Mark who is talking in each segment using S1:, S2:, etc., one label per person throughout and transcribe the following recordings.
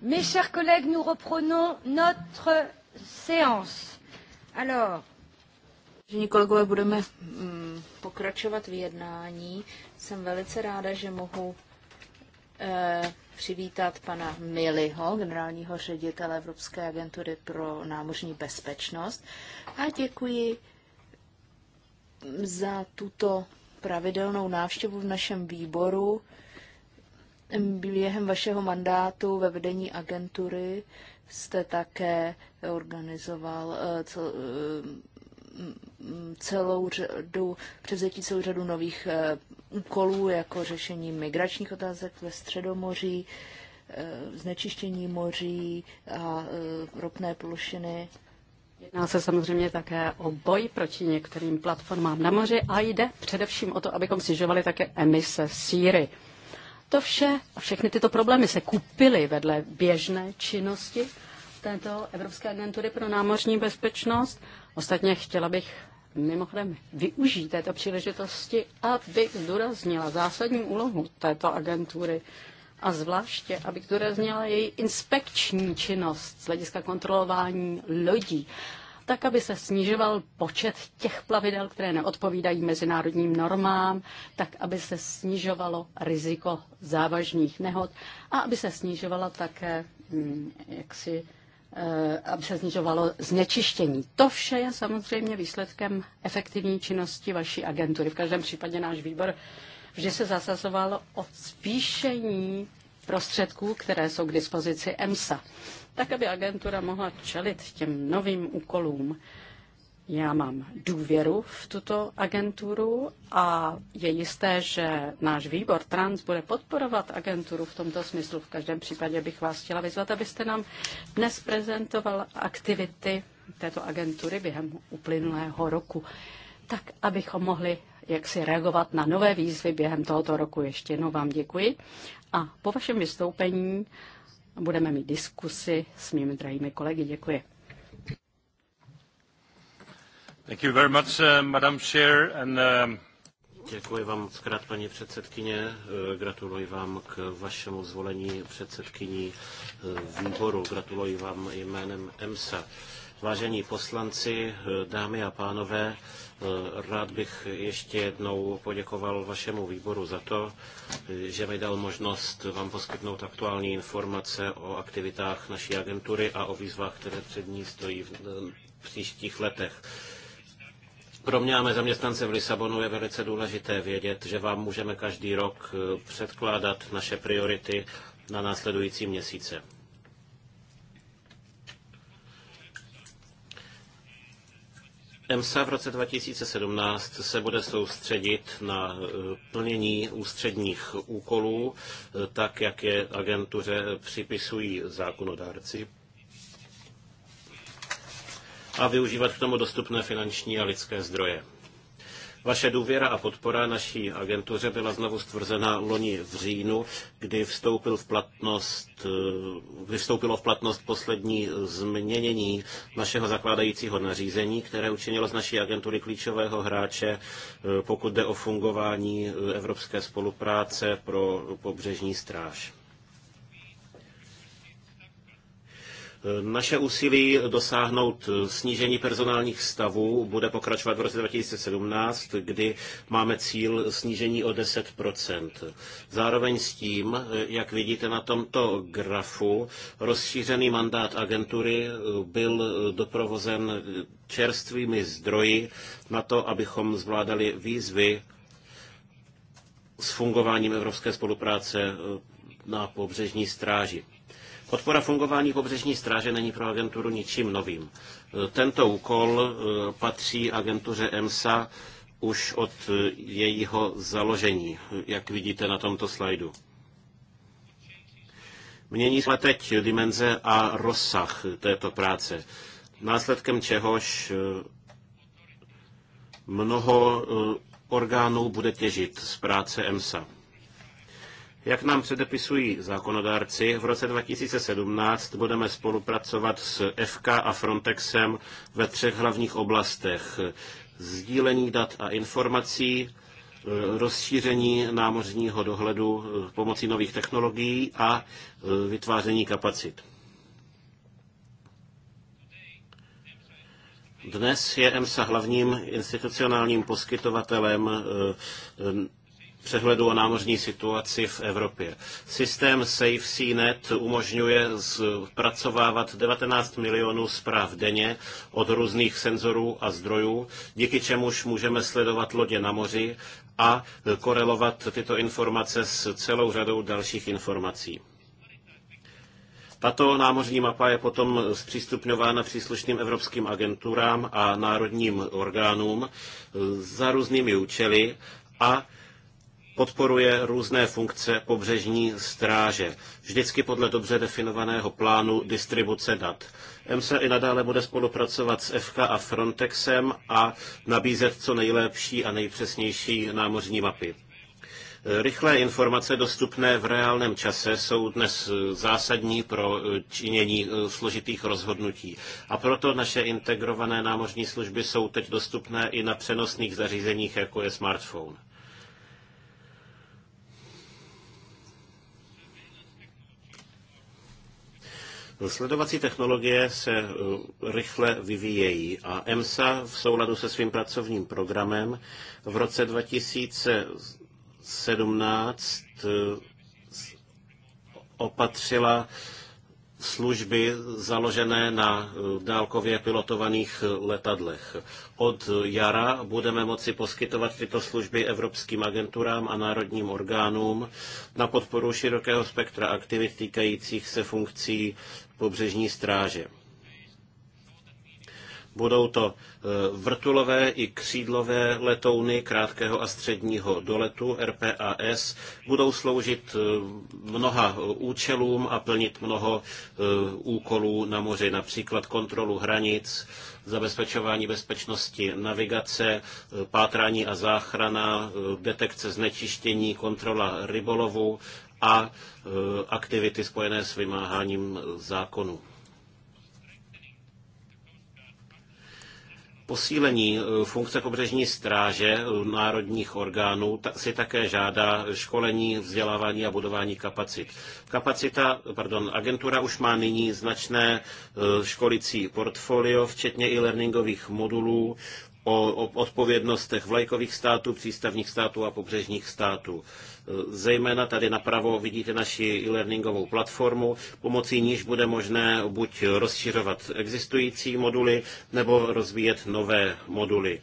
S1: Mes chers collègues, nous reprenons notre séance. Alors, Vážení kolegové,
S2: budeme mm, pokračovat v jednání. Jsem velice ráda, že mohu e, přivítat pana Miliho, generálního ředitele Evropské agentury pro námořní bezpečnost. A děkuji za tuto pravidelnou návštěvu v našem výboru. Eh, Během vašeho mandátu ve vedení agentury jste také organizoval eh, eh, celou řadu, převzetí celou řadu nových eh, úkolů, jako řešení migračních otázek ve Středomoří, znečištění moří a ropné plošiny.
S3: Jedná se samozřejmě také o boj proti některým platformám na moři a jde především o to, abychom snižovali také emise síry. To vše a všechny tyto problémy se kupily vedle běžné činnosti této Evropské agentury pro námořní bezpečnost. Ostatně chtěla bych mimochodem využít této příležitosti, abych zdůraznila zásadní úlohu této agentury a zvláště, abych zdůraznila její inspekční činnost z hlediska kontrolování lodí tak aby se snižoval počet těch plavidel, které neodpovídají mezinárodním normám, tak aby se snižovalo riziko závažných nehod a aby se snižovala také mm, jak si, eh, aby se snižovalo znečištění. To vše je samozřejmě výsledkem efektivní činnosti vaší agentury. V každém případě náš výbor vždy se zasazoval o zvýšení prostředků, které jsou k dispozici EMSA tak aby agentura mohla čelit těm novým úkolům. Já mám důvěru v tuto agenturu a je jisté, že náš výbor Trans bude podporovat agenturu v tomto smyslu. V každém případě bych vás chtěla vyzvat, abyste nám dnes prezentoval aktivity této agentury během uplynulého roku, tak abychom mohli jak si reagovat na nové výzvy během tohoto roku. Ještě jednou vám děkuji. A po vašem vystoupení a budeme mít diskusy s mými drahými kolegy. Děkuji.
S4: Thank you very much, uh, Madam Chair, and, um... Děkuji vám moc krát, paní předsedkyně. Eh, gratuluji vám k vašemu zvolení předsedkyní eh, výboru. Gratuluji vám jménem EMSA. Vážení poslanci, eh, dámy a pánové, Eh, rád bych ještě jednou poděkoval vašemu výboru za to, eh, že mi dal možnost vám poskytnout aktuální informace o aktivitách naší agentury a o výzvách, které před ní stojí v eh, příštích letech. Pro mě a zaměstnance v Lisabonu je velice důležité vědět, že vám můžeme každý rok předkládat naše priority na následující měsíce. EMSA v roce 2017 se bude soustředit na eh, plnění ústředních úkolů, eh, tak jak je agentuře připisují zákonodárci a využívat k tomu dostupné finanční a lidské zdroje. Vaše důvěra a podpora naší agentuře byla znovu stvrzena loni v říjnu, kdy, vstoupil v platnost, eh, vystoupilo v platnost poslední změnění našeho zakládajícího nařízení, které učinilo z naší agentury klíčového hráče, eh, pokud jde o fungování eh, evropské spolupráce pro pobřežní stráž. Naše úsilí dosáhnout snížení personálních stavů bude pokračovat v roce 2017, kdy máme cíl snížení o 10 Zároveň s tím, jak vidíte na tomto grafu, rozšířený mandát agentury byl doprovozen čerstvými zdroji na to, abychom zvládali výzvy s fungováním evropské spolupráce na pobřežní stráži. Podpora fungování pobřežní stráže není pro agenturu ničím novým. E, tento úkol e, patří agentuře EMSA už od e, jejího založení, jak vidíte na tomto slajdu. Mění se teď dimenze a rozsah této práce, následkem čehož mnoho orgánů bude těžit z práce EMSA. Jak nám předepisují zákonodárci, v roce 2017 budeme spolupracovat s FK a Frontexem ve třech hlavních oblastech. Sdílení dat a informací, rozšíření námořního dohledu eh, pomocí nových technologií a eh, vytváření kapacit. Dnes je EMSA hlavním institucionálním poskytovatelem eh, přehledu o námořní situaci v Evropě. Systém SafeSeaNet umožňuje zpracovávat 19 milionů zpráv denně od různých senzorů a zdrojů, díky čemuž můžeme sledovat lodě na moři a korelovat tyto informace s celou řadou dalších informací. Tato námořní mapa je potom zpřístupňována příslušným evropským agenturám a národním orgánům za různými účely a podporuje různé funkce pobřežní stráže, vždycky podle dobře definovaného plánu distribuce dat. EMSA i nadále bude spolupracovat s FK a Frontexem a nabízet co nejlepší a nejpřesnější námořní mapy. Rychlé informace dostupné v reálném čase jsou dnes zásadní pro činění složitých rozhodnutí. A proto naše integrované námořní služby jsou teď dostupné i na přenosných zařízeních, jako je smartphone. Sledovací technologie se eh, rychle vyvíjejí a EMSA v souladu se svým pracovním programem v roce 2017 eh, opatřila služby založené na eh, dálkově pilotovaných letadlech. Od jara budeme moci poskytovat tyto služby evropským agenturám a národním orgánům na podporu širokého spektra aktivit týkajících se funkcí pobřežní stráže. Budou to e, vrtulové i křídlové letouny krátkého a středního doletu RPAS. Budou sloužit e, mnoha účelům a plnit mnoho e, úkolů na moři, například kontrolu hranic, zabezpečování bezpečnosti navigace, pátrání a záchrana, detekce znečištění, kontrola rybolovu a eh, aktivity spojené s vymáháním zákonů. Posílení eh, funkce pobřežní stráže eh, národních orgánů si také žádá školení, vzdělávání a budování kapacit. Kapacita, pardon, agentura už má nyní značné školicí portfolio, včetně i learningových modulů o, o odpovědnostech vlajkových států, přístavních států a pobřežních států. Zejména tady napravo vidíte naši e-learningovou platformu, pomocí níž bude možné buď rozšiřovat existující moduly nebo rozvíjet nové moduly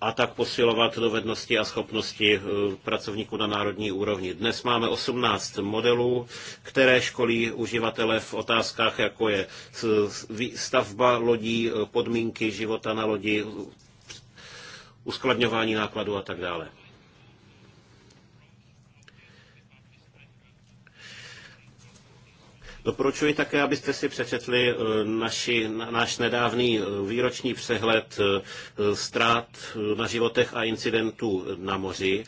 S4: a tak posilovat dovednosti a schopnosti eh, pracovníků na národní úrovni. Dnes máme 18 modelů, které školí uživatele v otázkách, jako je eh, stavba lodí, eh, podmínky života na lodi, uskladňování nákladů a tak dále. Doporučuji také, abyste si přečetli eh, naši, náš nedávný eh, výroční přehled eh, ztrát na životech a incidentů na moři,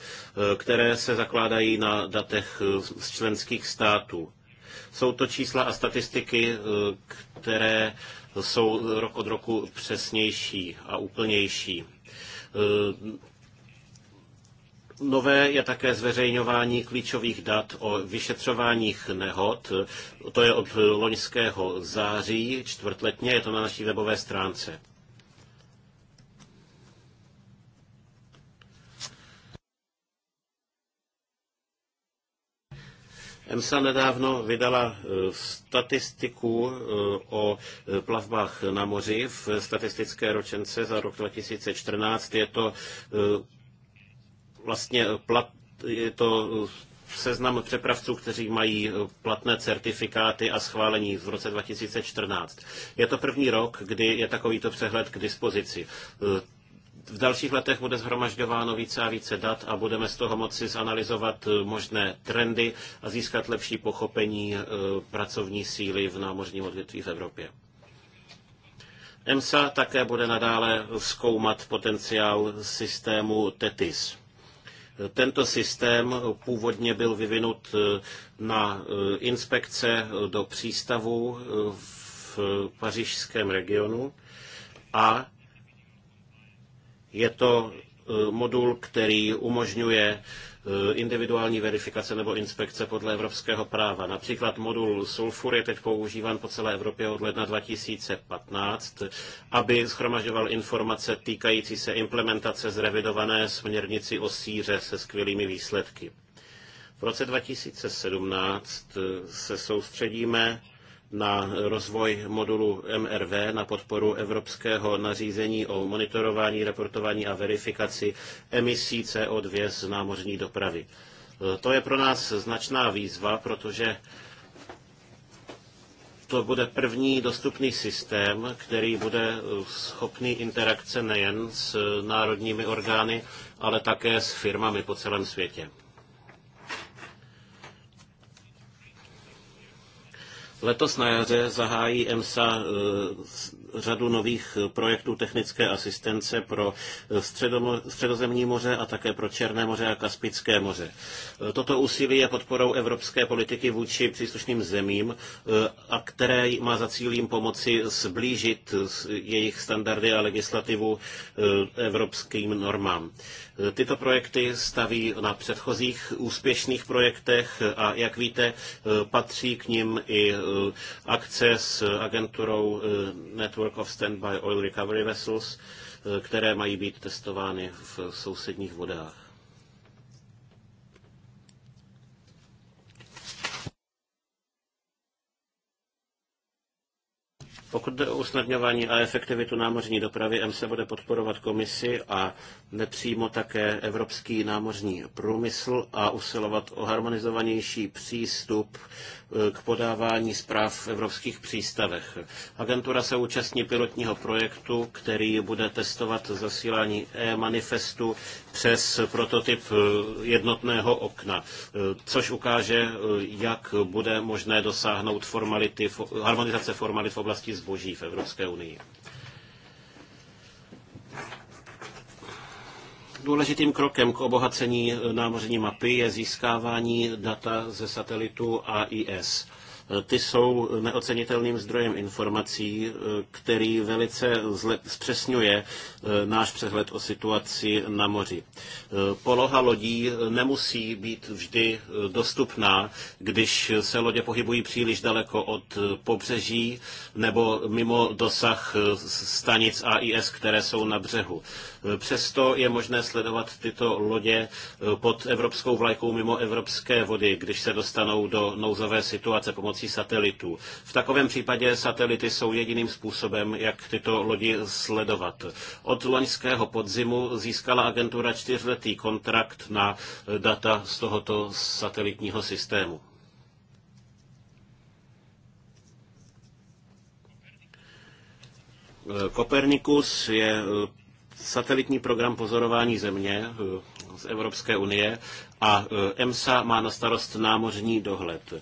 S4: které se zakládají na datech z členských států. Jsou to čísla a statistiky, které jsou rok od roku přesnější a úplnější. Nové je také zveřejňování klíčových dat o vyšetřováních nehod. To je od loňského září, čtvrtletně, je to na naší webové stránce. EMSA nedávno vydala eh, statistiku eh, o eh, plavbách na moři v statistické ročence za rok 2014. Je to vlastně plat, je to seznam přepravců, kteří mají platné certifikáty a schválení v roce 2014. Je to první rok, kdy je takovýto přehled k dispozici. V dalších letech bude zhromažďováno více a více dat a budeme z toho moci zanalizovat možné trendy a získat lepší pochopení eh, pracovní síly v námořním odvětví v Evropě. EMSA také bude nadále zkoumat potenciál systému TETIS tento systém původně byl vyvinut e, na e, inspekce e, do přístavu v pařížském regionu a je to Eh, modul, který umožňuje eh, individuální verifikace nebo inspekce podle evropského práva. Například modul Sulfur je teď používán po celé Evropě od ledna 2015, aby schromažďoval informace týkající se implementace zrevidované směrnici o síře se skvělými výsledky. V roce 2017 eh, se soustředíme na rozvoj modulu MRV na podporu evropského nařízení o monitorování, reportování a verifikaci emisí CO2 z námořní dopravy. E, to je pro nás značná výzva, protože to bude první dostupný systém, který bude e, schopný interakce nejen s e, národními orgány, ale také s firmami po celém světě. Letos na jaře zahájí EMSA e, řadu nových e, projektů technické asistence pro e, Středozemní moře a také pro Černé moře a Kaspické moře. Toto úsilí je podporou evropské politiky vůči příslušným zemím, a které má za cílím pomoci zblížit jejich standardy a legislativu evropským normám. Tyto projekty staví na předchozích úspěšných projektech a jak víte, e, patří k nim i e, akce s agenturou e, Network of Standby Oil Recovery Vessels, které mají být testovány v sousedních vodách. Pokud jde o usnadňování a efektivitu námořní dopravy, MC e bude podporovat komisi a nepřímo také evropský námořní průmysl a usilovat o harmonizovanější přístup Eh, k podávání zpráv v evropských přístavech. Agentura se účastní pilotního projektu, který bude testovat zasílání e-manifestu přes prototyp eh, jednotného okna, eh, což ukáže, jak bude možné dosáhnout formality, harmonizace formalit v oblasti zboží v Evropské unii. Důležitým krokem k obohacení e, námořní mapy je získávání data ze satelitu AIS. Ty jsou neocenitelným zdrojem informací, eh, který velice zpřesňuje eh, náš přehled o situaci na moři. Eh, poloha lodí nemusí být vždy dostupná, když se lodě pohybují příliš daleko od pobřeží nebo mimo dosah stanic AIS, které jsou na břehu. Přesto je možné sledovat tyto lodě pod evropskou vlajkou mimo evropské vody, když se dostanou do nouzové situace pomocí pomocí satelitů. V takovém případě satelity jsou jediným způsobem, jak tyto lodi sledovat. Od loňského podzimu získala agentura čtyřletý kontrakt na eh, data z tohoto satelitního systému. Eh, Kopernikus je eh, satelitní program pozorování Země z Evropské unie, a e, EMSA má na starost námořní dohled. E,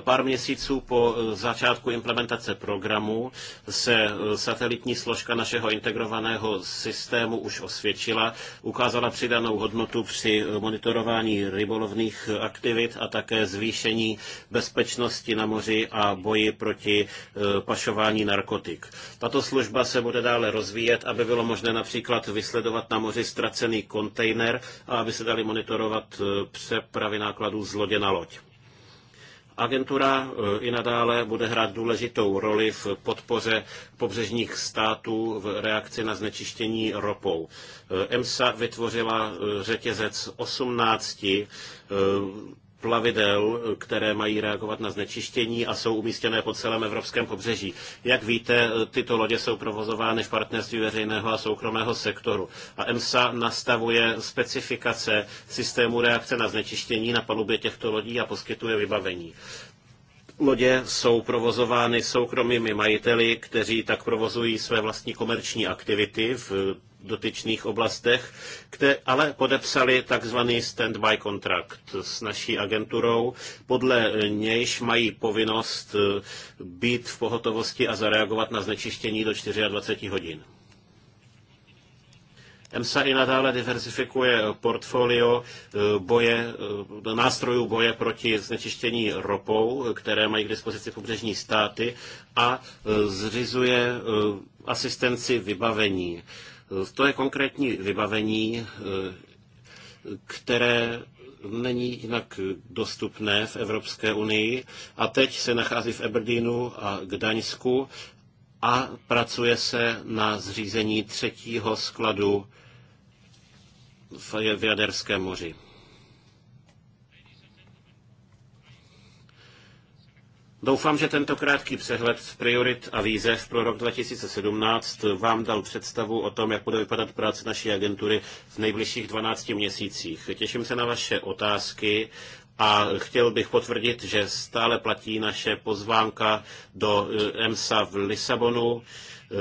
S4: pár měsíců po e, začátku implementace programu se satelitní složka našeho integrovaného systému už osvědčila, ukázala přidanou hodnotu při monitorování rybolovných aktivit a také zvýšení bezpečnosti na moři a boji proti pašování narkotik. Tato služba se bude dále rozvíjet, aby bylo možné například vysledovat na moři ztracený kontejner a aby se dali monitorovat přepravy nákladů z lodě na loď. Agentura eh, i nadále bude hrát důležitou roli v podpoře pobřežních států v reakci na znečištění ropou. Eh, EMSA vytvořila eh, řetězec 18 plavidel, které mají reagovat na znečištění a jsou umístěné po celém evropském pobřeží. Jak víte, tyto lodě jsou provozovány v partnerství veřejného a soukromého sektoru. A EMSA nastavuje specifikace systému reakce na znečištění na palubě těchto lodí a poskytuje vybavení lodě jsou provozovány soukromými majiteli, kteří tak provozují své vlastní komerční aktivity v dotyčných oblastech, které ale podepsali takzvaný stand-by kontrakt s naší agenturou. Podle nějž mají povinnost eh, být v pohotovosti a zareagovat na znečištění do 24 hodin. EMSA i nadále diversifikuje portfolio eh, boje, eh, nástrojů boje proti znečištění ropou, které mají k dispozici pobřežní státy a zřizuje asistenci vybavení to je konkrétní vybavení, eh, které není jinak dostupné v Evropské unii a teď se nachází v Aberdeenu a Gdaňsku a pracuje se na zřízení třetího skladu v Jaderském moři. Doufám, že tento krátký přehled z priorit a výzev pro rok 2017 vám dal představu o tom, jak bude vypadat práce naší agentury v nejbližších 12 měsících. Těším se na vaše otázky a chtěl bych potvrdit, že stále platí naše pozvánka do eh, EMSA v Lisabonu eh,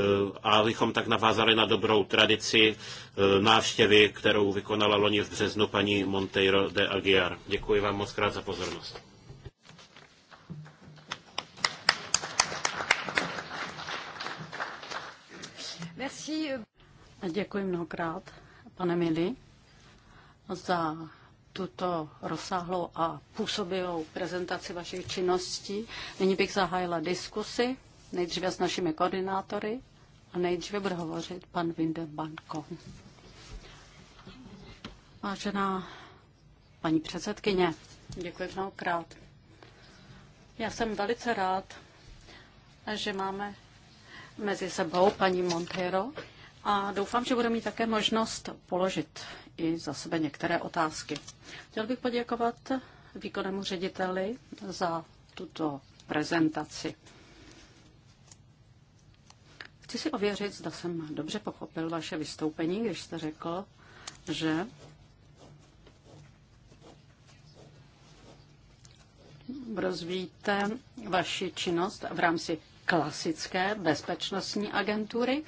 S4: a abychom tak navázali na dobrou tradici eh, návštěvy, kterou vykonala loni v březnu paní Monteiro de Aguiar. Děkuji vám moc krát za pozornost.
S3: Merci. Děkuji mnohokrát, pane Mili, za tuto rozsáhlou a působivou prezentaci vašich činností. Nyní bych zahájila diskusi. nejdříve s našimi koordinátory a nejdříve bude hovořit pan Banko. Vážená paní předsedkyně, děkuji mnohokrát. Já jsem velice rád, že máme mezi sebou paní Montero a doufám, že bude mít také možnost položit i za sebe některé otázky. Chtěl bych poděkovat výkonnému řediteli za tuto prezentaci. Chci si ověřit, zda jsem dobře pochopil vaše vystoupení, když jste řekl, že rozvíjíte vaši činnost v rámci klasické bezpečnostní agentury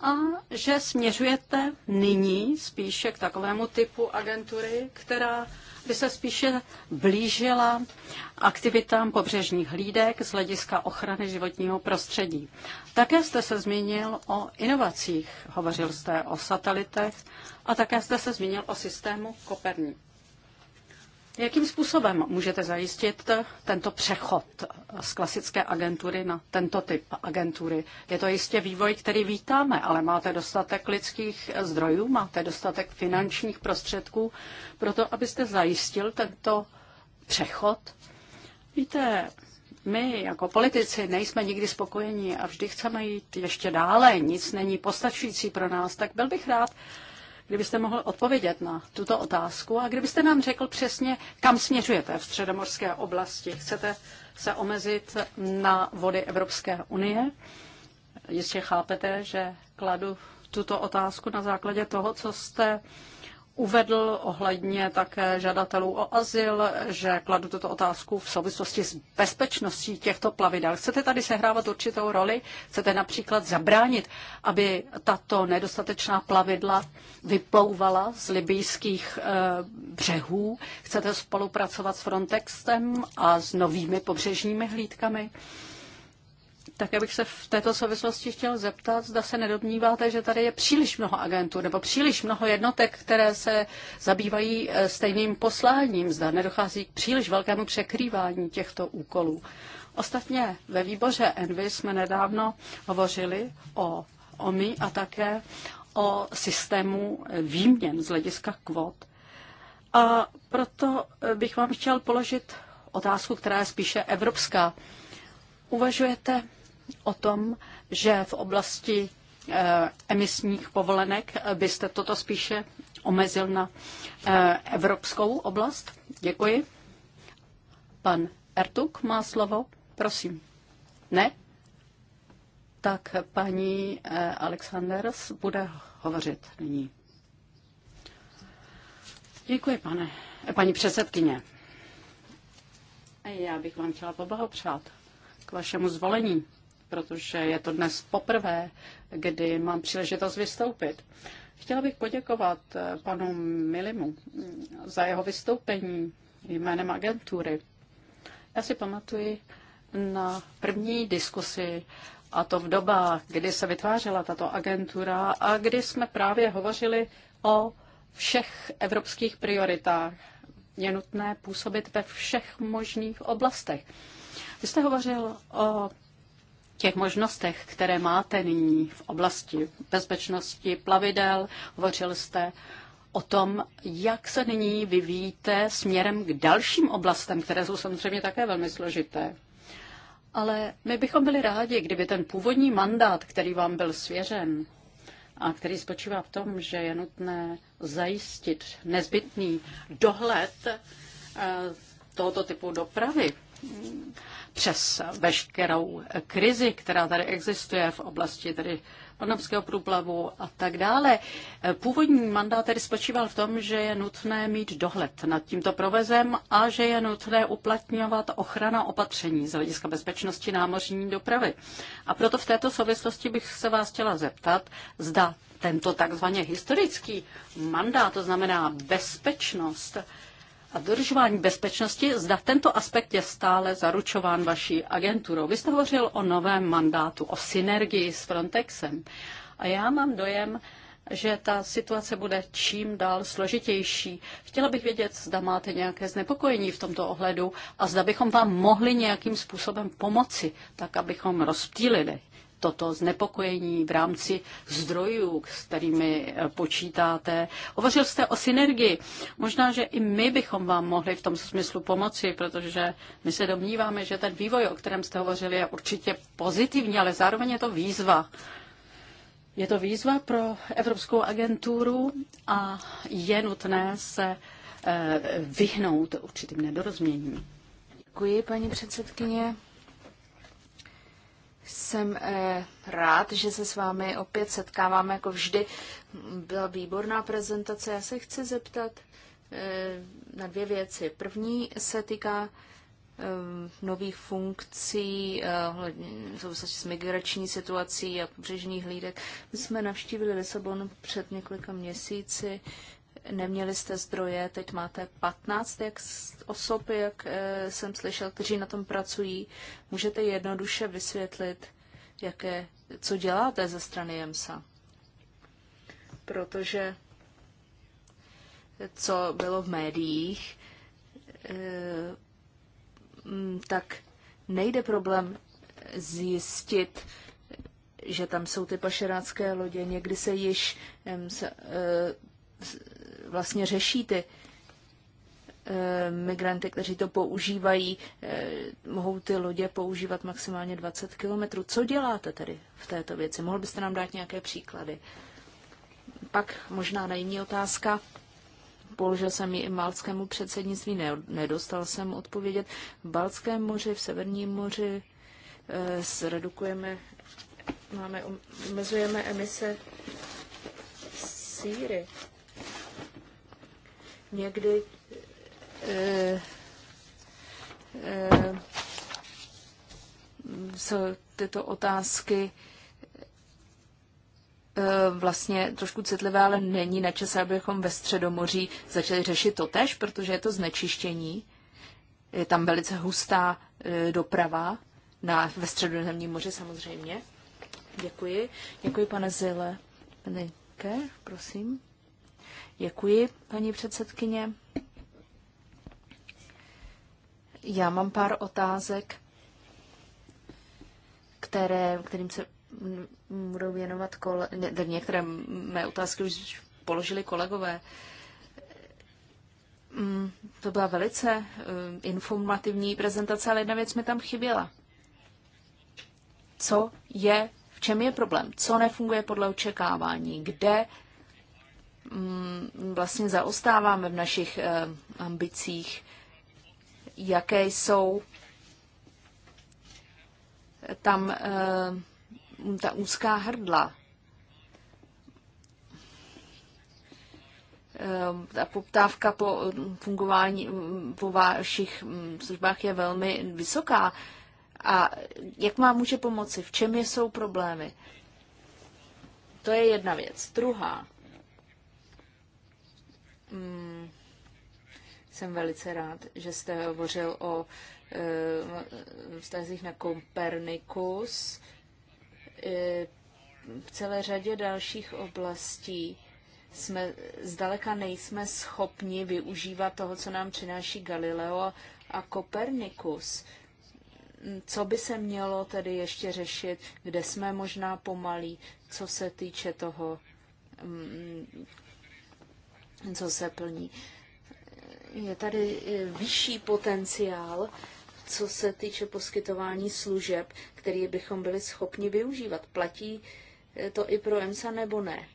S3: a že směřujete nyní spíše k takovému typu agentury, která by se spíše blížila aktivitám pobřežních hlídek z hlediska ochrany životního prostředí. Také jste se zmínil o inovacích, hovořil jste o satelitech a také jste se zmínil o systému Koperník. Jakým způsobem můžete zajistit tento přechod z klasické agentury na tento typ agentury? Je to jistě vývoj, který vítáme, ale máte dostatek lidských zdrojů, máte dostatek finančních prostředků pro to, abyste zajistil tento přechod? Víte, my jako politici nejsme nikdy spokojeni a vždy chceme jít ještě dále, nic není postačující pro nás, tak byl bych rád, Kdybyste mohl odpovědět na tuto otázku a kdybyste nám řekl přesně, kam směřujete v středomorské oblasti. Chcete se omezit na vody Evropské unie? Jistě chápete, že kladu tuto otázku na základě toho, co jste uvedl ohledně také žadatelů o azyl, že kladu tuto otázku v souvislosti s bezpečností těchto plavidel. Chcete tady sehrávat určitou roli? Chcete například zabránit, aby tato nedostatečná plavidla vyplouvala z libijských e, břehů? Chcete spolupracovat s Frontextem a s novými pobřežními hlídkami? já bych se v této souvislosti chtěl zeptat, zda se nedobníváte, že tady je příliš mnoho agentů nebo příliš mnoho jednotek, které se zabývají e, stejným posláním, zda nedochází k příliš velkému překrývání těchto úkolů. Ostatně ve výboře Envy jsme nedávno hovořili o OMI a také o systému e, výměn z hlediska kvot. A proto e, bych vám chtěl položit otázku, která je spíše evropská. Uvažujete o tom, že v oblasti eh, emisních povolenek byste toto spíše omezil na eh, evropskou oblast? Děkuji. Pan Ertuk má slovo, prosím. Ne? Tak paní eh, Alexanders bude hovořit nyní. Děkuji, pane, paní předsedkyně. Já bych vám chtěla poblahopřát k vašemu zvolení protože je to dnes poprvé, kdy mám příležitost vystoupit. Chtěla bych poděkovat eh, panu Milimu za jeho vystoupení jménem agentury. Já si pamatuji na první diskusi, a to v dobách, kdy se vytvářela tato agentura a kdy jsme právě hovořili o všech evropských prioritách. Je nutné působit ve všech možných oblastech. Vy jste hovořil o těch možnostech, které máte nyní v oblasti bezpečnosti plavidel. Hovořil jste o tom, jak se nyní vyvíjíte směrem k dalším oblastem, které jsou samozřejmě také velmi složité. Ale my bychom byli rádi, kdyby ten původní mandát, který vám byl svěřen a který spočívá v tom, že je nutné zajistit nezbytný dohled eh, tohoto typu dopravy, přes veškerou krizi, která tady existuje v oblasti tedy panamského průplavu a tak dále. Původní mandát tedy spočíval v tom, že je nutné mít dohled nad tímto provezem a že je nutné uplatňovat ochrana opatření z hlediska bezpečnosti námořní dopravy. A proto v této souvislosti bych se vás chtěla zeptat, zda tento takzvaně historický mandát, to znamená bezpečnost, a dodržování bezpečnosti, zda tento aspekt je stále zaručován vaší agenturou. Vy jste hovořil o novém mandátu, o synergii s Frontexem. A já mám dojem, že ta situace bude čím dál složitější. Chtěla bych vědět, zda máte nějaké znepokojení v tomto ohledu a zda bychom vám mohli nějakým způsobem pomoci, tak abychom rozptýlili toto znepokojení v rámci zdrojů, s kterými eh, počítáte. Hovořil jste o synergii. Možná, že i my bychom vám mohli v tom smyslu pomoci, protože my se domníváme, že ten vývoj, o kterém jste hovořili, je určitě pozitivní, ale zároveň je to výzva. Je to výzva pro Evropskou agenturu a je nutné se eh, vyhnout určitým nedorozměním. Děkuji, paní předsedkyně. Jsem eh,
S2: rád, že se s vámi opět setkáváme, jako vždy. Byla výborná prezentace. Já se chci zeptat eh, na dvě věci. První se týká eh, nových funkcí eh, v souvislosti s migrační situací a pobřežních hlídek. My jsme navštívili Lisabon před několika měsíci. Eh, neměli jste zdroje, teď máte 15 jak osob, jak eh, jsem slyšel, kteří na tom pracují. Můžete jednoduše vysvětlit, jaké, co děláte ze strany JEMSA? Protože co bylo v médiích, eh, mm, tak nejde problém zjistit, že tam jsou ty pašerácké lodě. Někdy se již eh, vlastně řeší ty eh, migranty, kteří to používají, eh, mohou ty lodě používat maximálně 20 kilometrů. Co děláte tedy v této věci? Mohl byste nám dát nějaké příklady? Pak možná nejmí otázka. Položil jsem ji i malskému předsednictví, ne, nedostal jsem odpovědět. V Balckém moři, v Severním moři e, zredukujeme, máme, omezujeme emise síry. Někdy e, e, tyto otázky eh, vlastně trošku citlivé, ale není na čase, abychom ve Středomoří začali řešit to tež, protože je to znečištění. Je tam velice hustá doprava na, ve Středozemním moři samozřejmě. Děkuji. Děkuji, pane Zile. Pane Ker, prosím. Děkuji, paní předsedkyně. Já mám pár otázek, které, kterým se budou věnovat kole... Některé mé otázky už položili kolegové. Mm, to byla velice eh, informativní prezentace, ale jedna věc mi tam chyběla. Co je, v čem je problém? Co nefunguje podle očekávání? Kde Mm, vlastně zaostáváme v našich eh, ambicích, jaké jsou tam eh, ta úzká hrdla. Eh, ta poptávka po mm, fungování mm, po vašich službách je velmi vysoká. A jak má může pomoci? V čem jsou problémy? To je jedna věc. Druhá mm, jsem velice rád, že jste hovořil o e, vztazích na Kopernikus. E, v celé řadě dalších oblastí jsme zdaleka nejsme schopni využívat toho, co nám přináší Galileo a Kopernikus. Co by se mělo tedy ještě řešit, kde jsme možná pomalí, co se týče toho mm, co se plní. Je tady eh, vyšší potenciál, co se týče poskytování služeb, který bychom byli schopni využívat. Platí eh, to i pro EMSA nebo ne?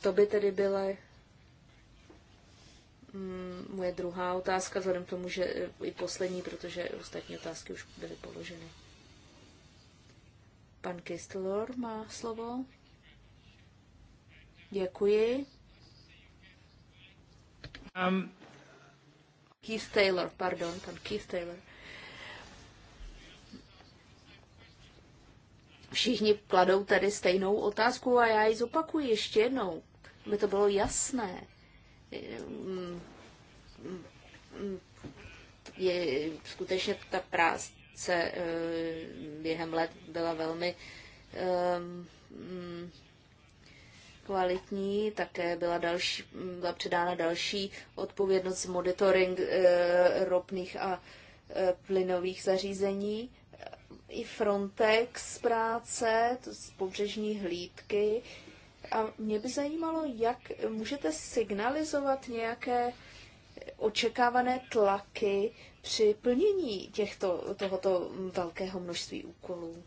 S2: To by tedy byla mm, moje druhá otázka, vzhledem k tomu, že eh, i poslední, protože ostatní otázky už byly položeny. Pan Kistelor má slovo. Děkuji. Um. Keith Taylor, pardon, pan Keith Taylor. Všichni kladou tady stejnou otázku a já ji zopakuji ještě jednou, aby to bylo jasné. Je, skutečně ta práce eh, během let byla velmi eh, kvalitní. Také byla, další, byla předána další odpovědnost monitoring e, ropných a e, plynových zařízení. I Frontex práce, to z pobřežní hlídky. A mě by zajímalo, jak můžete signalizovat nějaké očekávané tlaky při plnění těchto, tohoto velkého množství úkolů.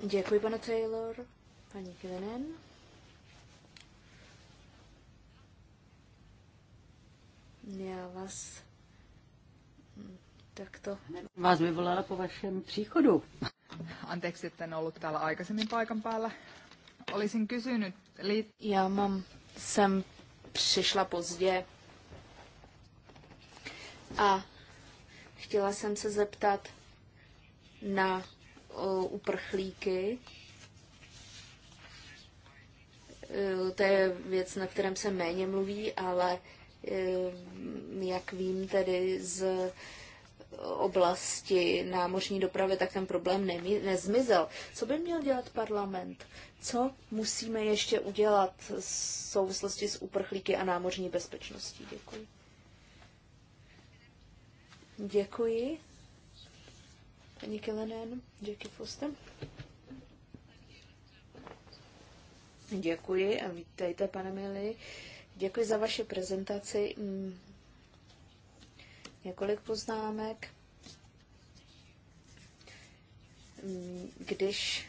S2: Děkuji, pane Taylor paní Kilinen. Já vás hm, takto...
S3: Vás vyvolala po vašem příchodu.
S2: Anteeksi, että en ollut täällä aikaisemmin paikan päällä. Olisin kysynyt... Li... Já mám... Jsem přišla pozdě. A chtěla jsem se zeptat na o, uprchlíky, Eh, to je věc, na kterém se méně mluví, ale eh, jak vím tedy z oblasti námořní dopravy, tak ten problém nemí, nezmizel. Co by měl dělat parlament? Co musíme ještě udělat v souvislosti s uprchlíky a námořní bezpečností? Děkuji. Děkuji. Paní Kelenen, Jackie Foster. Děkuji a vítejte, pane Mili. Děkuji za vaši prezentaci. Mm, několik poznámek. Mm, když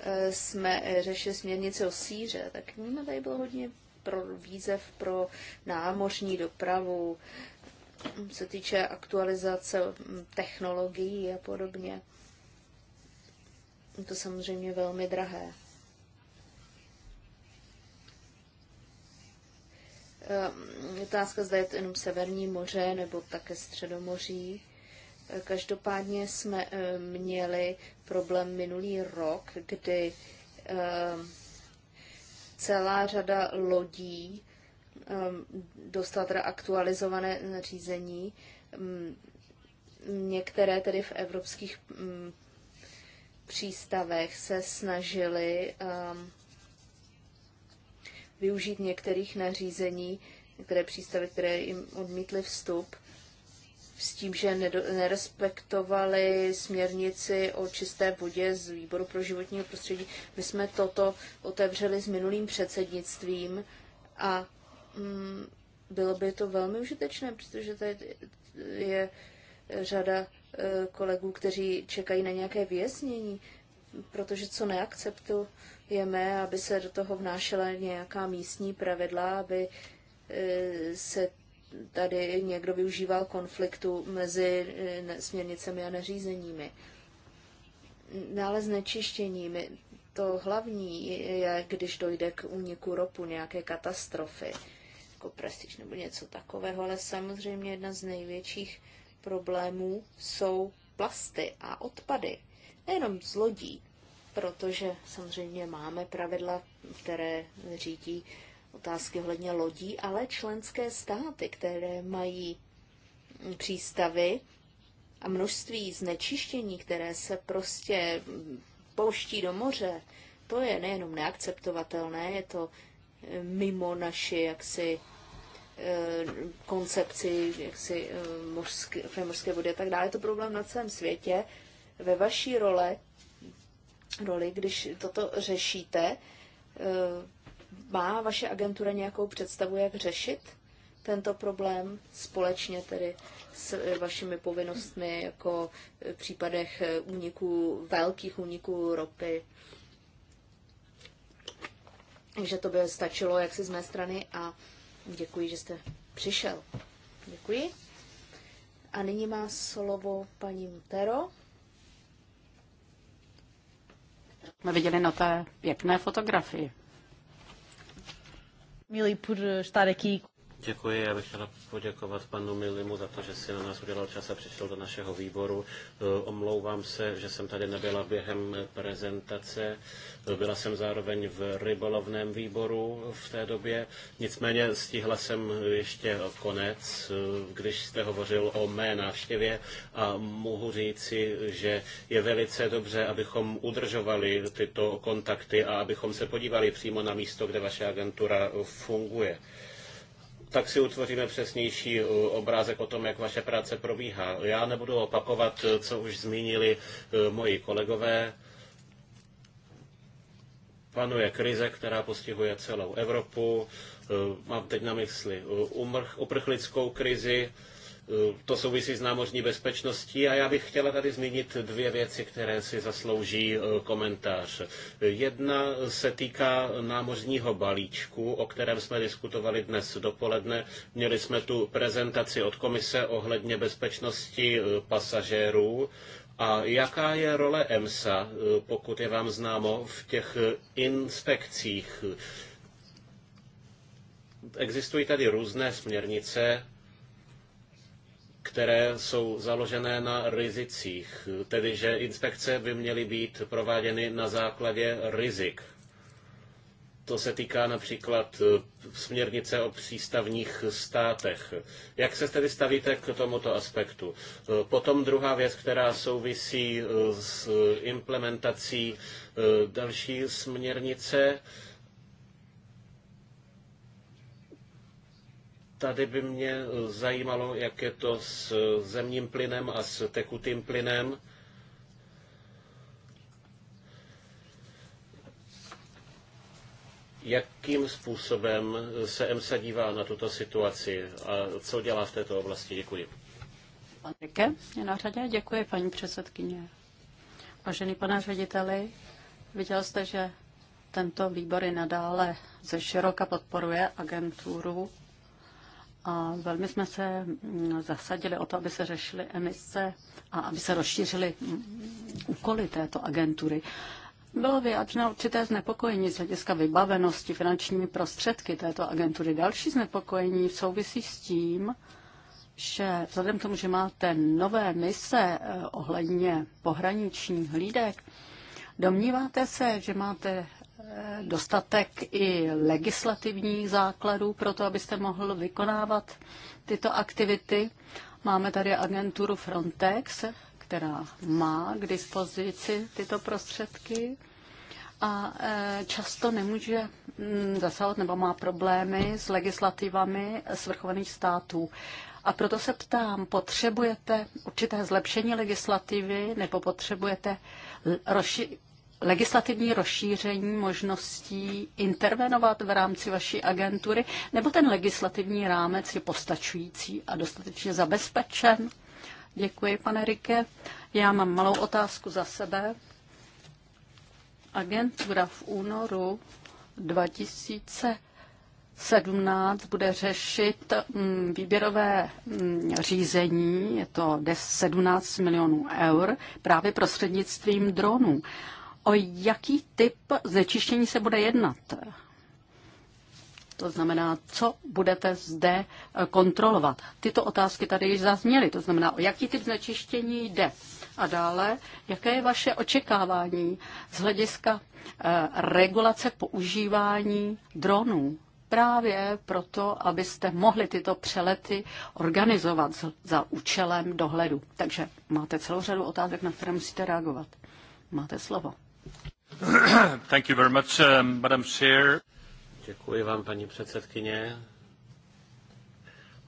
S2: e, jsme řešili směrnice o síře, tak víme, tady bylo hodně pro výzev pro námořní dopravu, mm, se týče aktualizace technologií a podobně. Je to samozřejmě velmi drahé.
S1: Ehm,
S2: otázka zda je to jenom Severní moře nebo také Středomoří. E, každopádně jsme e, měli problém minulý rok, kdy ehm, celá řada lodí ehm, dostala teda aktualizované řízení. Některé tedy v evropských přístavech se snažili um, využít některých nařízení, některé přístavy, které jim odmítly vstup, s tím, že nerespektovali směrnici o čisté vodě z výboru pro životní prostředí. My jsme toto otevřeli s minulým předsednictvím a mm, bylo by to velmi užitečné, protože tady je řada eh, kolegů, kteří čekají na nějaké vyjasnění, protože co neakceptujeme, aby se do toho vnášela nějaká místní pravidla, aby eh, se tady někdo využíval konfliktu mezi eh, směrnicemi a nařízeními. Dále znečištění. to hlavní je, když dojde k úniku ropu, nějaké katastrofy, jako prestiž nebo něco takového, ale samozřejmě jedna z největších problémů jsou plasty a odpady. Nejenom z lodí, protože samozřejmě máme pravidla, které řídí otázky ohledně lodí, ale členské státy, které mají přístavy a množství znečištění, které se prostě pouští do moře, to je nejenom neakceptovatelné, je to mimo naši jaksi Eh, koncepci jaksi eh, mořské, mořské vody a tak dále. Je to problém na celém světě. Ve vaší role, roli, když toto řešíte, eh, má vaše agentura nějakou představu, jak řešit tento problém společně tedy s vašimi povinnostmi, jako v případech úniků, velkých úniků ropy? Takže to by stačilo jaksi z mé strany a Děkuji, že jste přišel. Děkuji. A nyní má slovo paní
S3: Utero. Jsme viděli na té pěkné fotografii. Milý, por estar aqui.
S4: Děkuji, já bych chtěla poděkovat panu Milimu za to, že si na nás udělal čas a přišel do našeho výboru. E, omlouvám se, že jsem tady nebyla během prezentace. E, byla jsem zároveň v rybolovném výboru v té době, nicméně stihla jsem ještě konec, e, když jste hovořil o mé návštěvě a mohu říci, že je velice dobře, abychom udržovali tyto kontakty a abychom se podívali přímo na místo, kde vaše agentura funguje tak si utvoříme přesnější uh, obrázek o tom, jak vaše práce probíhá. Já nebudu opakovat, uh, co už zmínili uh, moji kolegové. Panuje krize, která postihuje celou Evropu. Mám teď na mysli uprchlickou krizi, Eh, to souvisí s námořní bezpečností a já bych chtěla tady zmínit dvě věci, které si zaslouží eh, komentář. Jedna se týká námořního balíčku, o kterém jsme diskutovali dnes dopoledne. Měli jsme tu prezentaci od komise ohledně bezpečnosti eh, pasažérů. A jaká je role EMSA, pokud je vám známo, v těch inspekcích? Existují tady různé směrnice, které jsou založené na rizicích, tedy že inspekce by měly být prováděny na základě rizik. To se týká například eh, směrnice o přístavních státech. Jak se tedy stavíte k tomuto aspektu? Eh, potom druhá věc, která souvisí eh, s implementací další směrnice, Tady by mě eh, zajímalo, jak je to s eh, zemním plynem a s tekutým plynem. Jakým způsobem eh, se EMSA dívá na tuto situaci a co dělá v této oblasti? Děkuji.
S3: Pan Rike je na řadě. Děkuji, paní předsedkyně. Vážený pane řediteli, viděl jste, že tento výbor i nadále ze široka podporuje agenturu a velmi jsme se mm, zasadili o to, aby se řešily emise a aby se rozšířily mm, úkoly této agentury. Bylo vyjádřeno určité znepokojení z hlediska vybavenosti finančními prostředky této agentury. Další znepokojení souvisí s tím, že vzhledem k tomu, že máte nové mise eh, ohledně pohraničních hlídek, domníváte se, že máte dostatek i legislativních základů pro to, abyste mohl vykonávat tyto aktivity. Máme tady agenturu Frontex, která má k dispozici tyto prostředky a e, často nemůže mm, zasahovat nebo má problémy s legislativami svrchovaných států. A proto se ptám, potřebujete určité zlepšení legislativy nebo potřebujete legislativní rozšíření možností intervenovat v rámci vaší agentury, nebo ten legislativní rámec je postačující a dostatečně zabezpečen? Děkuji, pane Rike. Já mám malou otázku za sebe. Agentura v únoru 2017 bude řešit mm, výběrové mm, řízení, je to 17 milionů eur, právě prostřednictvím dronů o jaký typ znečištění se bude jednat. To znamená, co budete zde eh, kontrolovat. Tyto otázky tady již zazněly. To znamená, o jaký typ znečištění jde. A dále, jaké je vaše očekávání z hlediska eh, regulace používání dronů? Právě proto, abyste mohli tyto přelety organizovat za účelem dohledu. Takže máte celou řadu otázek, na které musíte reagovat. Máte slovo.
S4: Um, děkuji vám, paní předsedkyně.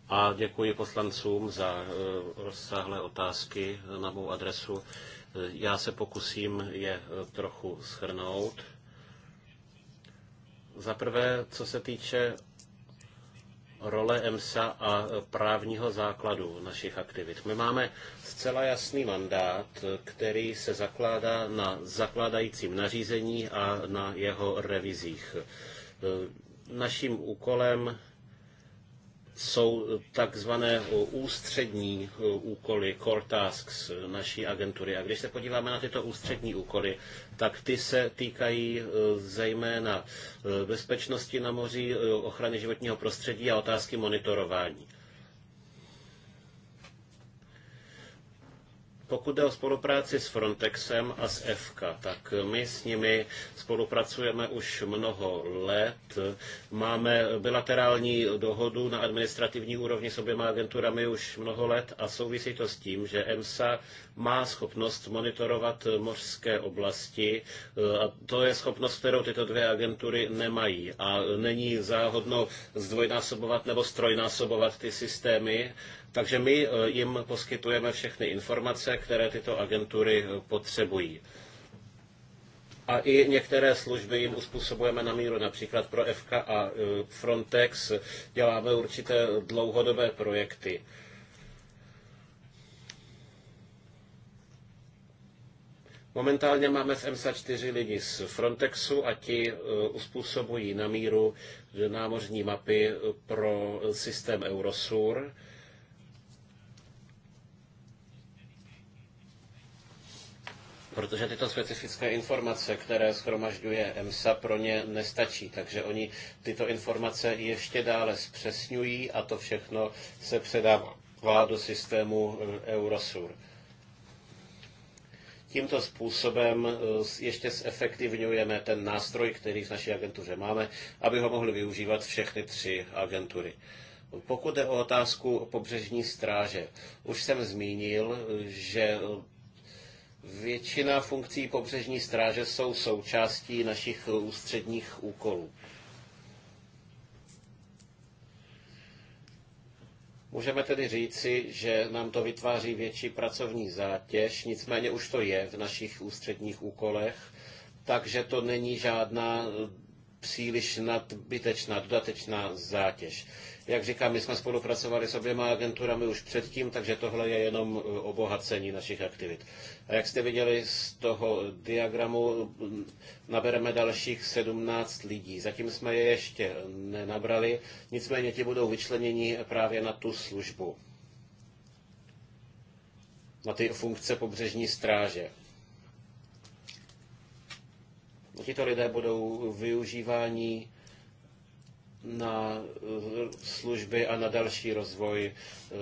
S4: A děkuji poslancům za eh, rozsáhlé otázky na mou adresu. Eh, já se pokusím je eh, trochu shrnout. Za prvé, co se týče role EMSA a právního základu našich aktivit. My máme zcela jasný mandát, který se zakládá na zakládajícím nařízení a na jeho revizích. Naším úkolem jsou eh, takzvané eh, ústřední eh, úkoly, core tasks naší agentury. A když se podíváme na tyto ústřední úkoly, tak ty se týkají zejména bezpečnosti na moři, ochrany životního prostředí a otázky monitorování. Pokud jde o spolupráci s Frontexem a s FK, tak my s nimi spolupracujeme už mnoho let. Máme bilaterální dohodu na administrativní úrovni s oběma agenturami už mnoho let a souvisí to s tím, že EMSA má schopnost monitorovat mořské oblasti eh, a to je schopnost, kterou tyto dvě agentury nemají a není záhodno zdvojnásobovat nebo strojnásobovat ty systémy, takže my eh, jim poskytujeme všechny informace, které tyto agentury eh, potřebují. A i některé služby jim uspůsobujeme na míru, například pro FK a eh, Frontex děláme určité dlouhodobé projekty. Momentálně máme v MSA čtyři lidi z Frontexu a ti uspůsobují na míru námořní mapy pro systém Eurosur protože tyto specifické informace, které schromažďuje EMSA, pro ně nestačí. Takže oni tyto informace ještě dále zpřesňují a to všechno se předává do systému eh, Eurosur. Tímto způsobem eh, ještě zefektivňujeme ten nástroj, který v naší agentuře máme, aby ho mohly využívat všechny tři agentury. Pokud jde o otázku pobřežní stráže, už jsem zmínil, eh, že Většina funkcí pobřežní stráže jsou součástí našich ústředních úkolů. Můžeme tedy říci, že nám to vytváří větší pracovní zátěž, nicméně už to je v našich ústředních úkolech, takže to není žádná eh, příliš nadbytečná, dodatečná zátěž. Jak říkám, my jsme spolupracovali s oběma agenturami už předtím, takže tohle je jenom eh, obohacení našich aktivit. A jak jste viděli z toho diagramu, nabereme dalších 17 lidí. Zatím jsme je ještě nenabrali, nicméně ti budou vyčleněni právě na tu službu, na ty funkce pobřežní stráže. No, tito lidé budou využíváni na eh, služby a na další rozvoj eh,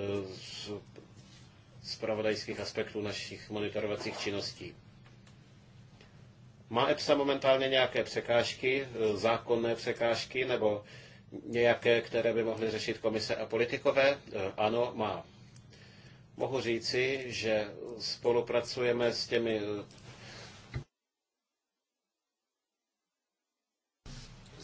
S4: spravodajských aspektů našich monitorovacích činností. Má EPSA momentálně nějaké překážky, e, zákonné překážky, nebo nějaké, které by mohly řešit komise a politikové? E, ano, má. Mohu říci, že spolupracujeme s těmi e,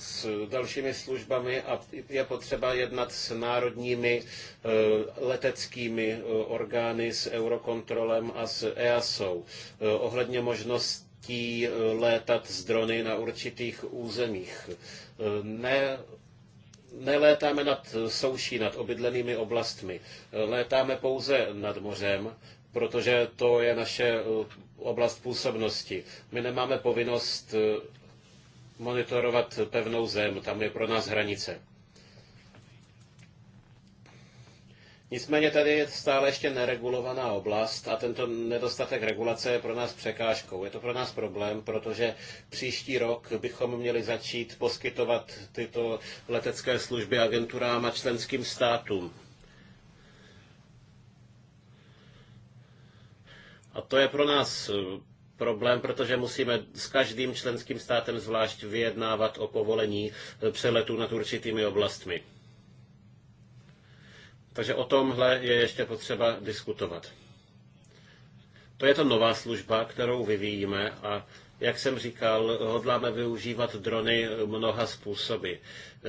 S4: s dalšími službami a je potřeba jednat s národními eh, leteckými eh, orgány, s Eurokontrolem a s EASO eh, ohledně možností létat z drony na určitých územích. Ne nelétáme nad souší, nad obydlenými oblastmi. Létáme pouze nad mořem, protože to je naše oblast působnosti. My nemáme povinnost monitorovat pevnou zem, tam je pro nás hranice. Nicméně tady je stále ještě neregulovaná oblast a tento nedostatek regulace je pro nás překážkou. Je to pro nás problém, protože příští rok bychom měli začít poskytovat tyto letecké služby agenturám a členským státům. A to je pro nás problém, protože musíme s každým členským státem zvlášť vyjednávat o povolení přeletů nad určitými oblastmi. Takže o tomhle je ještě potřeba diskutovat. To je ta nová služba, kterou vyvíjíme a jak jsem říkal, hodláme využívat drony mnoha způsoby.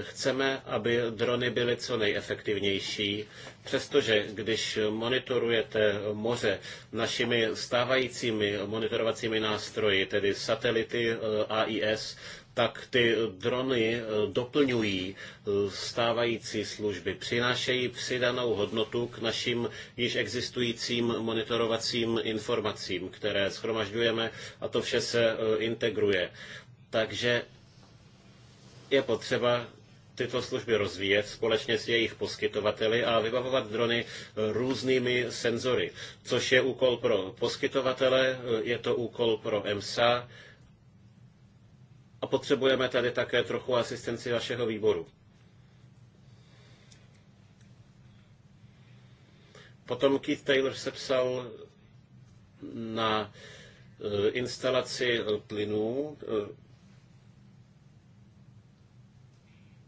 S4: Chceme, aby drony byly co nejefektivnější, přestože když monitorujete moře našimi stávajícími monitorovacími nástroji, tedy satelity eh, AIS, tak ty drony eh, doplňují eh, stávající služby, přinášejí přidanou hodnotu k našim již existujícím monitorovacím informacím, které schromažďujeme a to vše se eh, integruje. Takže je potřeba tyto služby rozvíjet společně s jejich poskytovateli a vybavovat drony různými senzory, což je úkol pro poskytovatele, je to úkol pro EMSA, a potřebujeme tady také trochu asistenci vašeho výboru. Potom Keith Taylor sepsal na eh, instalaci eh, plynů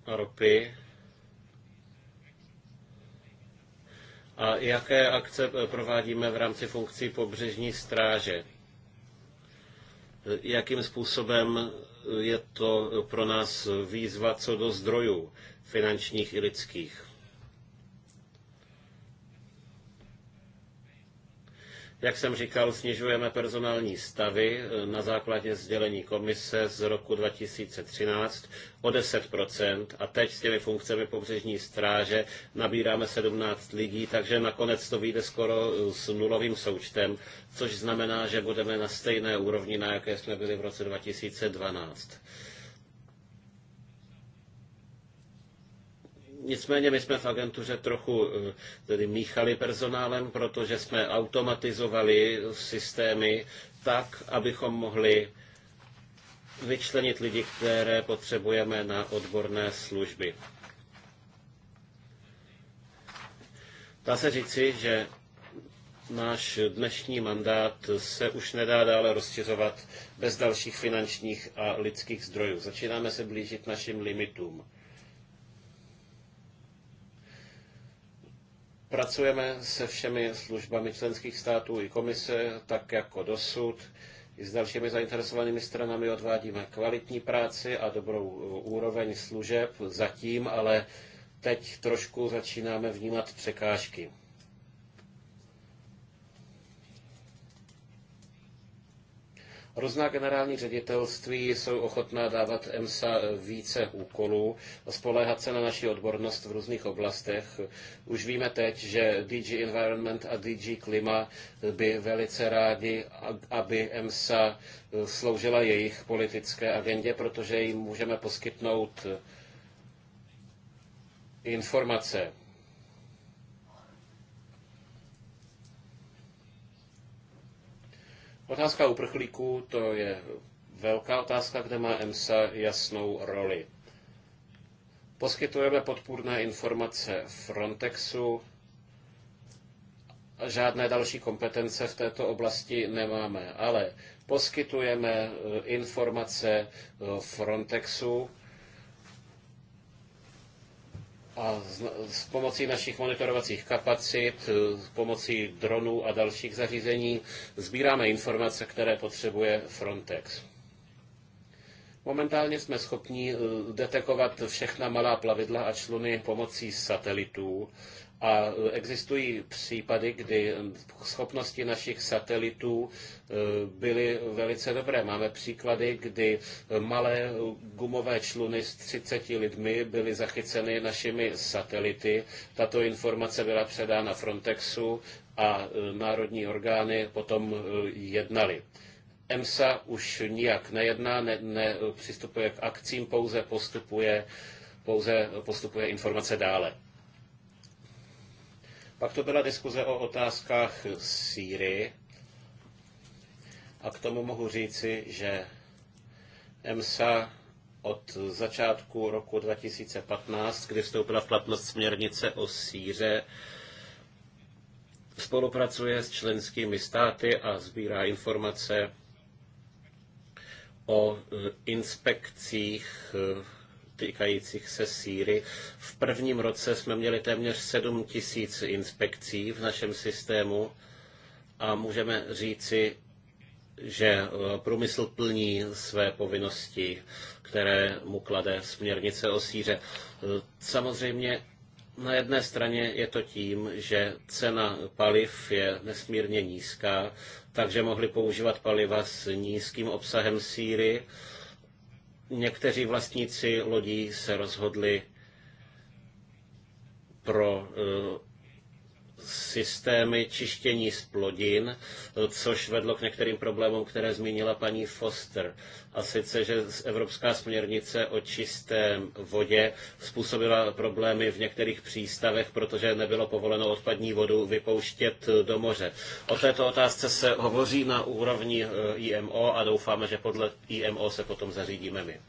S4: a eh, ropy a jaké akce provádíme v rámci funkcí pobřežní stráže. Jakým způsobem je to pro nás výzva co do zdrojů finančních i lidských. Jak jsem říkal, snižujeme personální stavy e, na základě sdělení komise z roku 2013 o 10% a teď s těmi funkcemi pobřežní stráže nabíráme 17 lidí, takže nakonec to vyjde skoro e, s nulovým součtem, což znamená, že budeme na stejné úrovni, na jaké jsme byli v roce 2012. Nicméně my jsme v agentuře trochu eh, tedy míchali personálem, protože jsme automatizovali systémy tak, abychom mohli vyčlenit lidi, které potřebujeme na odborné služby. Dá se říci, že náš dnešní mandát se už nedá dále rozšiřovat bez dalších finančních a lidských zdrojů. Začínáme se blížit našim limitům. Pracujeme se všemi službami členských států i komise, tak jako dosud. I s dalšími zainteresovanými stranami odvádíme kvalitní práci a dobrou uh, úroveň služeb zatím, ale teď trošku začínáme vnímat překážky. Různá generální ředitelství jsou ochotná dávat EMSA více úkolů, spoléhat se na naši odbornost v různých oblastech. Už víme teď, že DG Environment a DG Klima by velice rádi, aby EMSA sloužila jejich politické agendě, protože jim můžeme poskytnout informace Otázka uprchlíků, to je velká otázka, kde má EMSA jasnou roli. Poskytujeme podpůrné informace Frontexu. Žádné další kompetence v této oblasti nemáme, ale poskytujeme eh, informace eh, Frontexu a s pomocí našich monitorovacích kapacit, e, pomocí dronů a dalších zařízení sbíráme informace, které potřebuje Frontex. Momentálně jsme schopni e, detekovat všechna malá plavidla a čluny pomocí satelitů a existují případy, kdy schopnosti našich satelitů e, byly velice dobré. Máme příklady, kdy malé gumové čluny s 30 lidmi byly zachyceny našimi satelity. Tato informace byla předána Frontexu a e, národní orgány potom e, jednaly. EMSA už nijak nejedná, ne, přistupuje k akcím, pouze postupuje, pouze postupuje informace dále. Pak to byla diskuze o otázkách Sýrii. A k tomu mohu říci, že EMSA od začátku roku 2015, kdy vstoupila v platnost směrnice o síře, spolupracuje s členskými státy a sbírá informace o eh, inspekcích eh, týkajících se síry. V prvním roce jsme měli téměř 7 tisíc inspekcí v našem systému a můžeme říci, že e, průmysl plní své povinnosti, které mu klade směrnice o síře. E, samozřejmě na jedné straně je to tím, že cena paliv je nesmírně nízká, takže mohli používat paliva s nízkým obsahem síry Někteří vlastníci lodí se rozhodli pro eh, systémy čištění z plodin, což vedlo k některým problémům, které zmínila paní Foster. A sice, že Evropská směrnice o čistém vodě způsobila problémy v některých přístavech, protože nebylo povoleno odpadní vodu vypouštět do moře. O této otázce se hovoří na úrovni eh, IMO a doufáme, že podle IMO se potom zařídíme my.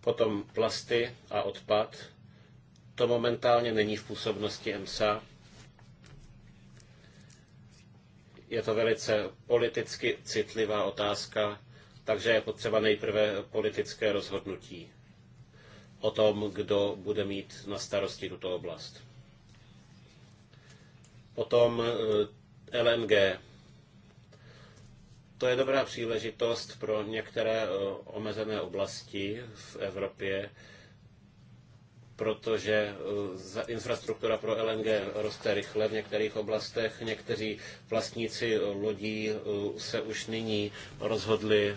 S4: Potom plasty a odpad. To momentálně není v působnosti EMSA. Je to velice politicky citlivá otázka, takže je potřeba nejprve politické rozhodnutí o tom, kdo bude mít na starosti tuto oblast. Potom eh, LNG, to je dobrá příležitost pro některé eh, omezené oblasti v Evropě, protože eh, infrastruktura pro LNG roste rychle v některých oblastech. Někteří vlastníci eh, lodí se už nyní rozhodli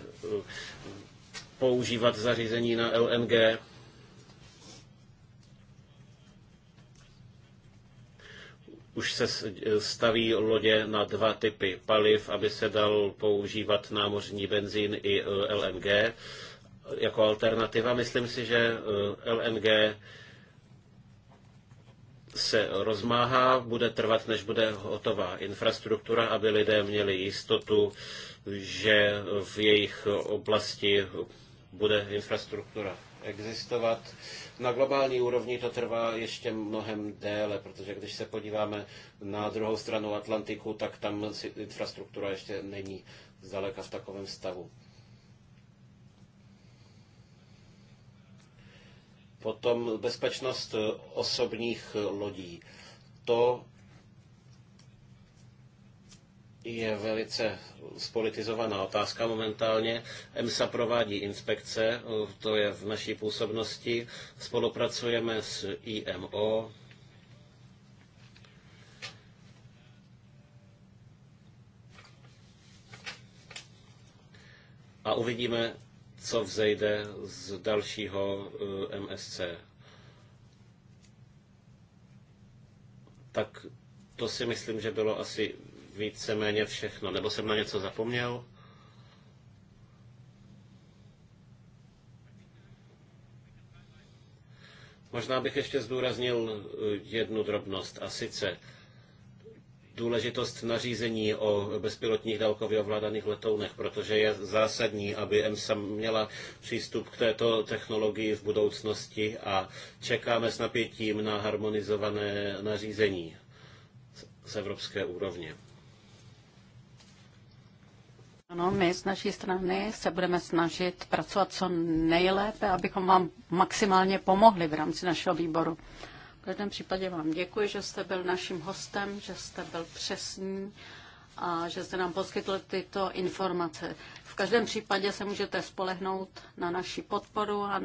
S4: používat zařízení na LNG už se staví lodě na dva typy paliv, aby se dal používat námořní benzín i e, LNG jako alternativa. Myslím si, že e, LNG se rozmáhá, bude trvat, než bude hotová infrastruktura, aby lidé měli jistotu, že v jejich oblasti bude infrastruktura existovat na globální úrovni to trvá ještě mnohem déle, protože když se podíváme na druhou stranu Atlantiku, tak tam infrastruktura ještě není zdaleka v takovém stavu. Potom bezpečnost osobních lodí. To je velice spolitizovaná otázka momentálně. EMSA provádí inspekce, to je v naší působnosti. Spolupracujeme s IMO, a uvidíme, co vzejde z dalšího eh, MSC. Tak to si myslím, že bylo asi víceméně všechno. Nebo jsem na něco zapomněl? Možná bych ještě zdůraznil eh, jednu drobnost, a sice důležitost nařízení o bezpilotních dálkově ovládaných letounech, protože je zásadní, aby EMSA měla přístup k této technologii v budoucnosti a čekáme s napětím na harmonizované nařízení z evropské úrovně.
S3: Ano, my z naší strany se budeme snažit pracovat co nejlépe, abychom vám maximálně pomohli v rámci našeho výboru. V každém případě vám děkuji, že jste byl naším hostem, že jste byl přesný a že jste nám poskytl tyto informace. V každém případě se můžete spolehnout na naši podporu a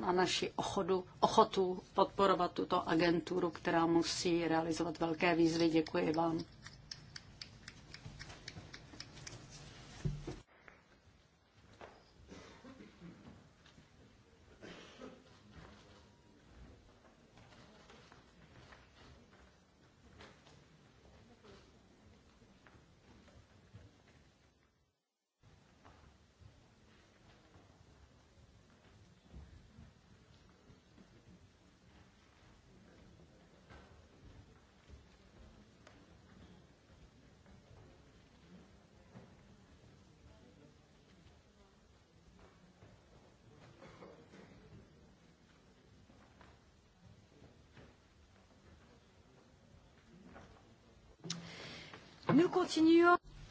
S3: na naši ochodu, ochotu podporovat tuto agenturu, která musí realizovat velké výzvy. Děkuji vám.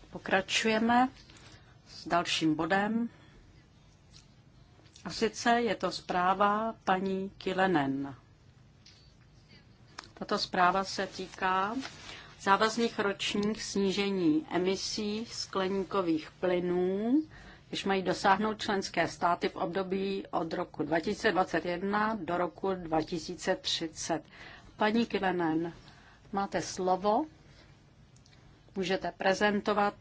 S3: Pokračujeme s dalším bodem. A sice je to zpráva paní Kilenen. Tato zpráva se týká závazných ročních snížení emisí skleníkových plynů, když mají dosáhnout členské státy v období od roku 2021 do roku 2030. Paní Kilenen, máte slovo Můžete prezentovat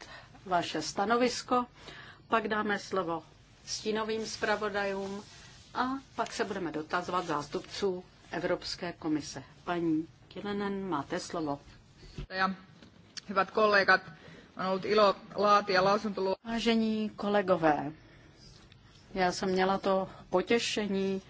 S3: vaše stanovisko, pak dáme slovo stínovým zpravodajům a pak se budeme dotazovat zástupců Evropské komise. Paní Kilenen, máte slovo. Vážení kolegové, já jsem měla to potěšení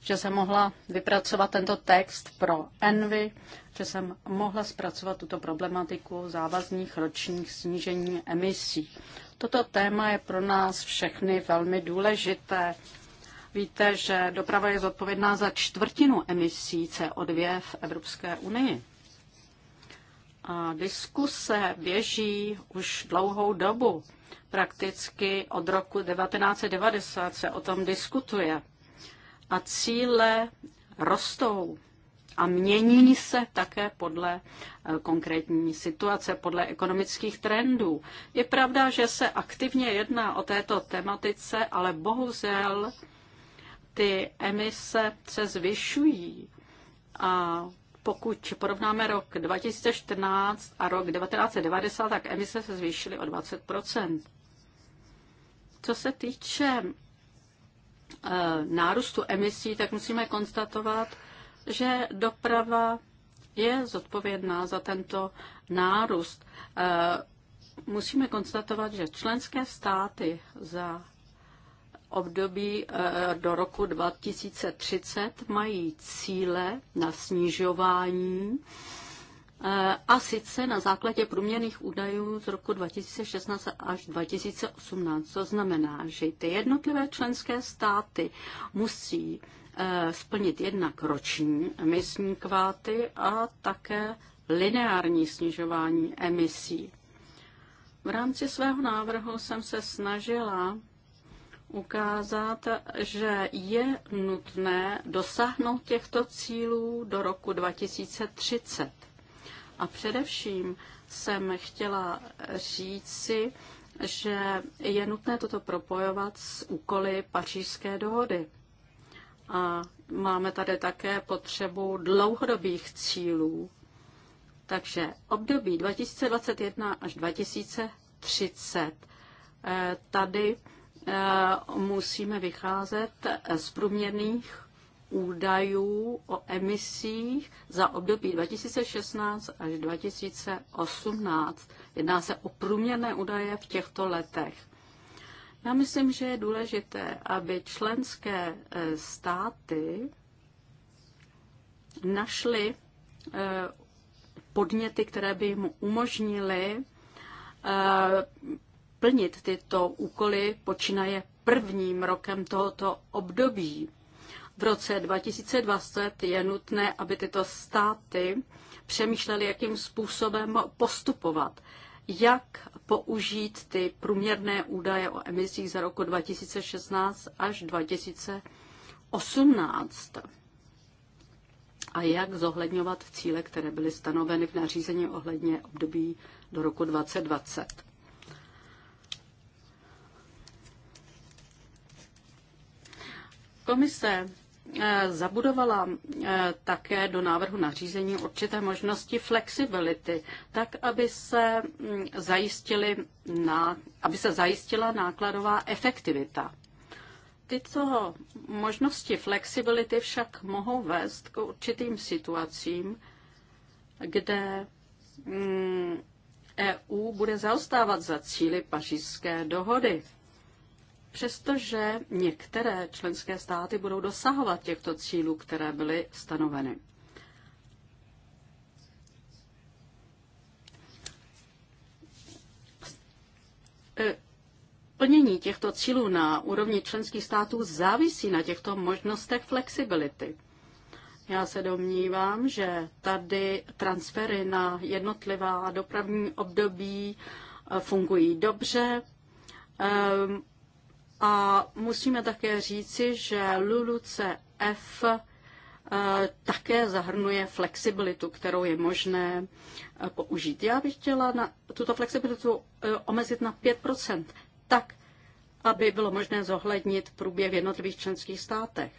S3: že jsem mohla vypracovat tento text pro Envy, že jsem mohla zpracovat tuto problematiku závazných ročních snížení emisí. Toto téma je pro nás všechny velmi důležité. Víte, že doprava je zodpovědná za čtvrtinu emisí CO2 v Evropské unii. A diskuse běží už dlouhou dobu. Prakticky od roku 1990 se o tom diskutuje a cíle rostou a mění se také podle eh, konkrétní situace, podle ekonomických trendů. Je pravda, že se aktivně jedná o této tematice, ale bohužel ty emise se zvyšují. A pokud porovnáme rok 2014 a rok 1990, tak emise se zvýšily o 20 Co se týče Eh, nárůstu emisí, tak musíme konstatovat, že doprava je zodpovědná za tento nárůst. Eh, musíme konstatovat, že členské státy za období eh, do roku 2030 mají cíle na snižování a sice na základě průměrných údajů z roku 2016 až 2018. To znamená, že ty jednotlivé členské státy musí eh, splnit jednak roční emisní kváty a také lineární snižování emisí. V rámci svého návrhu jsem se snažila ukázat, že je nutné dosáhnout těchto cílů do roku 2030. A především jsem chtěla říci, že je nutné toto propojovat s úkoly pařížské dohody. A máme tady také potřebu dlouhodobých cílů. Takže období 2021 až 2030. Eh, tady eh, musíme vycházet z průměrných údajů o emisích za období 2016 až 2018. Jedná se o průměrné údaje v těchto letech. Já myslím, že je důležité, aby členské eh, státy našly eh, podněty, které by jim umožnily eh, plnit tyto úkoly počínaje prvním rokem tohoto období. V roce 2020 je nutné, aby tyto státy přemýšleli, jakým způsobem postupovat, jak použít ty průměrné údaje o emisích za roku 2016 až 2018 a jak zohledňovat cíle, které byly stanoveny v nařízení ohledně období do roku 2020. Komise Eh, zabudovala eh, také do návrhu nařízení určité možnosti flexibility, tak aby se, mm, zajistili na, aby se zajistila nákladová efektivita. Tyto možnosti flexibility však mohou vést k určitým situacím, kde mm, EU bude zaostávat za cíly pařížské dohody. Přestože některé členské státy budou dosahovat těchto cílů, které byly stanoveny. E, plnění těchto cílů na úrovni členských států závisí na těchto možnostech flexibility. Já se domnívám, že tady transfery na jednotlivá dopravní období e, fungují dobře. Ehm, a musíme také říci, že LULUCF eh, také zahrnuje flexibilitu, kterou je možné eh, použít. Já bych chtěla na tuto flexibilitu eh, omezit na 5 tak, aby bylo možné zohlednit průběh v jednotlivých členských státech.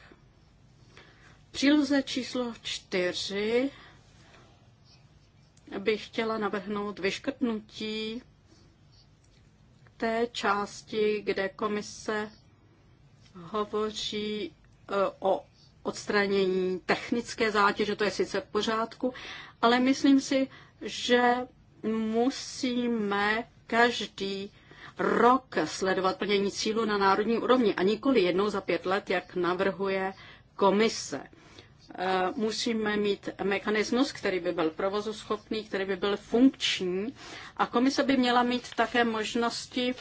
S3: Příloze číslo 4 bych chtěla navrhnout vyškrtnutí té části, kde komise hovoří e, o odstranění technické zátěže, to je sice v pořádku, ale myslím si, že musíme každý rok sledovat plnění cílu na národní úrovni a nikoli jednou za pět let, jak navrhuje komise. Eh, musíme mít mechanismus, který by byl provozuschopný, který by byl funkční a komise by měla mít také možnosti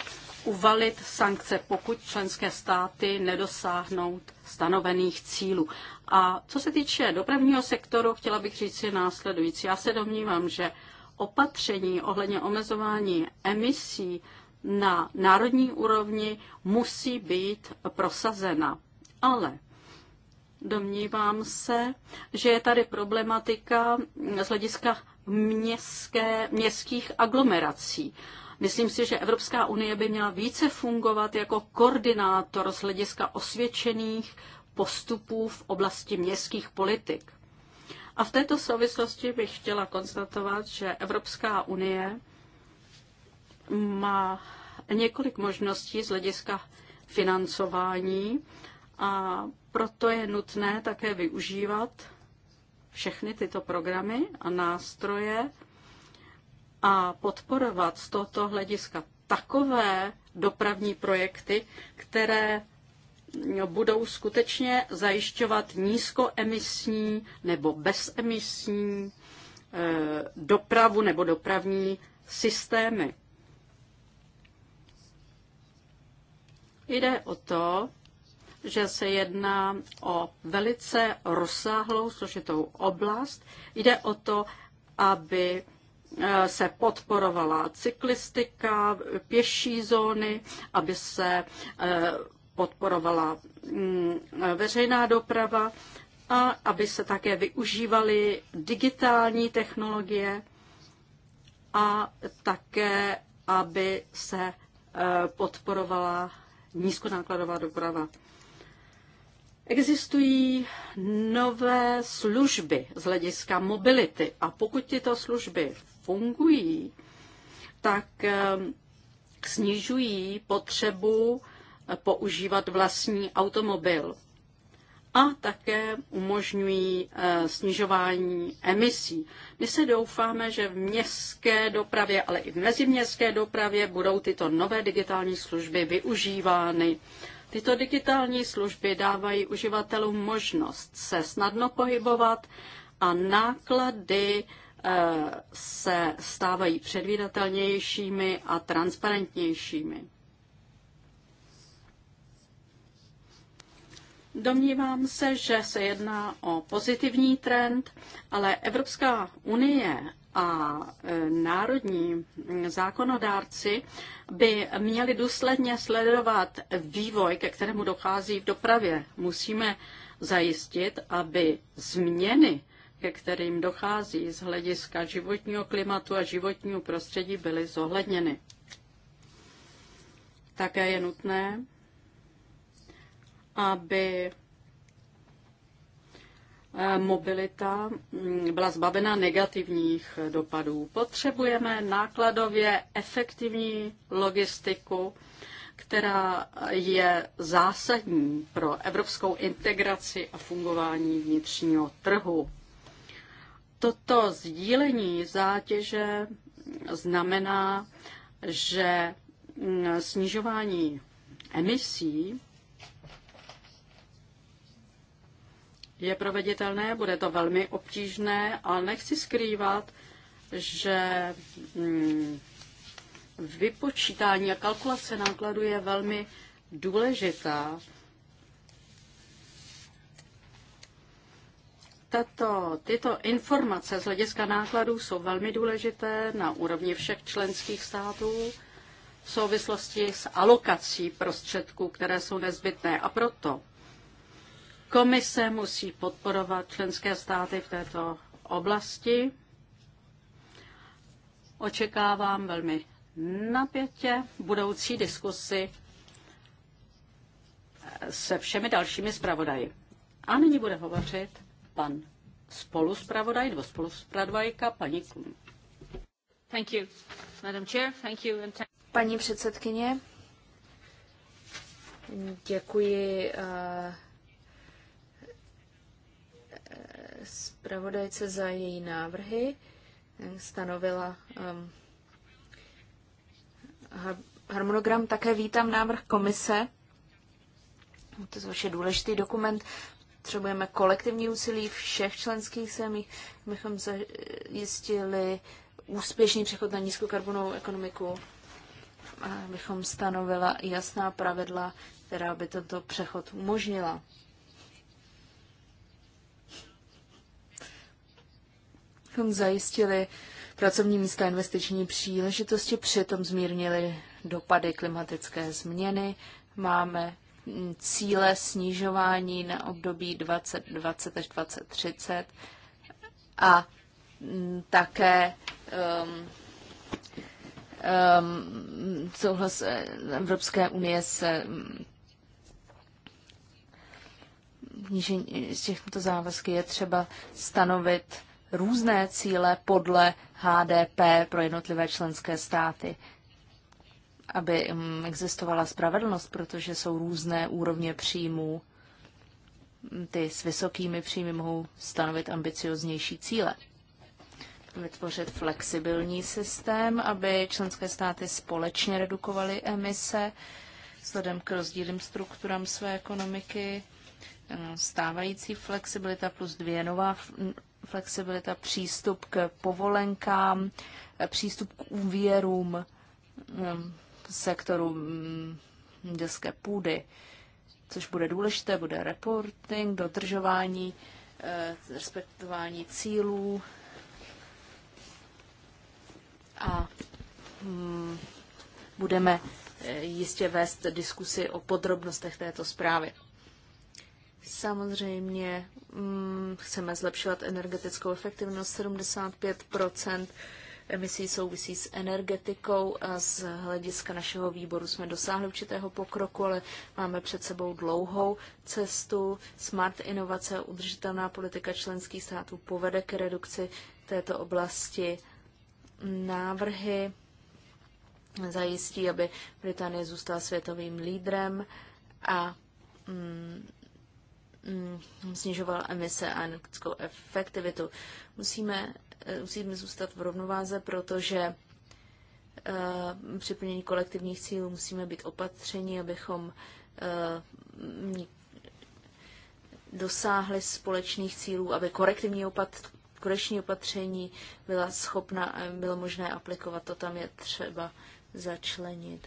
S3: uvalit sankce, pokud členské státy nedosáhnou stanovených cílů. A co se týče dopravního sektoru, chtěla bych říct si následující. Já se domnívám, že opatření ohledně omezování emisí na národní úrovni musí být prosazena. Ale Domnívám se, že je tady problematika z hlediska městské, městských aglomerací. Myslím si, že Evropská unie by měla více fungovat jako koordinátor z hlediska osvědčených postupů v oblasti městských politik. A v této souvislosti bych chtěla konstatovat, že Evropská unie má několik možností z hlediska financování a proto je nutné také využívat všechny tyto programy a nástroje a podporovat z tohoto hlediska takové dopravní projekty, které budou skutečně zajišťovat nízkoemisní nebo bezemisní eh, dopravu nebo dopravní systémy. Jde o to, že se jedná o velice rozsáhlou složitou oblast. Jde o to, aby eh, se podporovala cyklistika, pěší zóny, aby se eh, podporovala mm, veřejná doprava a aby se také využívaly digitální technologie a také, aby se eh, podporovala nízkonákladová doprava. Existují nové služby z hlediska mobility a pokud tyto služby fungují, tak ehm, snižují potřebu eh, používat vlastní automobil a také umožňují eh, snižování emisí. My se doufáme, že v městské dopravě, ale i v meziměstské dopravě budou tyto nové digitální služby využívány Tyto digitální služby dávají uživatelům možnost se snadno pohybovat a náklady eh, se stávají předvídatelnějšími a transparentnějšími. Domnívám se, že se jedná o pozitivní trend, ale Evropská unie a e, národní zákonodárci by měli důsledně sledovat vývoj, ke kterému dochází v dopravě. Musíme zajistit, aby změny, ke kterým dochází z hlediska životního klimatu a životního prostředí, byly zohledněny. Také je nutné, aby Eh, mobilita mm, byla zbavena negativních dopadů. Potřebujeme nákladově efektivní logistiku, která je zásadní pro evropskou integraci a fungování vnitřního trhu. Toto sdílení zátěže znamená, že mm, snižování emisí je proveditelné, bude to velmi obtížné, ale nechci skrývat, že mm, vypočítání a kalkulace nákladu je velmi důležitá. Tato, tyto informace z hlediska nákladů jsou velmi důležité na úrovni všech členských států v souvislosti s alokací prostředků, které jsou nezbytné. A proto Komise musí podporovat členské státy v této oblasti. Očekávám velmi napětě budoucí diskusy se všemi dalšími zpravodaji. A nyní bude hovořit pan spoluspravodaj, nebo spoluspravodajka paní Klum. Thank you, Madam Chair. Thank you
S2: Paní předsedkyně, děkuji uh zpravodajce za její návrhy. Eh, stanovila um, harmonogram. Také vítám návrh komise. To je vaše důležitý dokument. Potřebujeme kolektivní úsilí všech členských zemí, abychom zajistili úspěšný přechod na nízkokarbonovou ekonomiku, abychom stanovila jasná pravidla, která by tento přechod umožnila. zajistili pracovní místa investiční příležitosti, přitom zmírnili dopady klimatické změny. Máme mm, cíle snižování na období 2020 až 2030 a mm, také um, um, souhlas eh, Evropské unie se mm, z těchto závazky je třeba stanovit různé cíle podle HDP pro jednotlivé členské státy, aby mm, existovala spravedlnost, protože jsou různé úrovně příjmů. Ty s vysokými příjmy mohou stanovit ambicioznější cíle. Vytvořit flexibilní systém, aby členské státy společně redukovaly emise vzhledem k rozdílným strukturám své ekonomiky, stávající flexibilita plus dvě nová flexibilita, přístup k povolenkám, přístup k úvěrům mm, sektoru mm, dětské půdy, což bude důležité, bude reporting, dodržování, eh, respektování cílů a mm, budeme eh, jistě vést diskusi o podrobnostech této zprávy. Samozřejmě mm, chceme zlepšovat energetickou efektivnost. 75 emisí souvisí s energetikou a z hlediska našeho výboru jsme dosáhli určitého pokroku, ale máme před sebou dlouhou cestu. Smart inovace a udržitelná politika členských států povede k redukci této oblasti. Návrhy zajistí, aby Británie zůstala světovým lídrem a mm, Mm, snižovala emise a energetickou efektivitu. Musíme, eh, musíme zůstat v rovnováze, protože eh, při plnění kolektivních cílů musíme být opatření, abychom eh, dosáhli společných cílů, aby korektivní opat, koreční opatření byla schopna, bylo možné aplikovat. To tam je třeba začlenit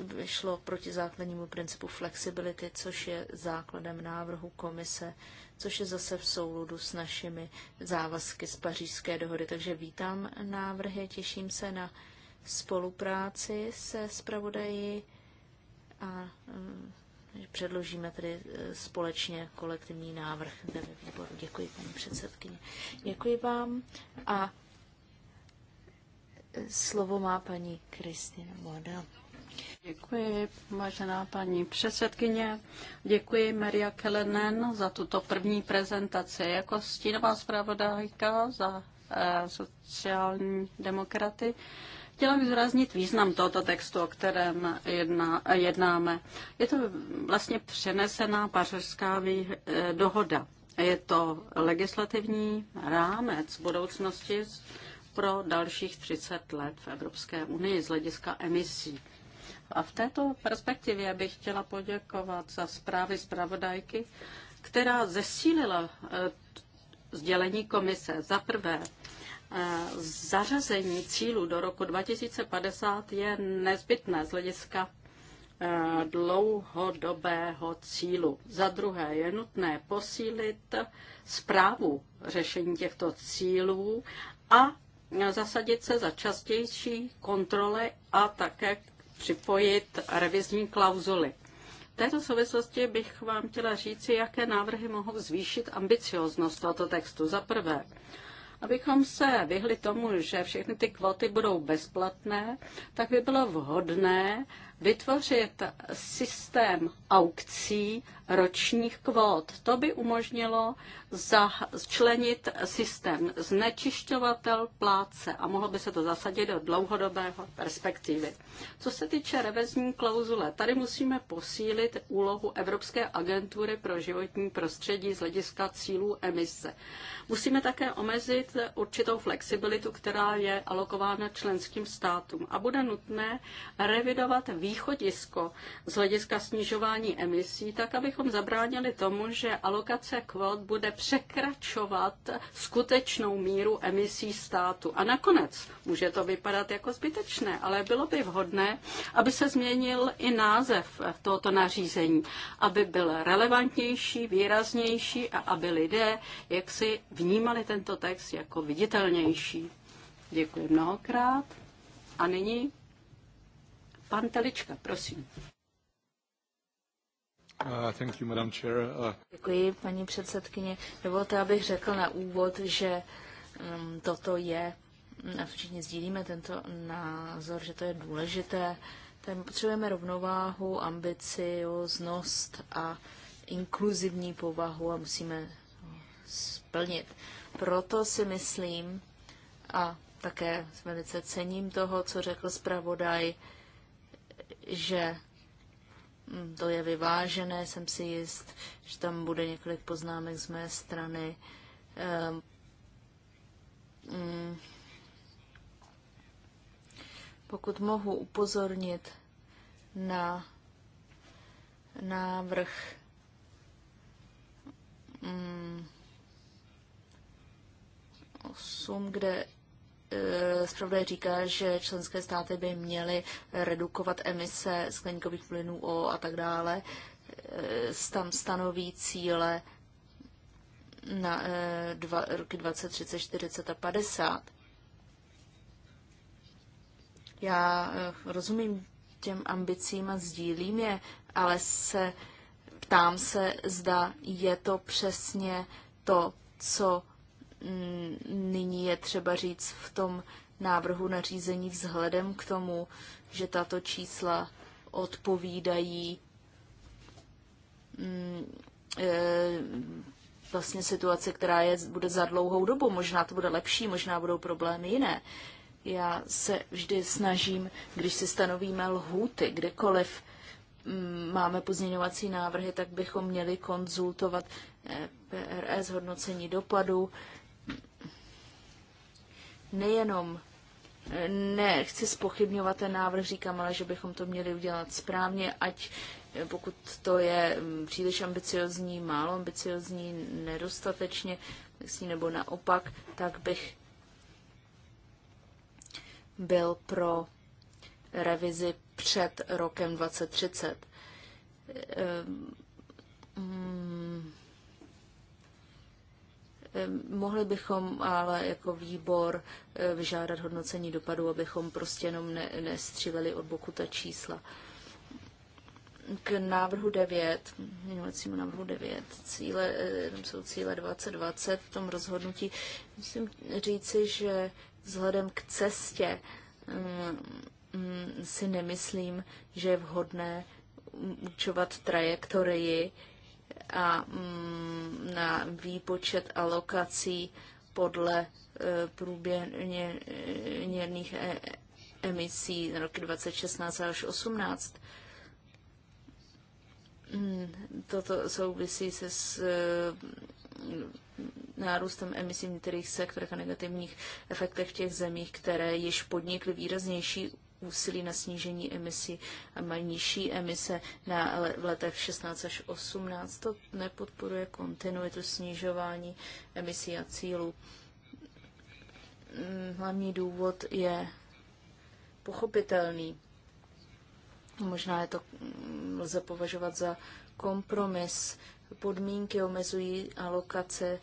S2: vyšlo proti základnímu principu flexibility, což je základem návrhu komise, což je zase v souladu s našimi závazky z pařížské dohody. Takže vítám návrhy, těším se na spolupráci se zpravodaji a mm, předložíme tedy e, společně kolektivní návrh ve výboru. Děkuji, paní předsedkyně. Děkuji vám
S3: a e, slovo má paní Kristina Model. Děkuji, vážená paní předsedkyně. Děkuji Maria Kelenen za tuto první prezentaci. Jako stínová zpravodajka za eh, sociální demokraty chtěla bych zúraznit význam tohoto textu, o kterém jedna, jednáme. Je to vlastně přenesená pařežská eh, dohoda. Je to legislativní rámec budoucnosti pro dalších 30 let v Evropské unii z hlediska emisí. A v této perspektivě bych chtěla poděkovat za zprávy zpravodajky, která zesílila eh, sdělení komise. Za prvé, eh, zařazení cílu do roku 2050 je nezbytné z hlediska eh, dlouhodobého cílu. Za druhé je nutné posílit zprávu řešení těchto cílů a zasadit se za častější kontrole a také připojit revizní klauzuly. V této souvislosti bych vám chtěla říci, jaké návrhy mohou zvýšit ambicioznost tohoto textu. Za prvé, Abychom se vyhli tomu, že všechny ty kvóty budou bezplatné, tak by bylo vhodné, vytvořit systém aukcí ročních kvót. To by umožnilo začlenit systém znečišťovatel, pláce a mohlo by se to zasadit do dlouhodobého perspektivy. Co se týče revezní klauzule, tady musíme posílit úlohu Evropské agentury pro životní prostředí z hlediska cílů emise. Musíme také omezit určitou flexibilitu, která je alokována členským státům a bude nutné revidovat výsledky východisko z hlediska snižování emisí, tak abychom zabránili tomu, že alokace kvot bude překračovat skutečnou míru emisí státu. A nakonec může to vypadat jako zbytečné, ale bylo by vhodné, aby se změnil i název tohoto nařízení, aby byl relevantnější, výraznější a aby lidé jaksi vnímali tento text jako viditelnější. Děkuji mnohokrát. A nyní Pan Telička, prosím.
S1: Uh, thank you, Madam Chair.
S4: Uh,
S2: Děkuji, paní předsedkyně. Dovolte, abych řekl na úvod, že um, toto je, a všichni sdílíme tento názor, že to je důležité. Tady potřebujeme rovnováhu, ambicioznost a inkluzivní povahu a musíme splnit. Proto si myslím, a také velice cením toho, co řekl zpravodaj, že to je vyvážené, jsem si jist, že tam bude několik poznámek z mé strany. Ehm, mm, pokud mohu upozornit na návrh mm,
S3: osm,
S2: kde Eh, zpravodaj říká, že členské státy by měly redukovat emise skleníkových plynů o a tak dále. Eh, tam stanoví cíle na eh, dva, roky 2030, 40 a 50. Já rozumím těm ambicím a sdílím je, ale se ptám se, zda je to přesně to, co nyní je třeba říct v tom návrhu nařízení vzhledem k tomu, že tato čísla odpovídají mm, e, vlastně situace, která je, bude za dlouhou dobu. Možná to bude lepší, možná budou problémy jiné. Já se vždy snažím, když si stanovíme lhůty, kdekoliv mm, máme pozměňovací návrhy, tak bychom měli konzultovat e, PRS, hodnocení dopadu, nejenom eh, nechci spochybňovat ten návrh, říkám, ale že bychom to měli udělat správně, ať eh, pokud to je mm, příliš ambiciozní, málo ambiciozní, nedostatečně, nebo naopak, tak bych byl pro revizi před rokem 2030. Um, Mohli bychom ale jako výbor e, vyžádat hodnocení dopadu, abychom prostě jenom ne, nestříleli od boku ta čísla. K návrhu 9, minulacímu návrhu 9, cíle, e, tam jsou cíle 2020 v tom rozhodnutí. Musím říci, že vzhledem k cestě mm, mm, si nemyslím, že je vhodné učovat trajektorii a mm, na výpočet alokací podle e, průběrných e, emisí na roky 2016 až 2018. Mm, toto souvisí se s e, nárůstem emisí v některých sektorech a negativních efektech těch zemích, které již podnikly výraznější úsilí na snížení emisí a mají nižší emise na letech 16 až 18. To nepodporuje kontinuitu snižování emisí a cílů. Mm, hlavní důvod je pochopitelný. Možná je to mm, lze považovat za kompromis podmínky omezují alokace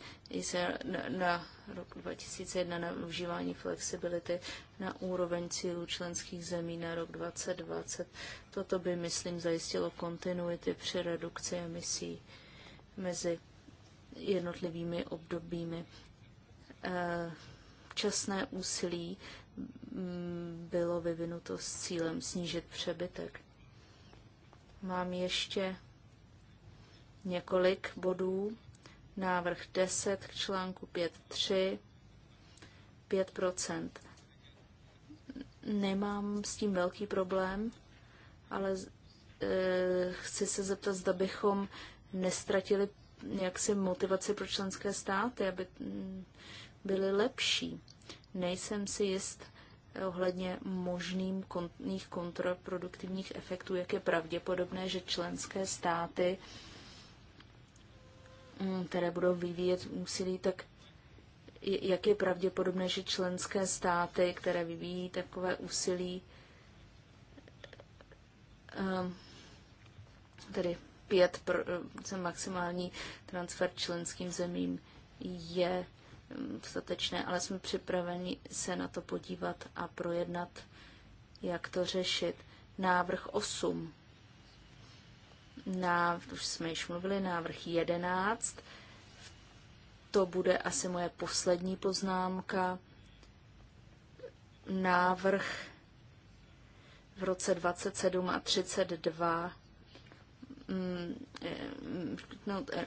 S2: na, na rok 2001 na užívání flexibility na úroveň cílů členských zemí na rok 2020. Toto by, myslím, zajistilo kontinuity při redukci emisí mezi jednotlivými obdobími. Eh, časné úsilí mm, bylo vyvinuto s cílem snížit přebytek. Mám ještě několik bodů. Návrh 10 k článku 5.3, 5 Nemám s tím velký problém, ale e, chci se zeptat, zda bychom nestratili jaksi motivaci pro členské státy, aby mm, byly lepší. Nejsem si jist ohledně možným kontraproduktivních efektů, jak je pravděpodobné, že členské státy e, Mm, které budou vyvíjet úsilí, tak jak je pravděpodobné, že členské státy, které vyvíjí takové úsilí, ehm, tedy pět pro, eh, maximální transfer členským zemím je mm, dostatečné, ale jsme připraveni se na to podívat a projednat, jak to řešit. Návrh 8 na už jsme již mluvili, návrh 11. To bude asi moje poslední poznámka. Návrh v roce 27 a 32 mm, eh, no, eh,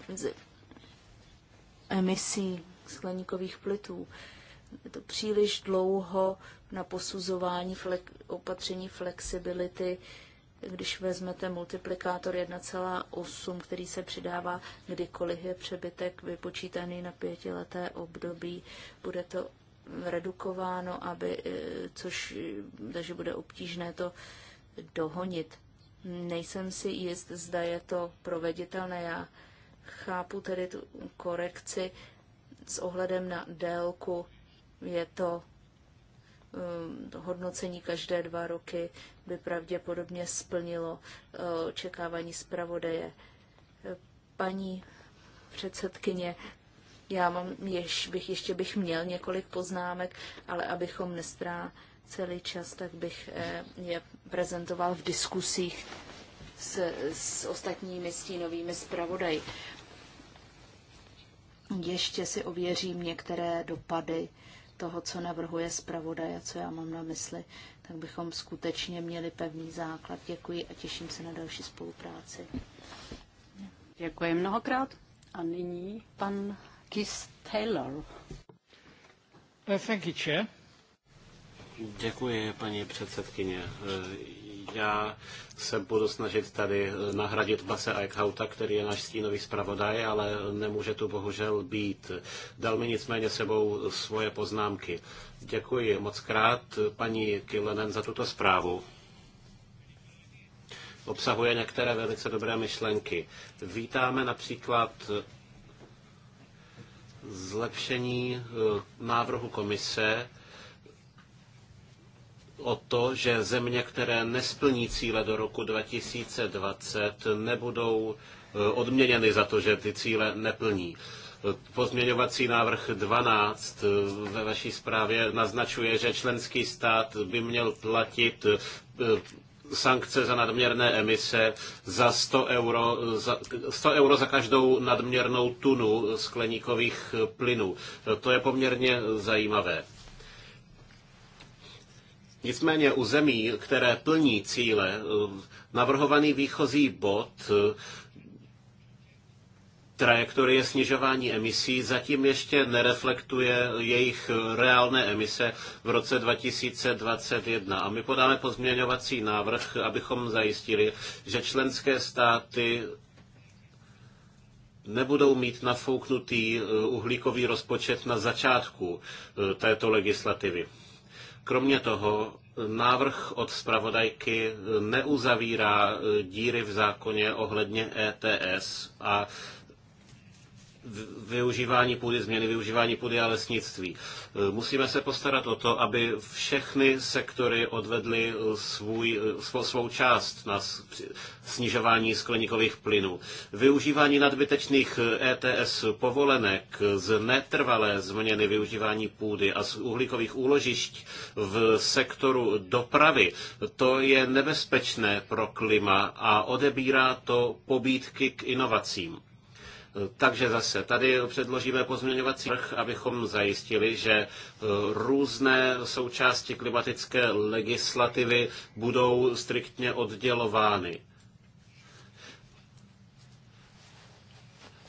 S2: emisí skleníkových plitů. Je to příliš dlouho na posuzování flek, opatření flexibility když vezmete multiplikátor 1,8, který se přidává kdykoliv je přebytek vypočítaný na pětileté období, bude to redukováno, aby, e, což e, takže bude obtížné to dohonit. Nejsem si jist, zda je to proveditelné. Já chápu tedy tu korekci s ohledem na délku. Je to um, hodnocení každé dva roky by pravděpodobně splnilo eh, očekávání zpravodaje. Paní předsedkyně, já mám, jež bych, ještě bych měl několik poznámek, ale abychom celý čas, tak bych eh, je prezentoval v diskusích s, s ostatními stínovými zpravodaji. Ještě si ověřím některé dopady toho, co navrhuje zpravodaj a co já mám na mysli tak bychom skutečně měli pevný základ.
S3: Děkuji a těším se na další spolupráci. Děkuji mnohokrát. A nyní pan Keith Taylor. Uh, thank
S4: you, Chair. Děkuji, paní předsedkyně. Uh, já se budu snažit tady nahradit Base Eichhauta, který je náš stínový zpravodaj, ale nemůže tu bohužel být. Dal mi nicméně sebou svoje poznámky. Děkuji moc krát paní Kilenen za tuto zprávu obsahuje některé velice dobré myšlenky. Vítáme například zlepšení eh, návrhu komise o to, že země, které nesplní cíle do roku 2020, nebudou eh, odměněny za to, že ty cíle neplní. Pozměňovací návrh 12 eh, ve vaší zprávě naznačuje, že členský stát by měl platit eh, sankce za nadměrné emise za 100 euro za, 100 euro za každou nadměrnou tunu skleníkových plynů. To je poměrně zajímavé. Nicméně u zemí, které plní cíle, eh, navrhovaný výchozí bod eh, trajektorie snižování emisí zatím ještě nereflektuje jejich reálné emise v roce 2021. A my podáme pozměňovací návrh, abychom zajistili, že členské státy nebudou mít nafouknutý eh, uhlíkový rozpočet na začátku této legislativy. Kromě toho návrh od zpravodajky neuzavírá díry v zákoně ohledně ETS a využívání půdy, změny využívání půdy a lesnictví. Musíme se postarat o to, aby všechny sektory odvedly svůj, svou, svou část na snižování skleníkových plynů. Využívání nadbytečných ETS povolenek z netrvalé změny využívání půdy a z uhlíkových úložišť v sektoru dopravy, to je nebezpečné pro klima a odebírá to pobídky k inovacím. Takže zase tady předložíme pozměňovací vrch, abychom zajistili, že e, různé součásti klimatické legislativy budou striktně oddělovány.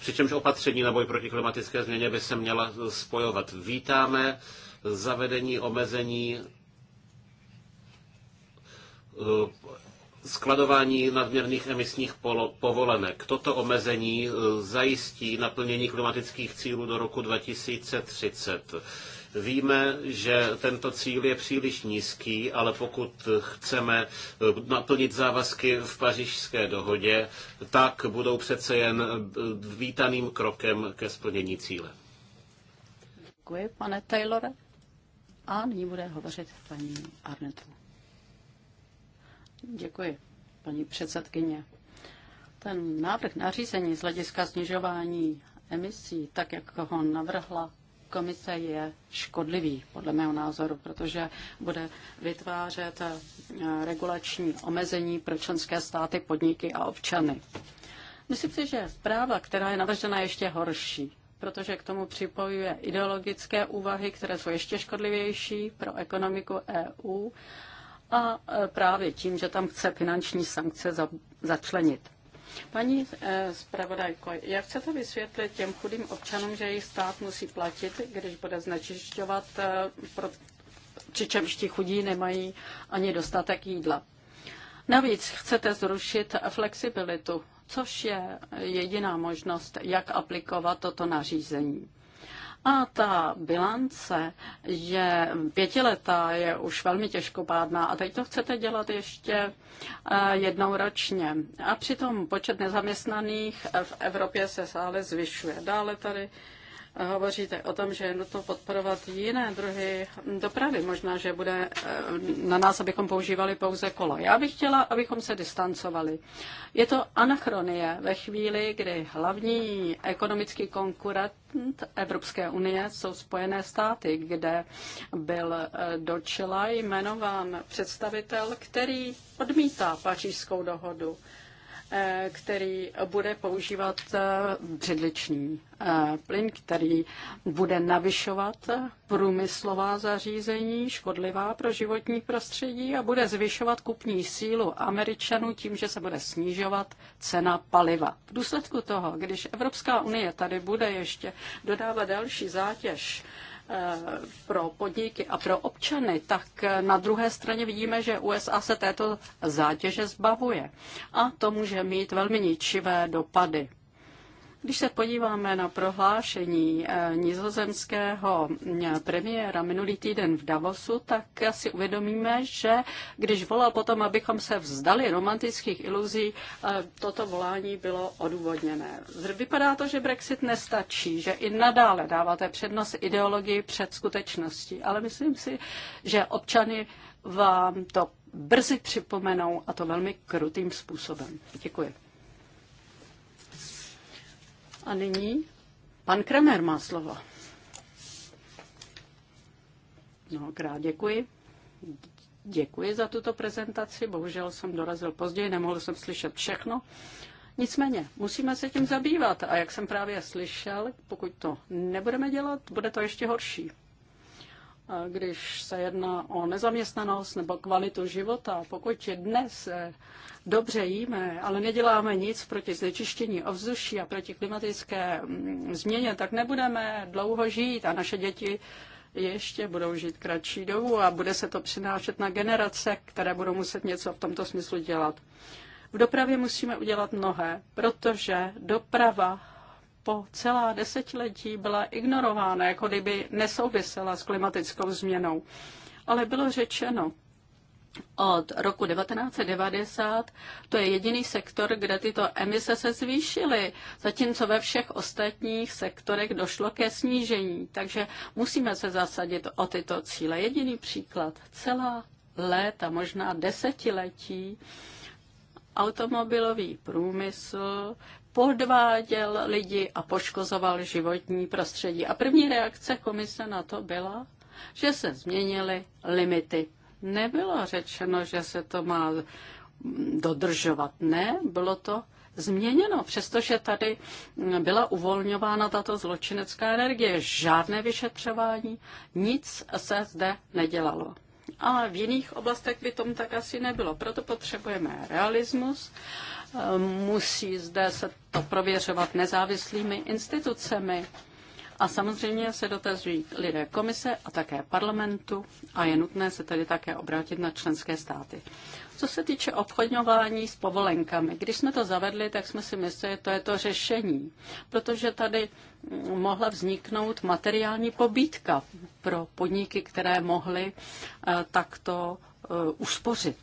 S4: Přičemž opatření na boj proti klimatické změně by se měla spojovat. Vítáme zavedení omezení e, skladování nadměrných emisních povolenek. Toto omezení e, zajistí naplnění klimatických cílů do roku 2030. Víme, že tento cíl je příliš nízký, ale pokud chceme e, naplnit závazky v pařížské dohodě, tak budou přece jen e, vítaným krokem ke splnění cíle.
S3: Děkuji, pane Taylore. A nyní bude hovořit paní Arnetu. Děkuji, paní předsedkyně. Ten návrh nařízení z hlediska snižování emisí, tak jak ho navrhla komise, je škodlivý, podle mého názoru, protože bude vytvářet eh, regulační omezení pro členské státy, podniky a občany. Myslím si, že zpráva, která je navržena, ještě horší, protože k tomu připojuje ideologické úvahy, které jsou ještě škodlivější pro ekonomiku EU a e, právě tím, že tam chce finanční sankce za, začlenit. Paní e, zpravodajko, jak chcete vysvětlit těm chudým občanům, že jejich stát musí platit, když bude znečišťovat, e, přičemž ti chudí nemají ani dostatek jídla? Navíc chcete zrušit flexibilitu, což je jediná možnost, jak aplikovat toto nařízení. A ta bilance že pětiletá, je už velmi těžkopádná a teď to chcete dělat ještě eh, jednou ročně. A přitom počet nezaměstnaných v Evropě se stále zvyšuje. Dále tady hovoříte o tom, že je nutno podporovat jiné druhy dopravy. Možná, že bude eh, na nás, abychom používali pouze kola. Já bych chtěla, abychom se distancovali. Je to anachronie ve chvíli, kdy hlavní ekonomický konkurent Evropské unie jsou Spojené státy, kde byl eh, do čela jmenován představitel, který odmítá pařížskou dohodu. Eh, který bude používat eh, břidličný eh, plyn, který bude navyšovat průmyslová zařízení škodlivá pro životní prostředí a bude zvyšovat kupní sílu Američanů tím, že se bude snižovat cena paliva. V důsledku toho, když Evropská unie tady bude ještě dodávat další zátěž Eh, pro podniky a pro občany, tak na druhé straně vidíme, že USA se této zátěže zbavuje. A to může mít velmi ničivé dopady. Když se podíváme na prohlášení eh, nizozemského mm, premiéra minulý týden v Davosu, tak si uvědomíme, že když volal potom, abychom se vzdali romantických iluzí, eh, toto volání bylo odůvodněné. Vypadá to, že Brexit nestačí, že i nadále dáváte přednost ideologii před skutečností, ale myslím si, že občany vám to brzy připomenou a to velmi krutým způsobem. Děkuji. A nyní pan Kramer má slovo. Mnohokrát děkuji. Děkuji za tuto prezentaci. Bohužel jsem dorazil později, nemohl jsem slyšet všechno. Nicméně, musíme se tím zabývat a jak jsem právě slyšel, pokud to nebudeme dělat, bude to ještě horší když se jedná o nezaměstnanost nebo kvalitu života, pokud dnes eh, dobře jíme, ale neděláme nic proti znečištění ovzduší a proti klimatické mm, změně, tak nebudeme dlouho žít a naše děti ještě budou žít kratší dobu a bude se to přinášet na generace, které budou muset něco v tomto smyslu dělat. V dopravě musíme udělat mnohé, protože doprava po celá desetiletí byla ignorována, jako kdyby nesouvisela s klimatickou změnou. Ale bylo řečeno, od roku 1990 to je jediný sektor, kde tyto emise se zvýšily, zatímco ve všech ostatních sektorech došlo ke snížení. Takže musíme se zasadit o tyto cíle. Jediný příklad. Celá léta, možná desetiletí, automobilový průmysl podváděl lidi a poškozoval životní prostředí. A první reakce komise na to byla, že se změnily limity. Nebylo řečeno, že se to má dodržovat. Ne, bylo to změněno, přestože tady byla uvolňována tato zločinecká energie. Žádné vyšetřování, nic se zde nedělalo. Ale v jiných oblastech by tomu tak asi nebylo. Proto potřebujeme realismus musí zde se to prověřovat nezávislými institucemi. A samozřejmě se dotazují lidé komise a také parlamentu a je nutné se tedy také obrátit na členské státy. Co se týče obchodňování s povolenkami, když jsme to zavedli, tak jsme si mysleli, že to je to řešení, protože tady mohla vzniknout materiální pobídka pro podniky, které mohly eh, takto eh, uspořit.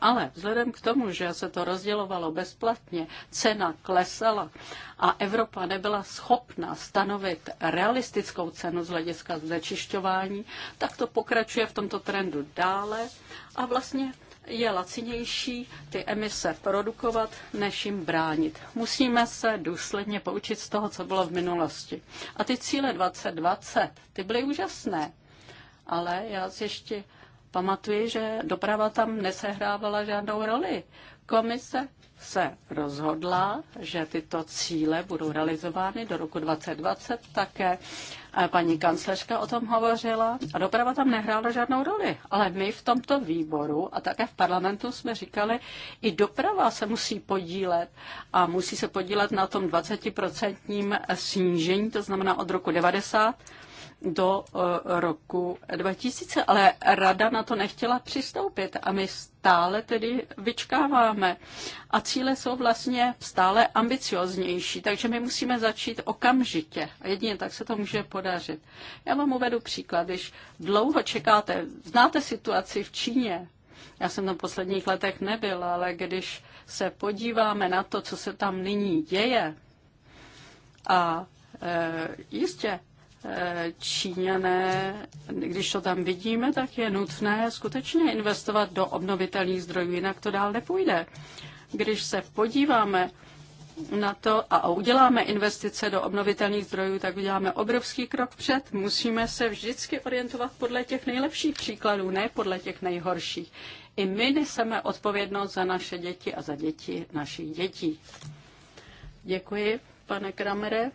S3: Ale vzhledem k tomu, že se to rozdělovalo bezplatně, cena klesala a Evropa nebyla schopna stanovit realistickou cenu z hlediska znečišťování, tak to pokračuje v tomto trendu dále a vlastně je lacinější ty emise produkovat, než jim bránit. Musíme se důsledně poučit z toho, co bylo v minulosti. A ty cíle 2020, ty byly úžasné, ale já si ještě pamatuji, že doprava tam nesehrávala žádnou roli. Komise se rozhodla, že tyto cíle budou realizovány do roku 2020. Také eh, paní kancelářka o tom hovořila a doprava tam nehrála žádnou roli. Ale my v tomto výboru a také v parlamentu jsme říkali, i doprava se musí podílet a musí se podílet na tom 20% snížení, to znamená od roku 90 do eh, roku 2000, ale rada na to nechtěla přistoupit a my stále tedy vyčkáváme. A cíle jsou vlastně stále ambicioznější, takže my musíme začít okamžitě. A jedině tak se to může podařit. Já vám uvedu příklad. Když dlouho čekáte, znáte situaci v Číně, já jsem tam v posledních letech nebyl, ale když se podíváme na to, co se tam nyní děje, a e, jistě Eh, Číňané, když to tam vidíme, tak je nutné skutečně investovat do obnovitelných zdrojů, jinak to dál nepůjde. Když se podíváme na to a uděláme investice do obnovitelných zdrojů, tak uděláme obrovský krok před. Musíme se vždycky orientovat podle těch nejlepších příkladů, ne podle těch nejhorších. I my neseme odpovědnost za naše děti a za děti našich dětí. Děkuji, pane Kramere.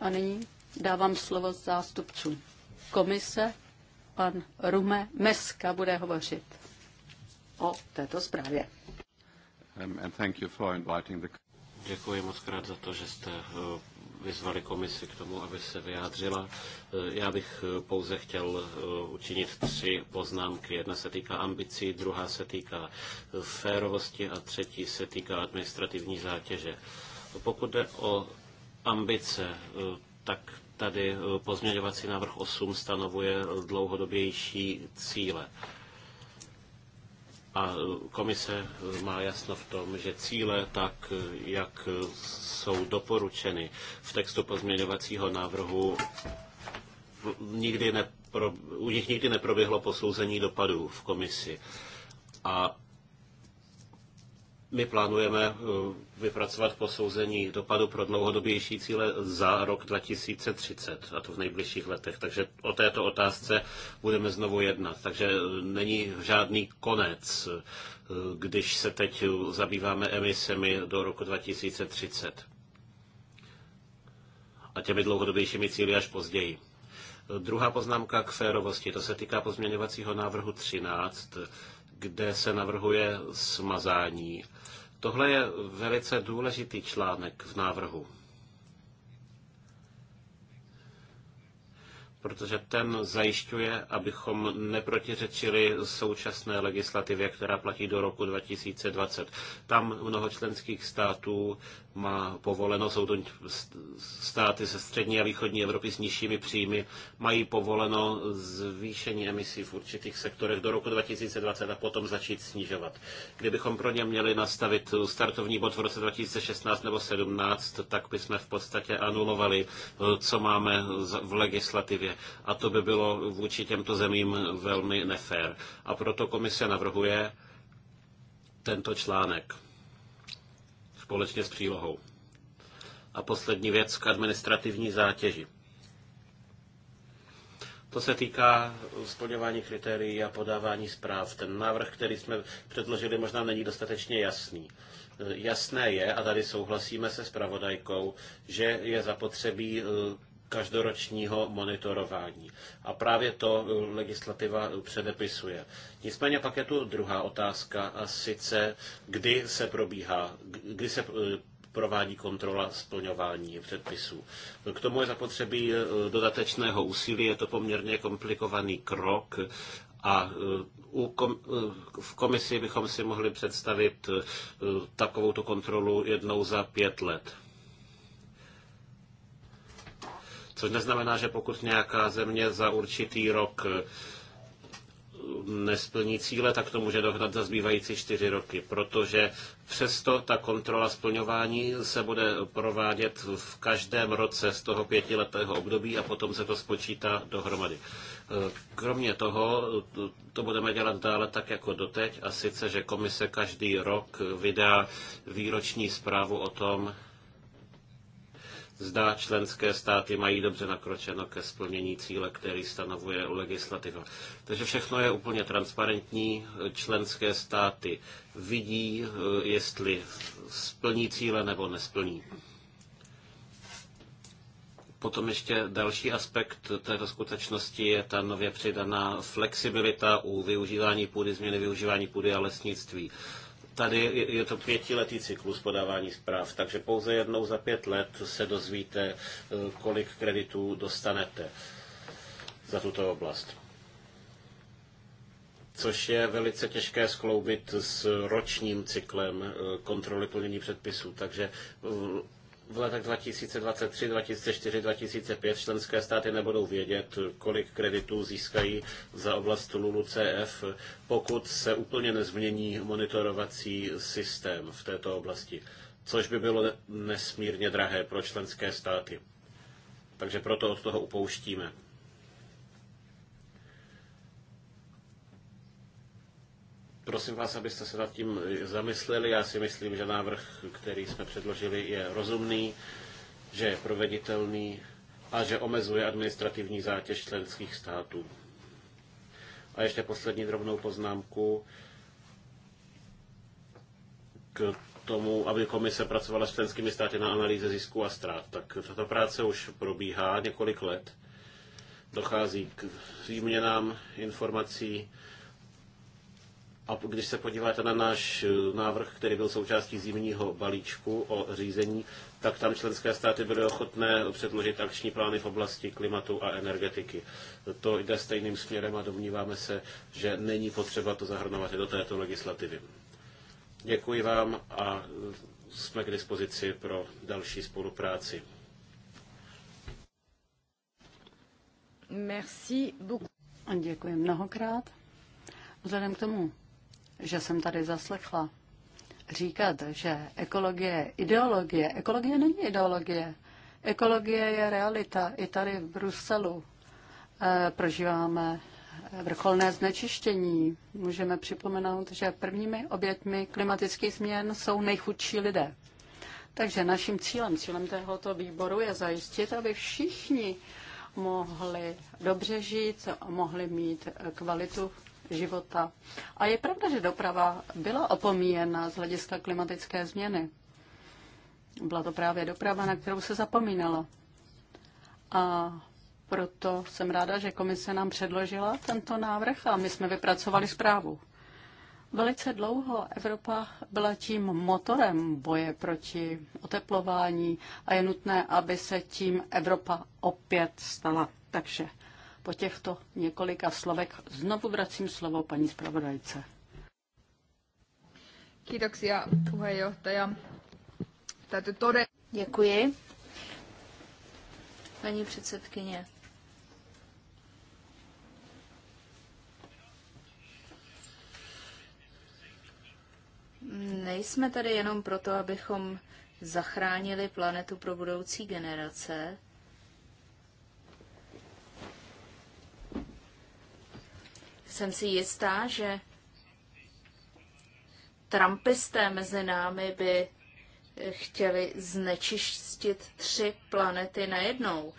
S3: A nyní dávám slovo zástupcům komise. Pan Rume Meska bude hovořit o této zprávě.
S4: Um, Děkuji moc krát za to, že jste uh, vyzvali komisi k tomu, aby se vyjádřila. Uh, já bych uh, pouze chtěl učinit tři poznámky. Jedna se týká ambicí, druhá se týká férovosti a třetí se týká administrativní zátěže. Pokud jde o ambice, eh, tak tady eh, pozměňovací návrh 8 stanovuje dlouhodobější cíle. A eh, komise má jasno v tom, že cíle, tak jak jsou doporučeny v textu pozměňovacího návrhu, nikdy nepro, u nich nikdy neproběhlo posouzení dopadů v komisi. A my plánujeme eh, vypracovat posouzení dopadu pro dlouhodobější cíle za rok 2030, a to v nejbližších letech. Takže o této otázce budeme znovu jednat. Takže eh, není žádný konec, eh, když se teď zabýváme emisemi do roku 2030 a těmi dlouhodobějšími cíly až později. Druhá poznámka k férovosti, to se týká pozměňovacího návrhu 13, kde se navrhuje smazání Tohle je velice důležitý článek v návrhu, protože ten zajišťuje, abychom neprotiřečili současné legislativě, která platí do roku 2020. Tam mnoho členských států má povoleno, jsou to státy ze střední a východní Evropy s nižšími příjmy, mají povoleno zvýšení emisí v určitých sektorech do roku 2020 a potom začít snižovat. Kdybychom pro ně měli nastavit startovní bod v roce 2016 nebo 2017, tak bychom v podstatě anulovali, co máme v legislativě. A to by bylo vůči těmto zemím velmi nefér. A proto komise navrhuje tento článek společně s přílohou. A poslední věc k administrativní zátěži. To se týká splňování kritérií a podávání zpráv. Ten návrh, který jsme předložili, možná není dostatečně jasný. Jasné je, a tady souhlasíme se zpravodajkou, že je zapotřebí eh, každoročního monitorování. A právě to eh, legislativa eh, předepisuje. Nicméně pak je tu druhá otázka, a sice kdy se probíhá, kdy se eh, provádí kontrola splňování předpisů. K tomu je zapotřebí dodatečného úsilí, je to poměrně komplikovaný krok a v komisi bychom si mohli představit takovouto kontrolu jednou za pět let. Což neznamená, že pokud nějaká země za určitý rok eh, nesplní cíle, tak to může dohnat za zbývající čtyři roky, protože přesto ta kontrola splňování se bude provádět v každém roce z toho pětiletého období a potom se to spočítá dohromady. Eh, kromě toho eh, to budeme dělat dále tak jako doteď a sice, že komise každý rok vydá výroční zprávu o tom, zda členské státy mají dobře nakročeno ke splnění cíle, který stanovuje legislativa. Takže všechno je úplně transparentní. Členské státy vidí, eh, jestli splní cíle nebo nesplní. Potom ještě další aspekt této skutečnosti je ta nově přidaná flexibilita u využívání půdy, změny využívání půdy a lesnictví. Tady je to pětiletý cyklus podávání zpráv, takže pouze jednou za pět let se dozvíte, eh, kolik kreditů dostanete za tuto oblast. Což je velice těžké skloubit s ročním cyklem eh, kontroly plnění předpisů. Takže eh, v letech 2023, 2004, 2005 členské státy nebudou vědět, kolik kreditů získají za oblast lulu CF, pokud se úplně nezmění monitorovací systém v této oblasti, což by bylo nesmírně drahé pro členské státy. Takže proto od toho upouštíme. Prosím vás, abyste se nad tím zamysleli. Já si myslím, že návrh, který jsme předložili, je rozumný, že je proveditelný a že omezuje administrativní zátěž členských států. A ještě poslední drobnou poznámku k tomu, aby komise pracovala s členskými státy na analýze zisku a ztrát. Tak tato práce už probíhá několik let. Dochází k výměnám informací a když se podíváte na náš eh, návrh, který byl součástí zimního balíčku o řízení, tak tam členské státy byly ochotné předložit akční plány v oblasti klimatu a energetiky. To jde stejným směrem a domníváme se, že není potřeba to zahrnovat do této legislativy. Děkuji vám a eh, jsme k dispozici pro další spolupráci.
S1: Merci
S3: beaucoup. Děkuji mnohokrát. Vzhledem k tomu že jsem tady zaslechla říkat, že ekologie je ideologie. Ekologie není ideologie. Ekologie je realita. I tady v Bruselu eh, prožíváme vrcholné znečištění. Můžeme připomenout, že prvními oběťmi klimatických změn jsou nejchudší lidé. Takže naším cílem, cílem tohoto výboru je zajistit, aby všichni mohli dobře žít, mohli mít kvalitu života. A je pravda, že doprava byla opomíjena z hlediska klimatické změny. Byla to právě doprava, na kterou se zapomínalo. A proto jsem ráda, že komise nám předložila tento návrh a my jsme vypracovali zprávu. Velice dlouho Evropa byla tím motorem boje proti oteplování a je nutné, aby se tím Evropa opět stala. Takže po těchto několika slovech znovu vracím slovo paní zpravodajce.
S2: Děkuji. Paní předsedkyně. Nejsme tady jenom proto, abychom zachránili planetu pro budoucí generace, jsem si jistá, že Trumpisté mezi námi by chtěli znečištit tři planety najednou.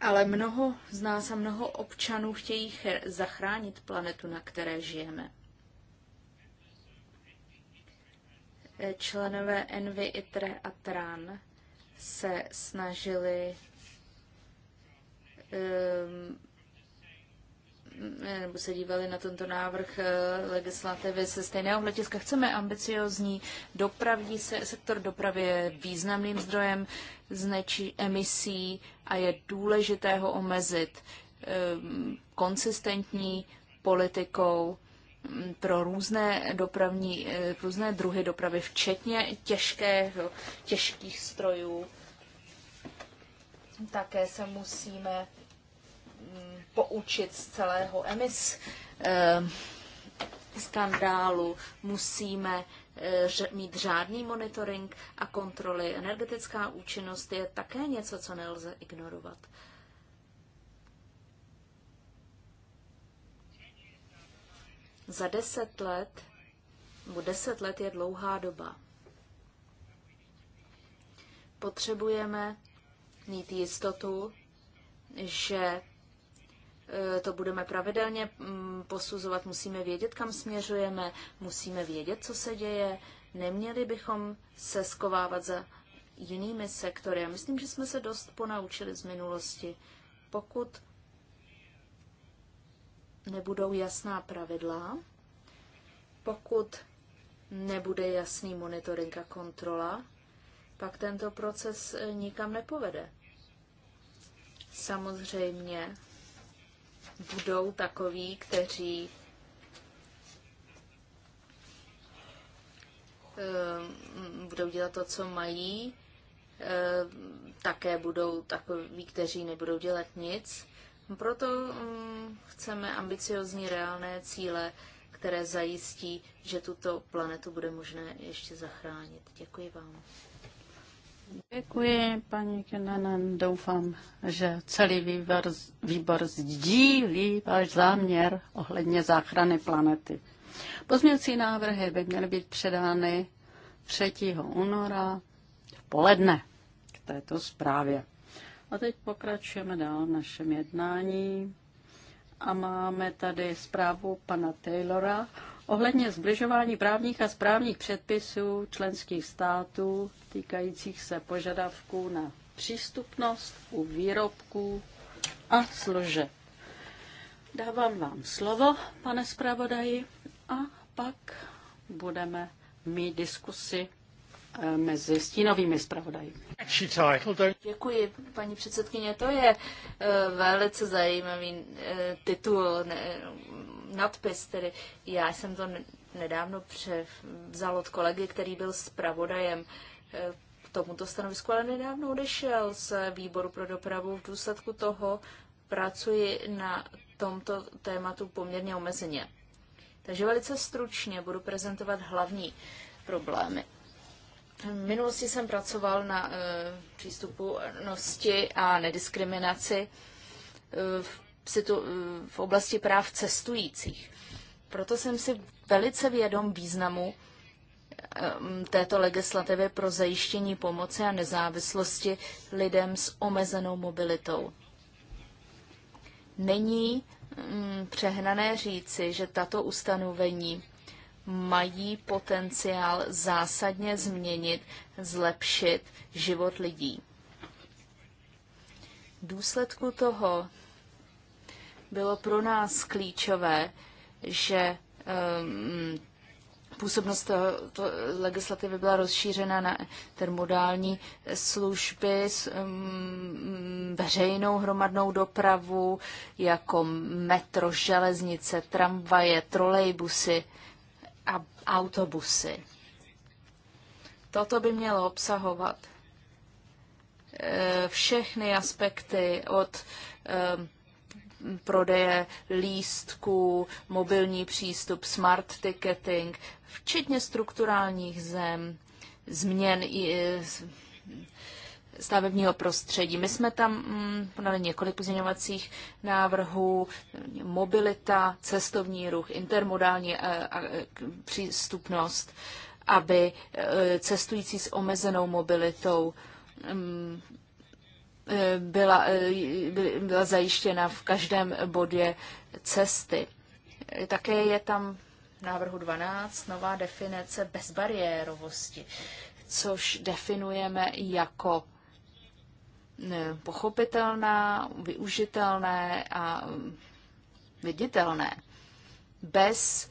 S2: Ale mnoho z nás a mnoho občanů chtějí zachránit planetu, na které žijeme. Členové Envy, Itre a Tran se snažili um, Eh, nebo se dívali na tento návrh eh, legislativy se stejného hlediska. Chceme ambiciozní dopravní se, sektor dopravy je významným zdrojem zneči emisí a je důležité ho omezit eh, konsistentní politikou mm, pro různé dopravní, různé druhy dopravy, včetně těžké, těžkých strojů. Také se musíme poučit z celého emis eh, skandálu, musíme eh, mít řádný monitoring a kontroly. Energetická účinnost je také něco, co nelze ignorovat. Za deset let, nebo deset let je dlouhá doba. Potřebujeme mít jistotu, že Eh, to budeme pravidelně mm, posuzovat, musíme vědět, kam směřujeme, musíme vědět, co se děje, neměli bychom se skovávat za jinými sektory. A myslím, že jsme se dost ponaučili z minulosti. Pokud nebudou jasná pravidla, pokud nebude jasný monitoring a kontrola, pak tento proces eh, nikam nepovede. Samozřejmě budou takoví, kteří eh, budou dělat to, co mají, eh, také budou takoví, kteří nebudou dělat nic. Proto mm, chceme ambiciozní reálné cíle, které zajistí, že tuto planetu bude možné ještě zachránit. Děkuji vám.
S3: Děkuji, paní Kenanen. Doufám, že celý výbor, výbor sdílí váš záměr ohledně záchrany planety. Pozměňovací návrhy by měly být předány 3. února v poledne k této zprávě. A teď pokračujeme dál v našem jednání. A máme tady zprávu pana Taylora ohledně zbližování právních a správních předpisů členských států týkajících se požadavků na přístupnost u výrobků a služeb. Dávám vám slovo, pane zpravodaji, a pak budeme mít diskusi eh, mezi stínovými zpravodaji.
S2: Děkuji, paní předsedkyně. To je eh, velice zajímavý eh, titul nadpis, tedy já jsem to nedávno převzal od kolegy, který byl zpravodajem eh, k tomuto stanovisku, ale nedávno odešel z výboru pro dopravu. V důsledku toho pracuji na tomto tématu poměrně omezeně. Takže velice stručně budu prezentovat hlavní problémy. V minulosti jsem pracoval na e, přístupu nosti a nediskriminaci e, v situ, eh, v oblasti práv cestujících. Proto jsem si velice vědom významu ehm, této legislativy pro zajištění pomoci a nezávislosti lidem s omezenou mobilitou. Není mm, přehnané říci, že tato ustanovení mají potenciál zásadně změnit, zlepšit život lidí. V důsledku toho bylo pro nás klíčové, že ehm, působnost toho, to legislativy byla rozšířena na termodální služby, ehm, veřejnou hromadnou dopravu, jako metro, železnice, tramvaje, trolejbusy a autobusy. Toto by mělo obsahovat eh, všechny aspekty od ehm, prodeje lístků, mobilní přístup, smart ticketing, včetně strukturálních zem, změn e, stavebního prostředí. My jsme tam mm, podali několik pozměňovacích návrhů, mobilita, cestovní ruch, intermodální e, e, přístupnost, aby cestující s omezenou mobilitou mm, E, byla, e, byla zajištěna v každém bodě cesty. E, také je tam v návrhu 12 nová definice bezbariérovosti, což definujeme jako pochopitelná, využitelné a mm, viditelné. Bez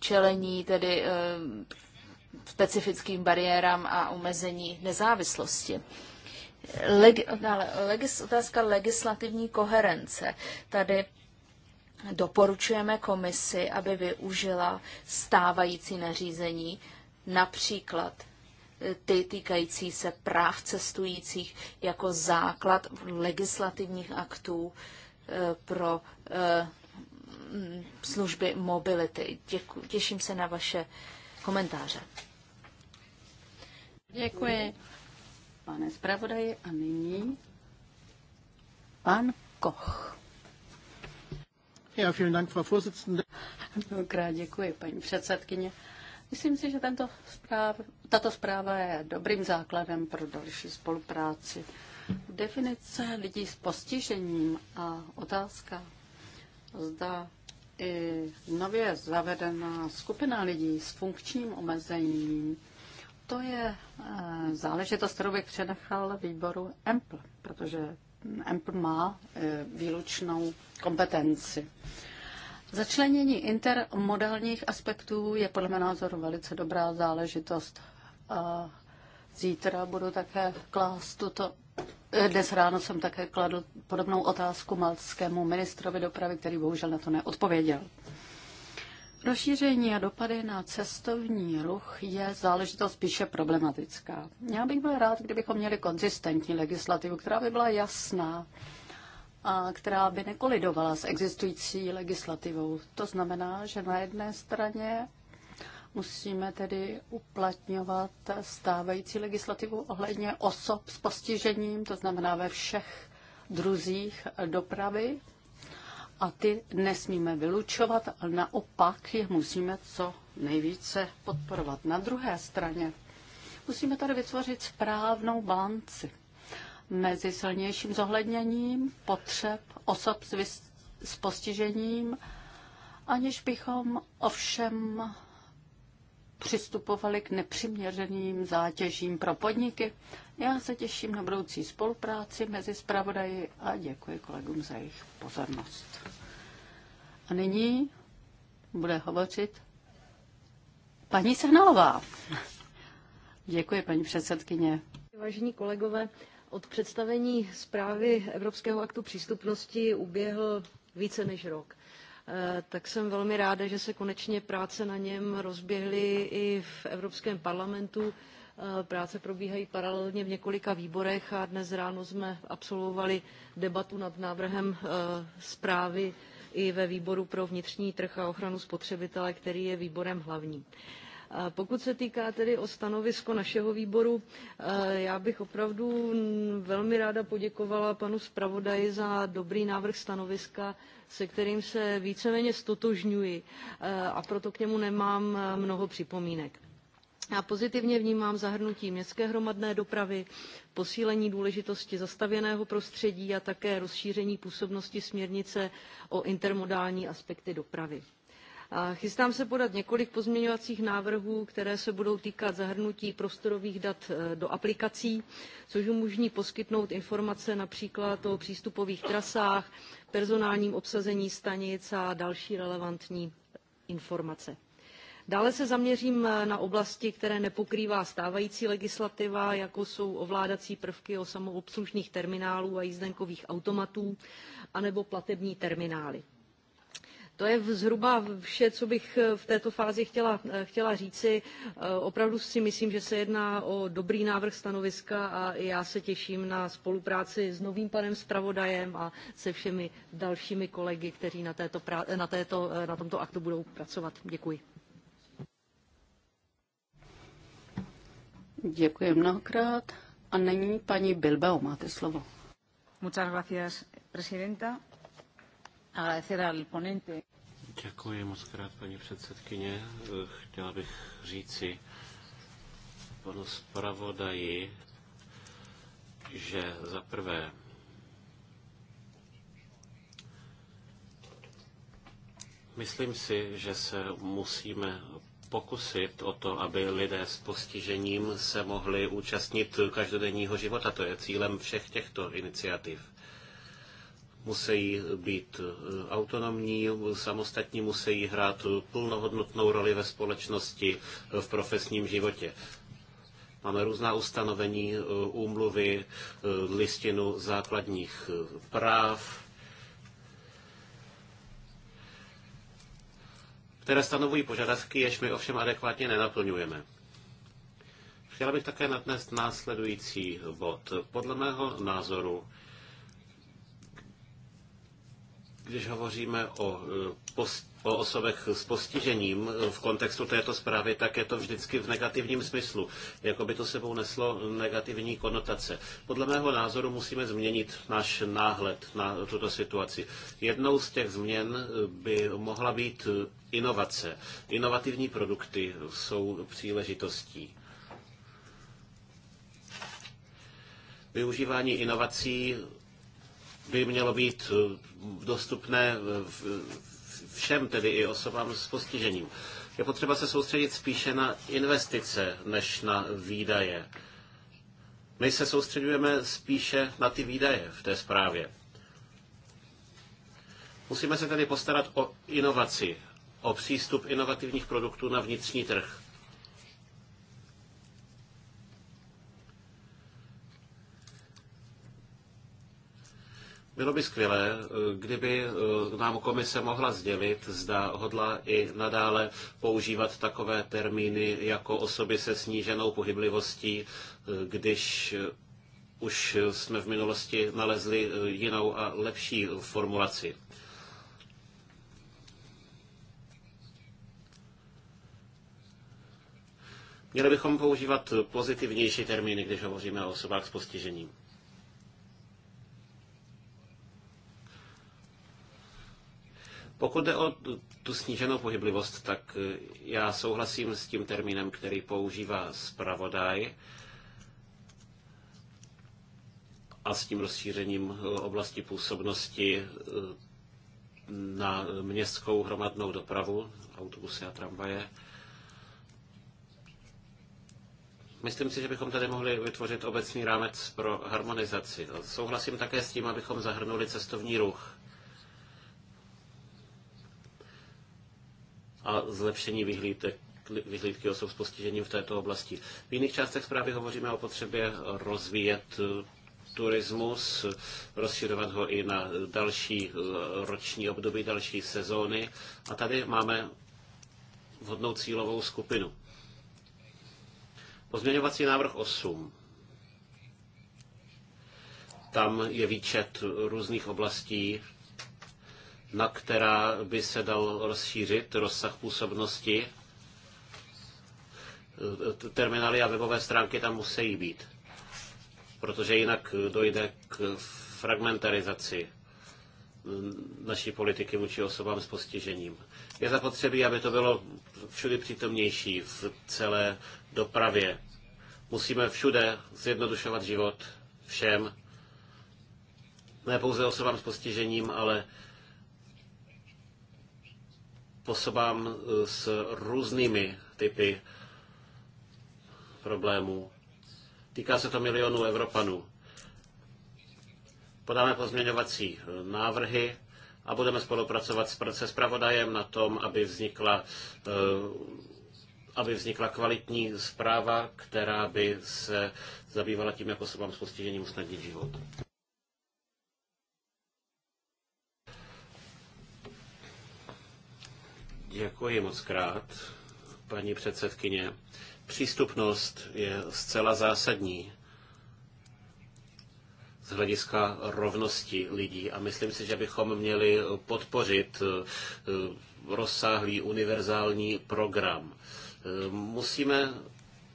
S2: čelení tedy specifickým bariérám a omezení nezávislosti. dále, legis, otázka legislativní koherence. Tady doporučujeme komisi, aby využila stávající nařízení, například e, ty týkající se práv cestujících jako základ legislativních aktů e, pro e, služby mobility. Děku, těším se na vaše komentáře.
S3: Děkuji, pane zpravodaji. A nyní pan Koch. Ja, vielen Dank, Frau Vorsitzende. děkuji, paní předsedkyně. Myslím si, že tento zpráv, tato zpráva je dobrým základem pro další spolupráci. Definice lidí s postižením a otázka, zda i nově zavedená skupina lidí s funkčním omezením, to je eh, záležitost, kterou bych přenechal výboru EMPL, protože EMPL má eh, výlučnou kompetenci. Začlenění intermodálních aspektů je podle mého názoru velice dobrá záležitost. Zítra budu také klást tuto dnes ráno jsem také kladl podobnou otázku maltskému ministrovi dopravy, který bohužel na to neodpověděl. Rozšíření a dopady na cestovní ruch je záležitost spíše problematická. Já bych byl rád, kdybychom měli konzistentní legislativu, která by byla jasná a která by nekolidovala s existující legislativou. To znamená, že na jedné straně Musíme tedy uplatňovat stávající legislativu ohledně osob s postižením, to znamená ve všech druzích dopravy. A ty nesmíme vylučovat, ale naopak je musíme co nejvíce podporovat. Na druhé straně musíme tady vytvořit správnou balanci mezi silnějším zohledněním potřeb osob s, s postižením, aniž bychom ovšem přistupovali k nepřiměřeným zátěžím pro podniky. Já se těším na budoucí spolupráci mezi zpravodaji a děkuji kolegům za jejich pozornost. A nyní bude hovořit paní Sehnalová. Děkuji, paní předsedkyně.
S1: Vážení kolegové, od představení zprávy Evropského aktu přístupnosti uběhl více než rok. Eh, tak jsem velmi ráda, že se konečně práce na něm rozběhly i v Evropském parlamentu. Eh, práce probíhají paralelně v několika výborech a dnes ráno jsme absolvovali debatu nad návrhem eh, zprávy i ve výboru pro vnitřní trh a ochranu spotřebitele, který je výborem hlavním. Pokud se týká tedy o stanovisko našeho výboru, eh, já bych opravdu velmi ráda poděkovala panu zpravodaji za dobrý návrh stanoviska, se kterým se víceméně stotožňuji eh, a proto k němu nemám eh, mnoho připomínek. Já pozitivně vnímám zahrnutí městské hromadné dopravy, posílení důležitosti zastavěného prostředí a také rozšíření působnosti směrnice o intermodální aspekty dopravy. Chystám se podat několik pozměňovacích návrhů, které se budou týkat zahrnutí prostorových dat e, do aplikací, což umožní poskytnout informace například o přístupových trasách, personálním obsazení stanic a další relevantní informace. Dále se zaměřím e, na oblasti, které nepokrývá stávající legislativa, jako jsou ovládací prvky o samoobslužných terminálů a jízdenkových automatů, anebo platební terminály. To je zhruba vše, co bych eh, v této fázi chtěla, eh, chtěla říci. Eh, opravdu si myslím, že se jedná o dobrý návrh stanoviska a já se těším na spolupráci s novým panem zpravodajem a se všemi dalšími kolegy, kteří na, této, na, této, na tomto aktu budou pracovat. Děkuji.
S3: Děkuji mnohokrát. A nyní paní Bilbao, máte slovo. Muchas gracias, presidenta.
S4: Děkuji moc krát, paní předsedkyně. Chtěla bych říci panu zpravodaji, že za prvé Myslím si, že se musíme pokusit o to, aby lidé s postižením se mohli účastnit každodenního života. To je cílem všech těchto iniciativ musí být eh, autonomní, samostatní, musí hrát plnohodnotnou roli ve společnosti, eh, v profesním životě. Máme různá ustanovení, eh, úmluvy, listinu základních práv, které stanovují požadavky, jež my ovšem adekvátně nenaplňujeme. Chtěla bych také nadnést následující bod. Podle mého názoru když hovoříme o, e, post, o osobech s postižením v kontextu této zprávy, tak je to vždycky v negativním smyslu, jako by to sebou neslo negativní konotace. Podle mého názoru musíme změnit náš náhled na tuto situaci. Jednou z těch změn e, by mohla být e, inovace. Inovativní produkty jsou příležitostí. Využívání inovací by mělo být eh, dostupné eh, všem, tedy i osobám s postižením. Je potřeba se soustředit spíše na investice než na výdaje. My se soustředujeme spíše na ty výdaje v té zprávě. Musíme se tedy postarat o inovaci, o přístup inovativních produktů na vnitřní trh. Bylo by skvělé, eh, kdyby eh, nám komise mohla sdělit, zda hodla i nadále používat takové termíny jako osoby se sníženou pohyblivostí, eh, když už jsme v minulosti nalezli jinou a lepší formulaci. Měli bychom používat pozitivnější termíny, když hovoříme o osobách s postižením. Pokud jde o tu sníženou pohyblivost, tak eh, já souhlasím s tím termínem, který používá zpravodaj a s tím rozšířením eh, oblasti působnosti eh, na městskou hromadnou dopravu, autobusy a tramvaje. Myslím si, že bychom tady mohli vytvořit obecný rámec pro harmonizaci. Souhlasím také s tím, abychom zahrnuli cestovní ruch a zlepšení vyhlídek vyhlídky osob s postižením v této oblasti. V jiných částech zprávy hovoříme o potřebě rozvíjet eh, turismus, rozširovat ho i na další eh, roční období, další sezóny. A tady máme vhodnou cílovou skupinu. Pozměňovací návrh 8. Tam je výčet různých oblastí, na která by se dal rozšířit rozsah působnosti. Terminály a webové stránky tam musí být, protože jinak dojde k fragmentarizaci naší politiky vůči osobám s postižením. Je zapotřebí, aby to bylo všude přítomnější v celé dopravě. Musíme všude zjednodušovat život všem, ne pouze osobám s postižením, ale osobám eh, s různými typy problémů. Týká se to milionů Evropanů. Podáme pozměňovací eh, návrhy a budeme spolupracovat se zpravodajem na tom, aby vznikla, eh, aby vznikla kvalitní zpráva, která by se zabývala tím, jak osobám s postižením usnadnit život. Děkuji moc krát, paní předsedkyně. Přístupnost je zcela zásadní z hlediska rovnosti lidí a myslím si, že bychom měli podpořit eh, rozsáhlý univerzální program. Eh, musíme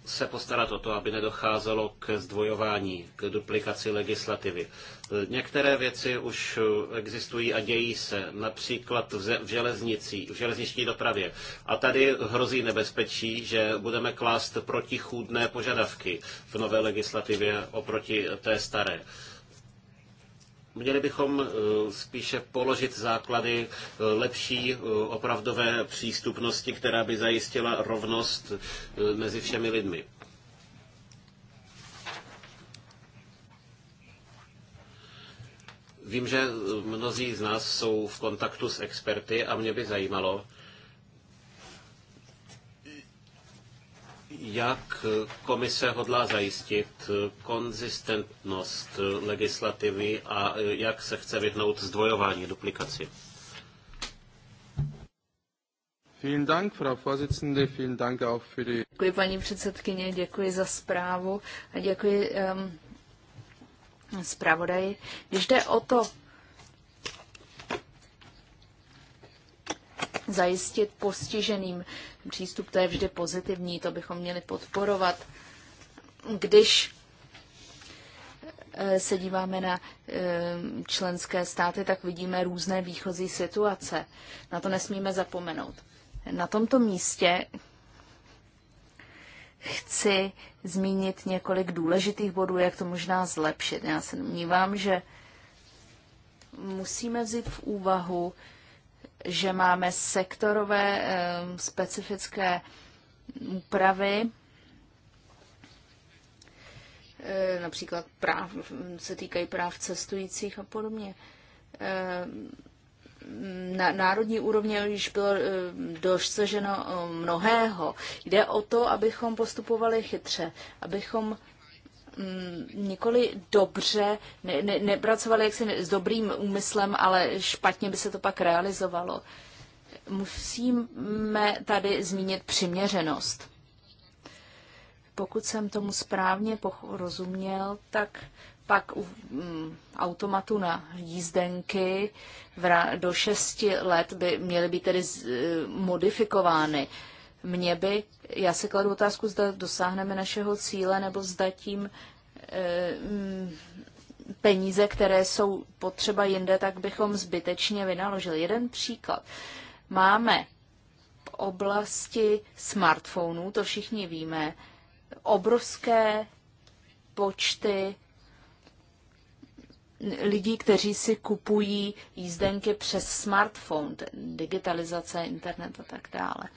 S4: se postarat o to, aby nedocházelo k zdvojování, k duplikaci legislativy. Některé věci už existují a dějí se, například v železnici, v železniční dopravě. A tady hrozí nebezpečí, že budeme klást protichůdné požadavky v nové legislativě oproti té staré. Měli bychom eh, spíše položit základy eh, lepší eh, opravdové přístupnosti, která by zajistila rovnost mezi všemi lidmi. Vím, že mnozí z nás jsou v kontaktu s experty a mě by zajímalo, Jak komise hodlá zajistit konzistentnost legislativy a jak se chce vyhnout zdvojování duplikaci?
S2: Děkuji paní předsedkyně, děkuji za zprávu a děkuji um, zpravodaji. Když jde o to zajistit postiženým přístup, to je vždy pozitivní, to bychom měli podporovat. Když eh, se díváme na eh, členské státy, tak vidíme různé výchozí situace. Na to nesmíme zapomenout. Na tomto místě chci zmínit několik důležitých bodů, jak to možná zlepšit. Já se domnívám, že musíme vzít v úvahu že máme sektorové eh, specifické úpravy, eh, například práv, se týkají práv cestujících a podobně. Eh, na národní úrovně již bylo dosaženo mnohého. Jde o to, abychom postupovali chytře, abychom Mm, nikoli dobře, ne, ne, nepracovali jaksi s dobrým úmyslem, ale špatně by se to pak realizovalo. Musíme tady zmínit přiměřenost. Pokud jsem tomu správně rozuměl, tak pak u mm, automatu na jízdenky v, do 6 let by měly být tedy z, modifikovány. Mě by, já si kladu otázku, zda dosáhneme našeho cíle, nebo zda tím e, peníze, které jsou potřeba jinde, tak bychom zbytečně vynaložili. Jeden příklad. Máme v oblasti smartphonů, to všichni víme, obrovské počty lidí, kteří si kupují jízdenky přes smartphone, digitalizace, internet a tak dále.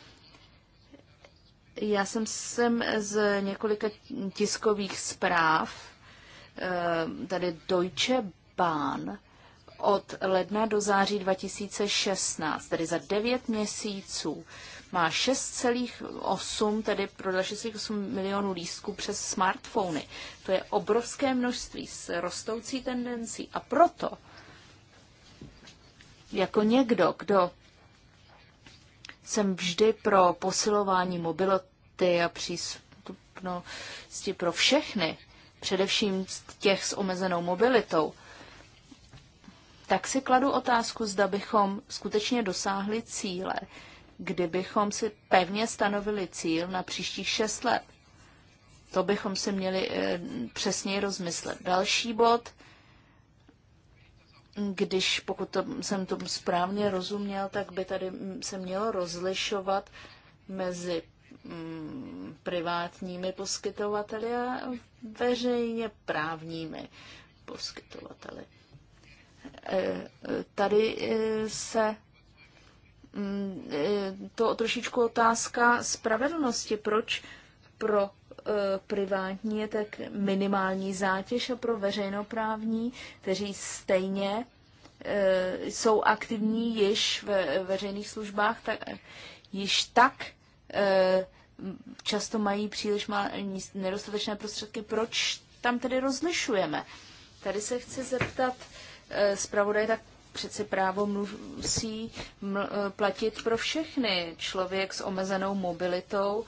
S2: Já jsem sem z několika tiskových zpráv, eh, tady Deutsche Bahn, od ledna do září 2016, tedy za 9 měsíců, má 6,8, tedy prodala 6,8 milionů lístků přes smartfony. To je obrovské množství s rostoucí tendencí. A proto, jako někdo, kdo jsem vždy pro posilování mobility a přístupnosti pro všechny, především těch s omezenou mobilitou. Tak si kladu otázku, zda bychom skutečně dosáhli cíle, kdybychom si pevně stanovili cíl na příštích šest let. To bychom si měli eh, přesněji rozmyslet. Další bod když, pokud to, jsem tomu správně rozuměl, tak by tady se mělo rozlišovat mezi mm, privátními poskytovateli a veřejně právními poskytovateli. E, tady e, se mm, e, to trošičku otázka spravedlnosti, proč pro Eh, privátní je tak minimální zátěž a pro veřejnoprávní, kteří stejně eh, jsou aktivní již ve veřejných službách, tak, již tak eh, často mají příliš má, nedostatečné prostředky. Proč tam tedy rozlišujeme? Tady se chci zeptat, zpravodaj tak přece právo musí platit pro všechny. Člověk s omezenou mobilitou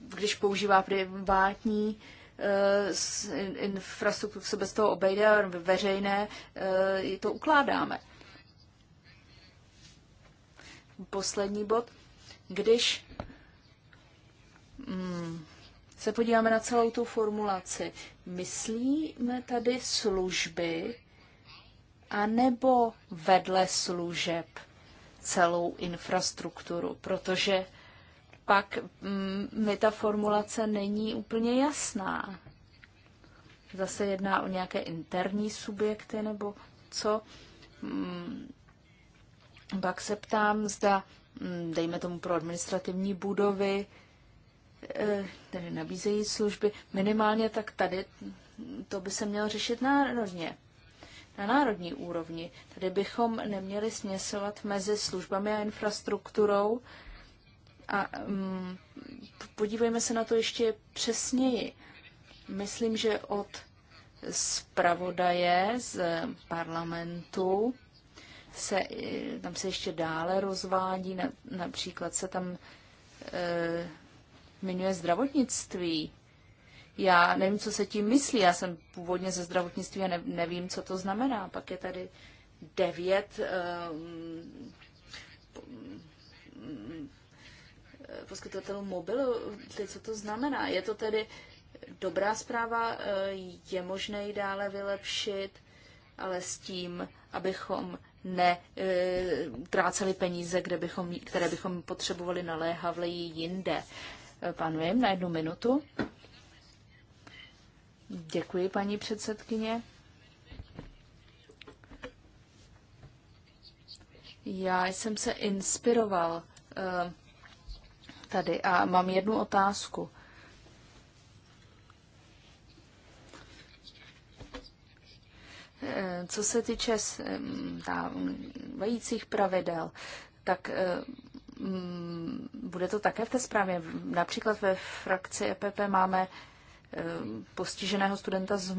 S2: když používá privátní eh, infrastrukturu, se bez toho obejde a veřejné eh, to ukládáme. Poslední bod. Když mm, se podíváme na celou tu formulaci, myslíme tady služby anebo vedle služeb celou infrastrukturu, protože pak mm, mi ta formulace není úplně jasná. Zase jedná o nějaké interní subjekty nebo co. Mm, pak se ptám, zda, mm, dejme tomu pro administrativní budovy, které eh, nabízejí služby, minimálně tak tady to by se mělo řešit národně, na národní úrovni. Tady bychom neměli směsovat mezi službami a infrastrukturou, a um, podívejme se na to ještě přesněji. Myslím, že od zpravodaje z parlamentu se, eh, tam se ještě dále rozvádí, na, například se tam e, zdravotnictví. Já nevím, co se tím myslí, já jsem původně ze zdravotnictví a ne, nevím, co to znamená. Pak je tady devět e, poskytovatelů mobilu, ty, co to znamená. Je to tedy dobrá zpráva, eh, je možné ji dále vylepšit, ale s tím, abychom netráceli eh, e, peníze, kde bychom, které bychom potřebovali naléhavleji jinde. Eh, pan na jednu minutu. Děkuji, paní předsedkyně. Já jsem se inspiroval uh, tady a mám jednu otázku. Eh, co se týče mm, vajících pravidel, tak eh, mm, bude to také v té zprávě. Například ve frakci EPP máme postiženého studenta z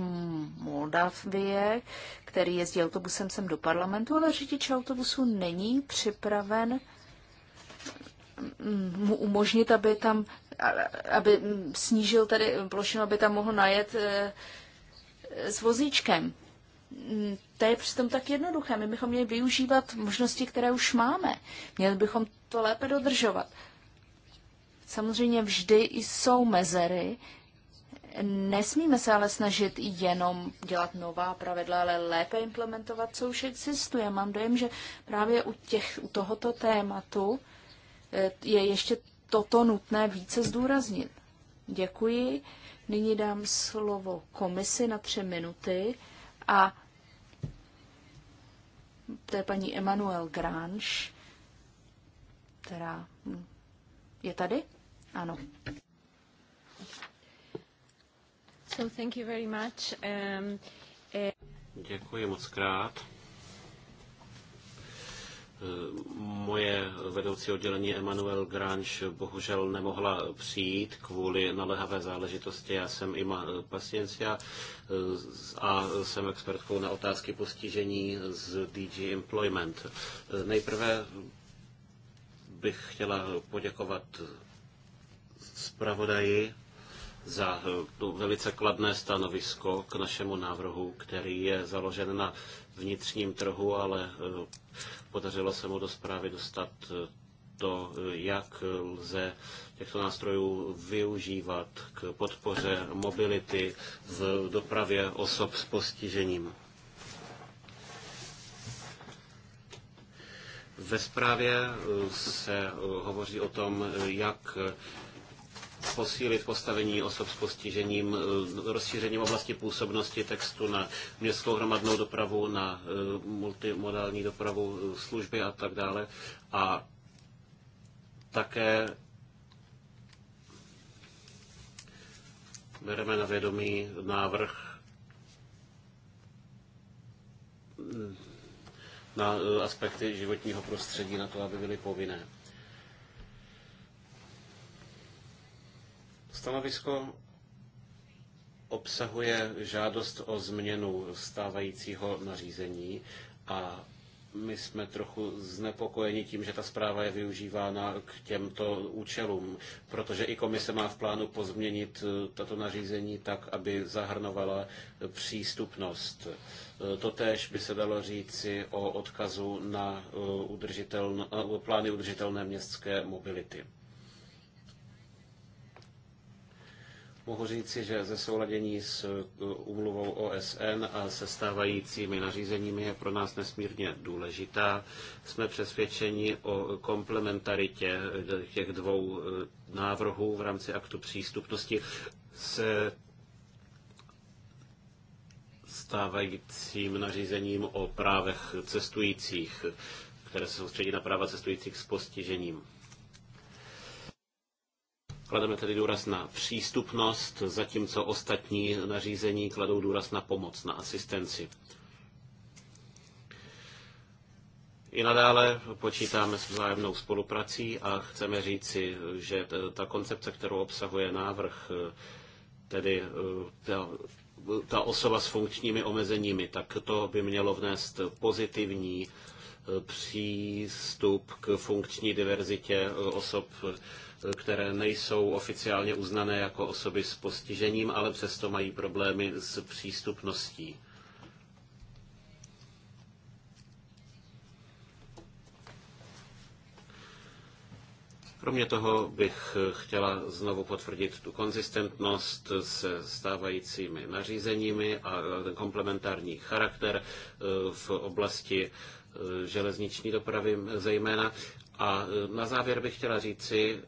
S2: Moldavie, který jezdí autobusem sem do parlamentu, ale řidič autobusu není připraven mu umožnit, aby tam, aby snížil tedy plošinu, aby tam mohl najet eh, s vozíčkem. To je přitom tak jednoduché. My bychom měli využívat možnosti, které už máme. Měli bychom to lépe dodržovat. Samozřejmě vždy jsou mezery. Nesmíme se ale snažit jenom dělat nová pravidla, ale lépe implementovat, co už existuje. Mám dojem, že právě u, těch, u tohoto tématu Eh, je ještě toto nutné více zdůraznit. Děkuji. Nyní dám slovo komisi na tři minuty a to je paní Emanuel Grange, která je tady? Ano. So thank you very much. Um,
S4: uh... Děkuji moc krát. Moje vedoucí oddělení Emanuel Grange bohužel nemohla přijít kvůli naléhavé záležitosti. Já jsem Ima Paciencia eh, a jsem expertkou na otázky postižení z DG Employment. Nejprve bych chtěla poděkovat zpravodaji za to velice kladné stanovisko k našemu návrhu, který je založen na vnitřním trhu, ale eh, podařilo se mu do zprávy dostat eh, to, eh, jak lze těchto nástrojů využívat k podpoře mobility v dopravě osob s postižením. Ve zprávě se hovoří o tom, jak posílit postavení osob s postižením, eh, rozšířením oblasti působnosti textu na městskou hromadnou dopravu, na eh, multimodální dopravu, eh, služby a tak dále. A také bereme na vědomí návrh na aspekty životního prostředí, na to, aby byly povinné. Stanovisko obsahuje žádost o změnu stávajícího nařízení a my jsme trochu znepokojeni tím, že ta zpráva je využívána k těmto účelům, protože i komise má v plánu pozměnit eh, tato nařízení tak, aby zahrnovala přístupnost. Eh, totéž by se dalo říci o odkazu na eh, na plány udržitelné městské mobility. mohu říci, že ze souladění s e, úmluvou OSN a se stávajícími nařízeními je pro nás nesmírně důležitá. Jsme přesvědčeni o komplementaritě e, těch dvou e, návrhů v rámci aktu přístupnosti se stávajícím nařízením o právech cestujících, které se soustředí na práva cestujících s postižením. Klademe tedy důraz na přístupnost, zatímco ostatní nařízení kladou důraz na pomoc, na asistenci. I nadále počítáme s vzájemnou spoluprací a chceme říci, že ta koncepce, kterou obsahuje návrh, tedy e, ta, ta osoba s funkčními omezeními, tak to by mělo vnést pozitivní e, přístup k funkční diverzitě osob které nejsou oficiálně uznané jako osoby s postižením, ale přesto mají problémy s přístupností. Kromě toho bych chtěla znovu potvrdit tu konzistentnost se stávajícími nařízeními a ten komplementární charakter e, v oblasti e, železniční dopravy zejména. A e, na závěr bych chtěla říci,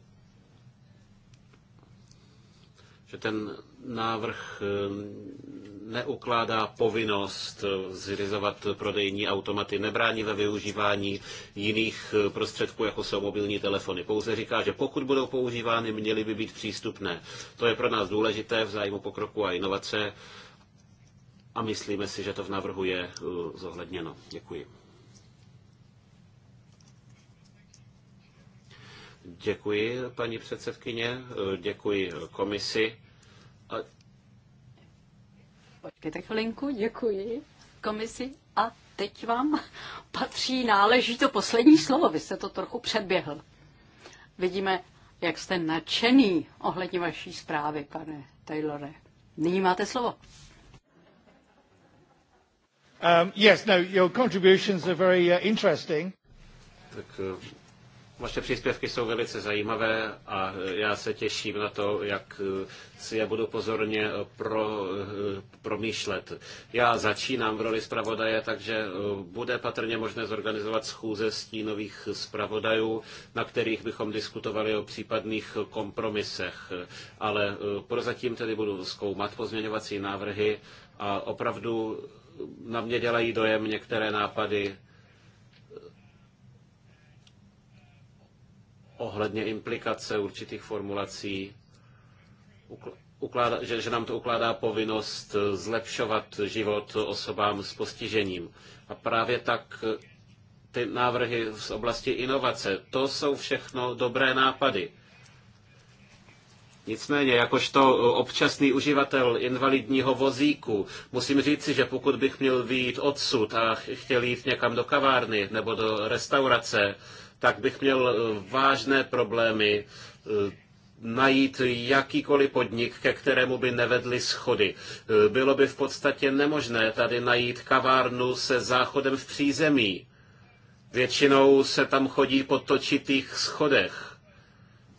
S4: že ten návrh eh, neukládá povinnost eh, zřizovat prodejní automaty, nebrání ve využívání jiných eh, prostředků, jako jsou mobilní telefony. Pouze říká, že pokud budou používány, měly by být přístupné. To je pro nás důležité v zájmu pokroku a inovace a myslíme si, že to v návrhu je zohledněno. Děkuji. Děkuji, paní předsedkyně, děkuji komisi. A...
S3: Počkejte chvilinku, děkuji komisi a teď vám patří, náleží to poslední slovo, vy jste to trochu předběhl. Vidíme, jak jste nadšený ohledně vaší zprávy, pane Taylore. Nyní máte slovo. Um, yes, no, your contributions are very uh, interesting.
S4: Tak vaše příspěvky jsou velice zajímavé a e, já se těším na to, jak e, si je budu pozorně e, pro, promýšlet. Já začínám v roli zpravodaje, takže bude patrně možné zorganizovat schůze stínových zpravodajů, na kterých bychom diskutovali o případných kompromisech. Ale prozatím tedy budu zkoumat pozměňovací návrhy a opravdu na mě dělají dojem některé nápady, ohledně implikace určitých formulací, ukládá, že, že nám to ukládá povinnost zlepšovat život osobám s postižením. A právě tak ty návrhy z oblasti inovace, to jsou všechno dobré nápady. Nicméně, jakožto občasný uživatel invalidního vozíku, musím říci, že pokud bych měl výjít odsud a chtěl jít někam do kavárny nebo do restaurace, tak bych měl eh, vážné problémy eh, najít jakýkoliv podnik, ke kterému by nevedly schody. Eh, bylo by v podstatě nemožné tady najít kavárnu se záchodem v přízemí. Většinou se tam chodí po točitých schodech.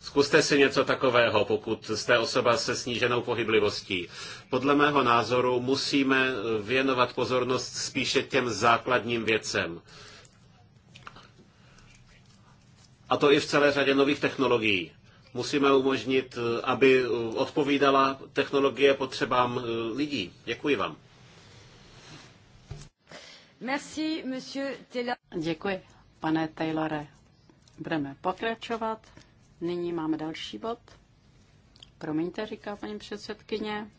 S4: Zkuste si něco takového, pokud jste osoba se sníženou pohyblivostí. Podle mého názoru musíme věnovat pozornost spíše těm základním věcem. A to i v celé řadě nových technologií. Musíme umožnit, eh, aby eh, odpovídala technologie potřebám eh, lidí. Děkuji vám.
S3: Merci, monsieur Taylor. Děkuji, pane Taylore. Budeme pokračovat. Nyní máme další bod. Promiňte, říká paní předsedkyně.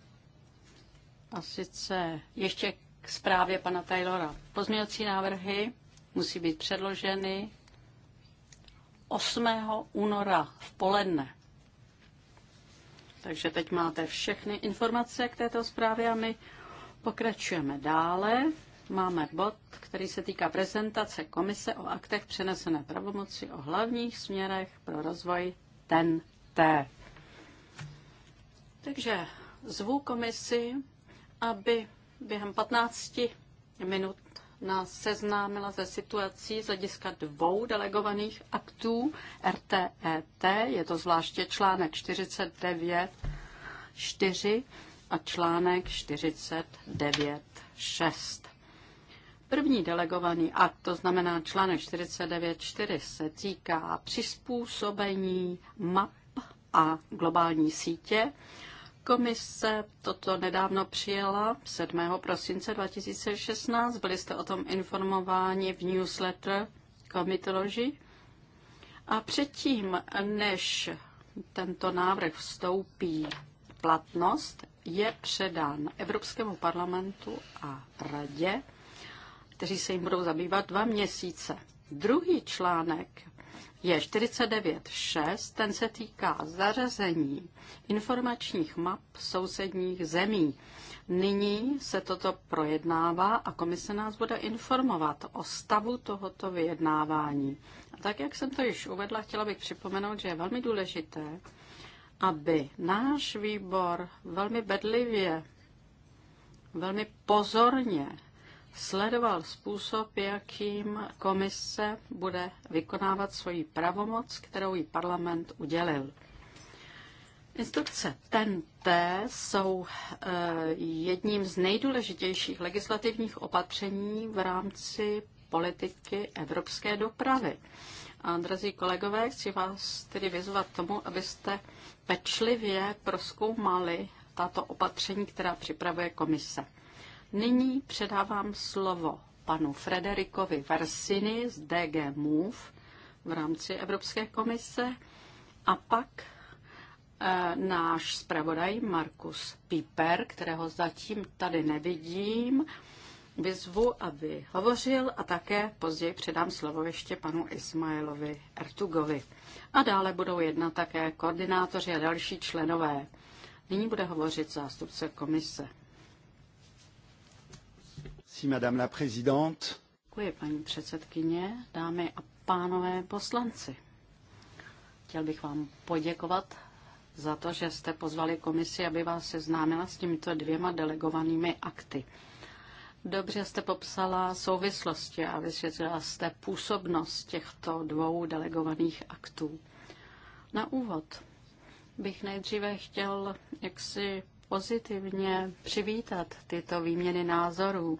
S3: A sice ještě k zprávě pana Taylora. Pozměňovací návrhy musí být předloženy 8. února v poledne. Takže teď máte všechny informace k této zprávě a my pokračujeme dále. Máme bod, který se týká prezentace Komise o aktech přenesené pravomoci o hlavních směrech pro rozvoj TEN-T. Takže zvu komisi, aby během 15 minut nás seznámila se situací z hlediska dvou delegovaných aktů RTET, e je to zvláště článek 494 a článek 496. První delegovaný akt, to znamená článek 49.4, se týká přizpůsobení map a globální sítě Komise toto nedávno přijela 7. prosince 2016. Byli jste o tom informováni v newsletter Komitology. A předtím, než tento návrh vstoupí v platnost, je předán Evropskému parlamentu a radě, kteří se jim budou zabývat dva měsíce. Druhý článek je 49.6, ten se týká zařazení informačních map sousedních zemí. Nyní se toto projednává a komise nás bude informovat o stavu tohoto vyjednávání. A tak, jak jsem to již uvedla, chtěla bych připomenout, že je velmi důležité, aby náš výbor velmi bedlivě, velmi pozorně sledoval způsob, jakým komise bude vykonávat svoji pravomoc, kterou jí parlament udělil. Instrukce TNT jsou eh, jedním z nejdůležitějších legislativních opatření v rámci politiky evropské dopravy. A drazí kolegové, chci vás tedy vyzvat tomu, abyste pečlivě proskoumali tato opatření, která připravuje komise. Nyní předávám slovo panu Frederikovi Varsini z DG Move v rámci Evropské komise a pak e, náš zpravodaj Markus Piper, kterého zatím tady nevidím, vyzvu, aby hovořil a také později předám slovo ještě panu Ismailovi Ertugovi. A dále budou jednat také koordinátoři a další členové. Nyní bude hovořit zástupce komise. Merci, madame la présidente. Děkuji, paní předsedkyně, dámy a pánové poslanci. Chtěl bych vám poděkovat za to, že jste pozvali komisi, aby vás seznámila s těmito dvěma delegovanými akty. Dobře jste popsala souvislosti a vysvětlila jste působnost těchto dvou delegovaných aktů. Na úvod bych nejdříve chtěl jaksi pozitivně přivítat tyto výměny názorů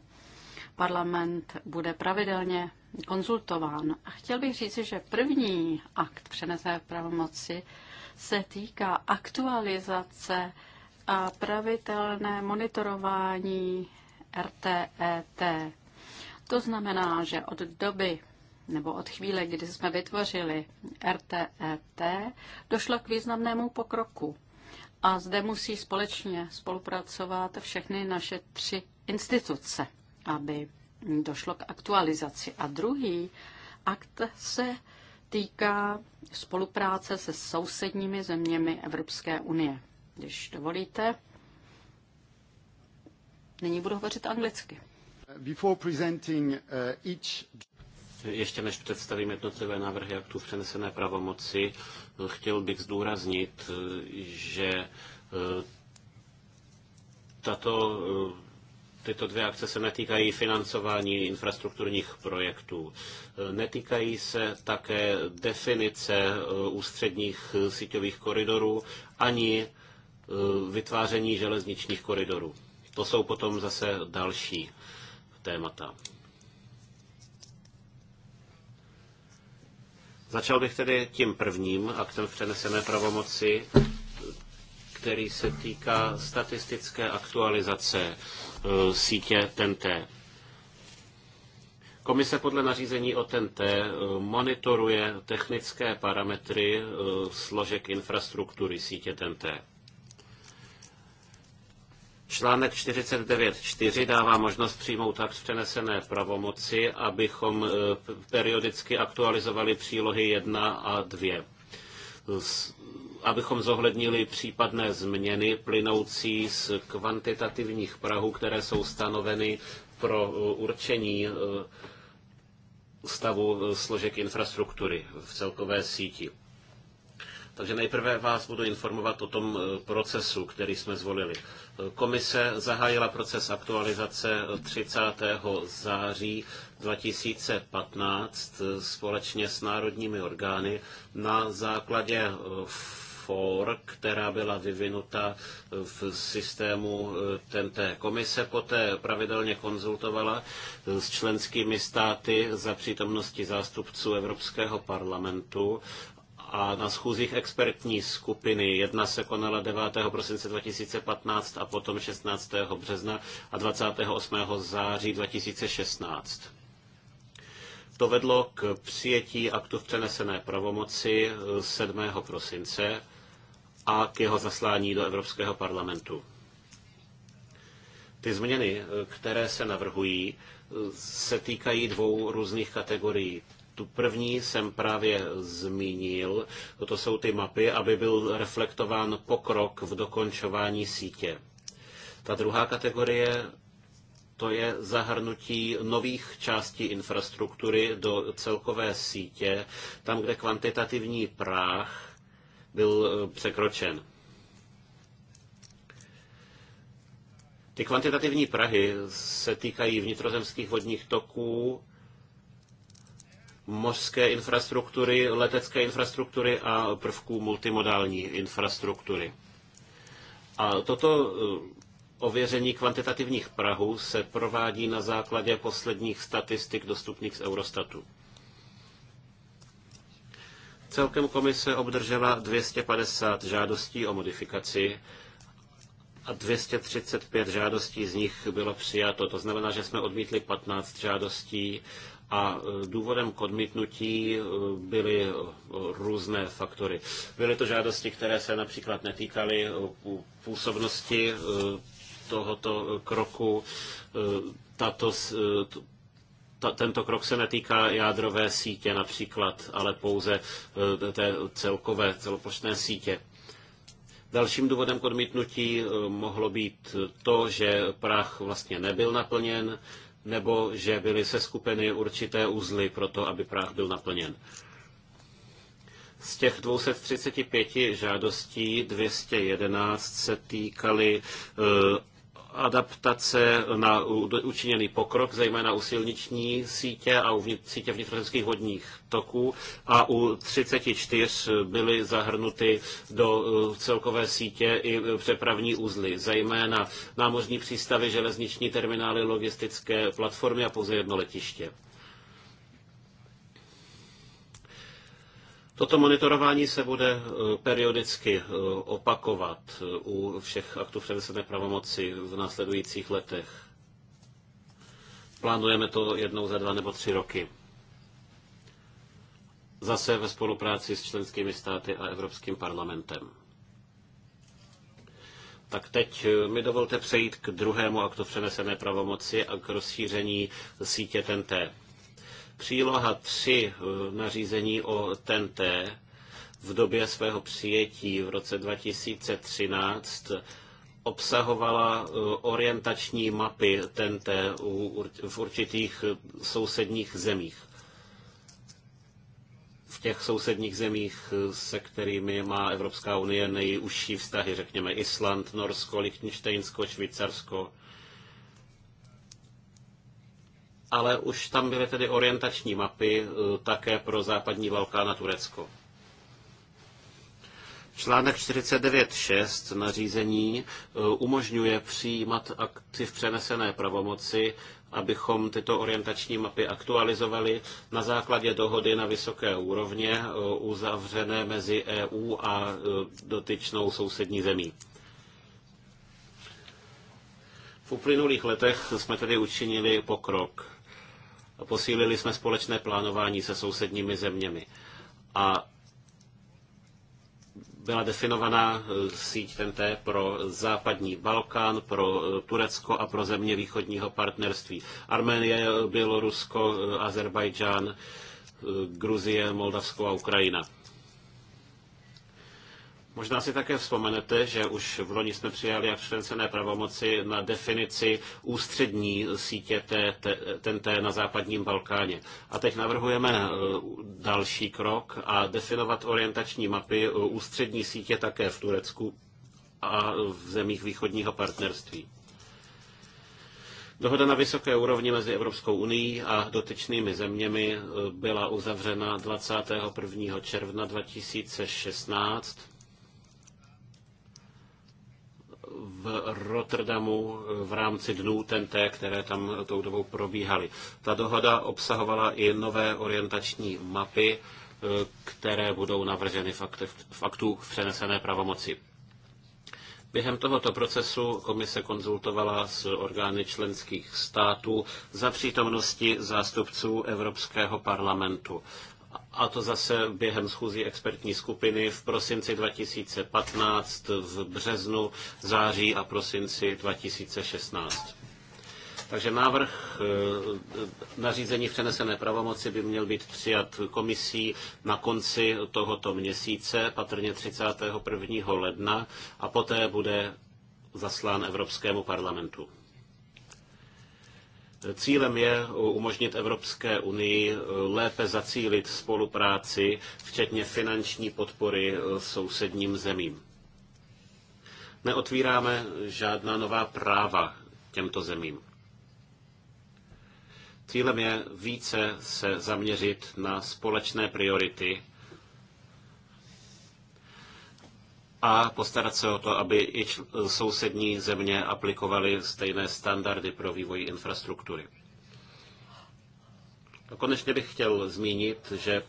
S3: Parlament bude pravidelně konzultován. A chtěl bych říci, že první akt přenesené pravomoci se týká aktualizace a pravidelné monitorování RTET. E to znamená, že od doby nebo od chvíle, kdy jsme vytvořili RTET, e došlo k významnému pokroku. A zde musí společně spolupracovat všechny naše tři instituce aby došlo k aktualizaci. A druhý akt se týká spolupráce se sousedními zeměmi Evropské unie. Když dovolíte, nyní budu hovořit anglicky.
S4: Uh, Ještě než představím jednotlivé návrhy aktů v přenesené pravomoci, chtěl bych zdůraznit, že eh, tato eh, Tyto dvě akce se netýkají financování infrastrukturních projektů. Netýkají se také definice eh, ústředních eh, síťových koridorů ani eh, vytváření železničních koridorů. To jsou potom zase další témata. Začal bych tedy tím prvním aktem v přenesené pravomoci, který se týká statistické aktualizace Eh, sítě TNT. Komise podle nařízení o TNT eh, monitoruje technické parametry eh, složek infrastruktury sítě TNT. Článek 49.4 dává možnost přijmout tak přenesené pravomoci, abychom periodicky aktualizovali přílohy 1 a 2 abychom zohlednili případné změny plynoucí z kvantitativních prahů, které jsou stanoveny pro uh, určení uh, stavu uh, složek infrastruktury v celkové síti. Takže nejprve vás budu informovat o tom procesu, který jsme zvolili. Komise zahájila proces aktualizace 30. září 2015 společně s národními orgány na základě for, která byla vyvinuta v systému eh, té Komise poté pravidelně konzultovala eh, s členskými státy za přítomnosti zástupců Evropského parlamentu a na schůzích expertní skupiny. Jedna se konala 9. prosince 2015 a potom 16. března a 28. září 2016. To vedlo k přijetí aktu v přenesené pravomoci 7. Eh, prosince a k jeho zaslání do Evropského parlamentu. Ty změny, které se navrhují, se týkají dvou různých kategorií. Tu první jsem právě zmínil, to jsou ty mapy, aby byl reflektován pokrok v dokončování sítě. Ta druhá kategorie to je zahrnutí nových částí infrastruktury do celkové sítě, tam, kde kvantitativní práh byl eh, překročen. Ty kvantitativní prahy se týkají vnitrozemských vodních toků, mořské infrastruktury, letecké infrastruktury a prvků multimodální infrastruktury. A toto eh, ověření kvantitativních prahů se provádí na základě posledních statistik dostupných z Eurostatu. Celkem komise obdržela 250 žádostí o modifikaci a 235 žádostí z nich bylo přijato. To znamená, že jsme odmítli 15 žádostí a e, důvodem k odmítnutí e, byly e, různé faktory. Byly to žádosti, které se například netýkaly působnosti tohoto kroku. Tato, ta, tento krok se netýká jádrové sítě například, ale pouze eh, té celkové, celoplošné sítě. Dalším důvodem k odmítnutí eh, mohlo být to, že prach vlastně nebyl naplněn, nebo že byly skupeny určité uzly pro to, aby práh byl naplněn. Z těch 235 žádostí 211 se týkaly eh, adaptace na učiněný pokrok, zejména u silniční sítě a u sítě vnitrozemských vodních toků a u 34 byly zahrnuty do celkové sítě i přepravní úzly, zejména námořní přístavy, železniční terminály, logistické platformy a pouze jedno letiště. Toto monitorování se bude eh, periodicky eh, opakovat eh, u všech aktů přenesené pravomoci v následujících letech. Plánujeme to jednou za dva nebo tři roky. Zase ve spolupráci s členskými státy a Evropským parlamentem. Tak teď mi dovolte přejít k druhému aktu přenesené pravomoci a k rozšíření sítě TNT. Příloha 3 eh, nařízení o TNT v době svého přijetí v roce 2013 obsahovala eh, orientační mapy TNT v určitých eh, sousedních zemích. V těch sousedních zemích, se kterými má Evropská unie nejužší vztahy, řekněme Island, Norsko, Lichtensteinsko, Švýcarsko ale už tam byly tedy orientační mapy e, také pro západní Balkán a Turecko. Článek 49.6 nařízení e, umožňuje přijímat v přenesené pravomoci, abychom tyto orientační mapy aktualizovali na základě dohody na vysoké úrovně e, uzavřené mezi EU a dotyčnou sousední zemí. V uplynulých letech jsme tedy učinili pokrok Posílili jsme společné plánování se sousedními zeměmi. A byla definovaná e, síť TNT pro západní Balkán, pro e, Turecko a pro země východního partnerství. Arménie, Bělorusko, e, Azerbajdžán, Gruzie, Moldavsko a Ukrajina. Možná si také vzpomenete, že už v loni jsme přijali a přenesené pravomoci na definici ústřední sítě TNT na západním Balkáně. A teď navrhujeme e, další krok a definovat orientační mapy e, ústřední sítě také v Turecku a v zemích východního partnerství. Dohoda na vysoké úrovni mezi Evropskou unii a dotyčnými zeměmi e, byla uzavřena 21. června 2016 v Rotterdamu v rámci dnů TNT, které tam tou dobou probíhaly. Ta dohoda obsahovala i nové orientační mapy, eh, které budou navrženy v, aktu, v aktu v přenesené pravomoci. Během tohoto procesu komise konzultovala s orgány členských států za přítomnosti zástupců Evropského parlamentu a to zase během schůzí expertní skupiny v prosinci 2015, v březnu, září a prosinci 2016. Takže návrh eh, nařízení v přenesené pravomoci by měl být přijat komisí na konci tohoto měsíce, patrně 31. ledna, a poté bude zaslán Evropskému parlamentu. Cílem je umožnit Evropské unii eh, lépe zacílit spolupráci, včetně finanční podpory eh, sousedním zemím. Neotvíráme žádná nová práva těmto zemím. Cílem je více se zaměřit na společné priority a postarat se o to, aby i sousední země aplikovaly stejné standardy pro vývoj infrastruktury. A konečně bych chtěl zmínit, že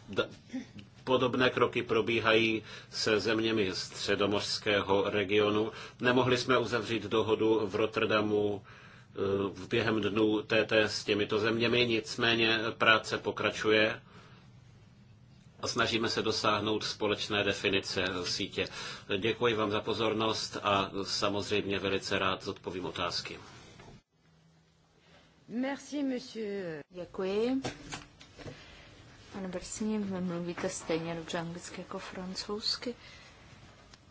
S4: Podobné kroky probíhají se zeměmi středomořského regionu. Nemohli jsme uzavřít dohodu v Rotterdamu e, během dnů TT s těmito zeměmi, nicméně práce pokračuje a snažíme se dosáhnout společné definice sítě. Děkuji vám za pozornost a samozřejmě velice rád zodpovím otázky.
S1: Merci,
S2: monsieur. Děkuji. Pane Brsní, vy mluvíte stejně dobře anglicky jako francouzsky.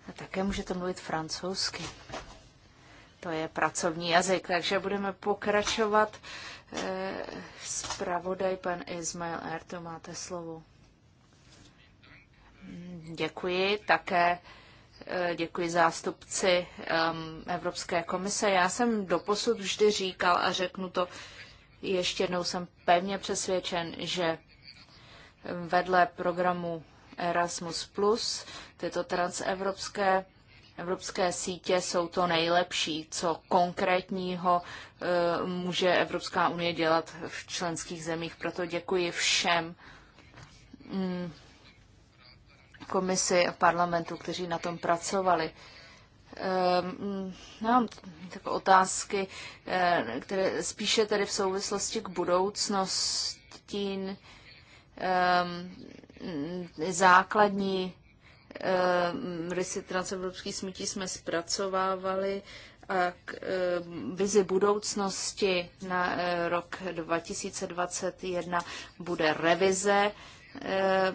S2: A také můžete mluvit francouzsky. To je pracovní jazyk, takže budeme pokračovat. Spravodaj eh, pan Ismail Erto, máte slovo. Děkuji také. Eh, děkuji zástupci ehm, Evropské komise. Já jsem doposud vždy říkal a řeknu to ještě jednou, jsem pevně přesvědčen, že vedle programu Erasmus+, Plus, tyto transevropské evropské sítě jsou to nejlepší, co konkrétního eh, může Evropská unie dělat v členských zemích. Proto děkuji všem mm komisi a parlamentu, kteří na tom pracovali. Ehm, mám takové otázky, eh, které spíše tedy v souvislosti k budoucnosti ehm, základní ehm, rysy transevropské smítí jsme zpracovávali a k vizi budoucnosti na eh, rok 2021 bude revize Eh,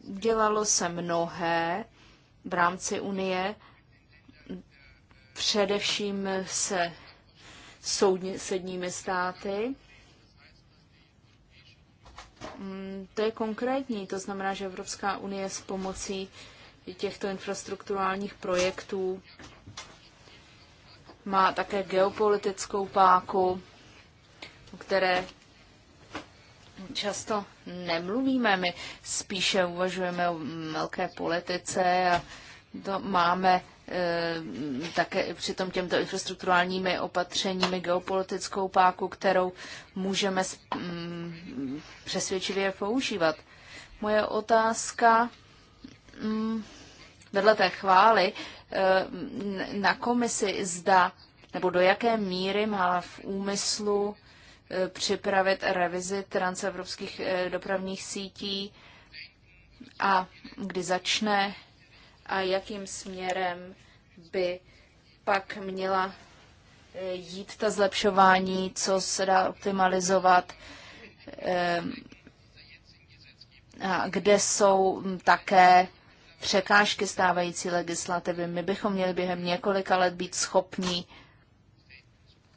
S2: dělalo se mnohé v rámci Unie, především se sousedními státy. Mm, to je konkrétní, to znamená, že Evropská unie s pomocí těchto infrastrukturálních projektů má také geopolitickou páku, o které často nemluvíme, my spíše uvažujeme o velké politice a to máme eh, také přitom těmto infrastrukturálními opatřeními geopolitickou páku, kterou můžeme mm, přesvědčivě používat. Moje otázka mm, vedle té chvály eh, na komisi zda, nebo do jaké míry má v úmyslu Eh, připravit revizi transevropských eh, dopravních sítí a kdy začne a jakým směrem by pak měla eh, jít ta zlepšování, co se dá optimalizovat, a kde jsou také překážky stávající legislativy. My bychom měli během několika let být schopni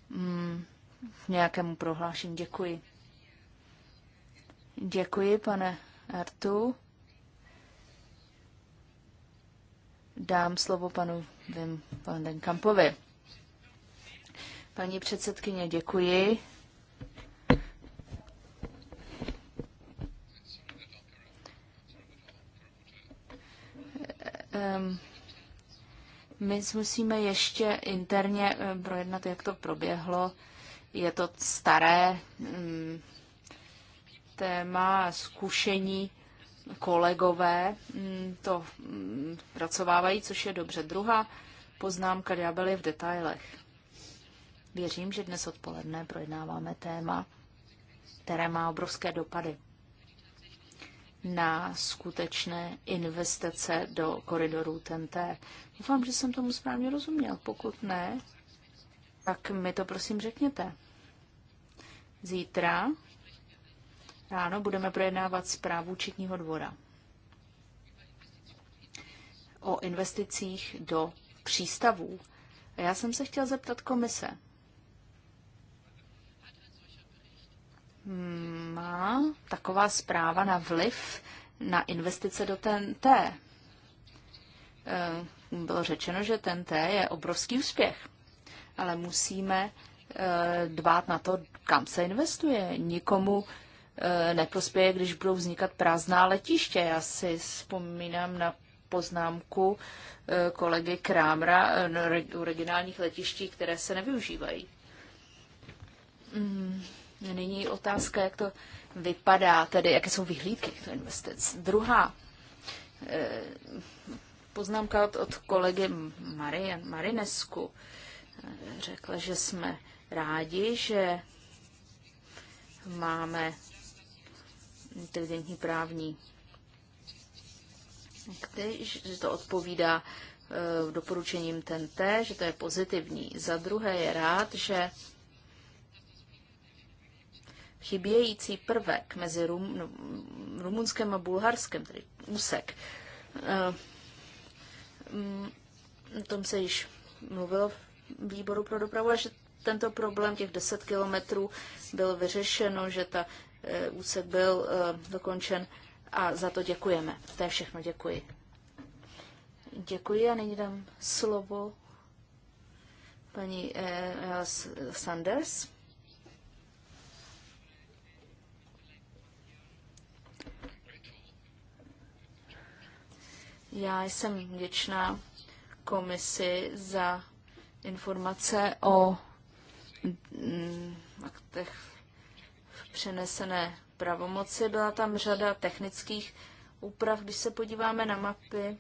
S2: mm, v nějakému prohlášení. Děkuji. Děkuji, pane Artu. Dám slovo panu Vim van den Kampovi. Paní předsedkyně, děkuji. Ehm, my musíme ještě interně eh, projednat, jak to proběhlo. Je to staré mm, téma, zkušení kolegové mm, to mm, pracovávají, což je dobře. Druhá poznámka ďábel je v detailech. Věřím, že dnes odpoledne projednáváme téma, které má obrovské dopady na skutečné investice do koridorů TNT. Doufám, že jsem tomu správně rozuměl. Pokud ne, tak mi to prosím řekněte. Zítra ráno budeme projednávat zprávu Četního dvora o investicích do přístavů. A já jsem se chtěl zeptat komise. Hmm, má taková zpráva na vliv na investice do TNT? Eh, bylo řečeno, že TNT je obrovský úspěch, ale musíme Eh, dbát na to, kam se investuje. Nikomu eh, neprospěje, když budou vznikat prázdná letiště. Já si vzpomínám na poznámku eh, kolegy Krámra no, u regionálních letiští, které se nevyužívají. Mm, nyní otázka, jak to vypadá, tedy jaké jsou vyhlídky k investic. Druhá poznámka od, od kolegy Marie, Marinesku řekla, že jsme rádi, že máme inteligentní právní akty, že to odpovídá eh, doporučením TNT, že to je pozitivní. Za druhé je rád, že chybějící prvek mezi Rum, no, Rumunskem a Bulharskem, tedy úsek, eh, mm, o tom se již mluvilo v výboru pro dopravu, a že tento problém, těch 10 kilometrů, bylo vyřešeno, že ta eh, úsek byl eh, dokončen a za to děkujeme. To je všechno, děkuji. Děkuji a nyní dám slovo paní eh, Sanders. Já jsem vděčná komisi za informace o Mm, aktech v přenesené pravomoci. Byla tam řada technických úprav, když se podíváme na mapy,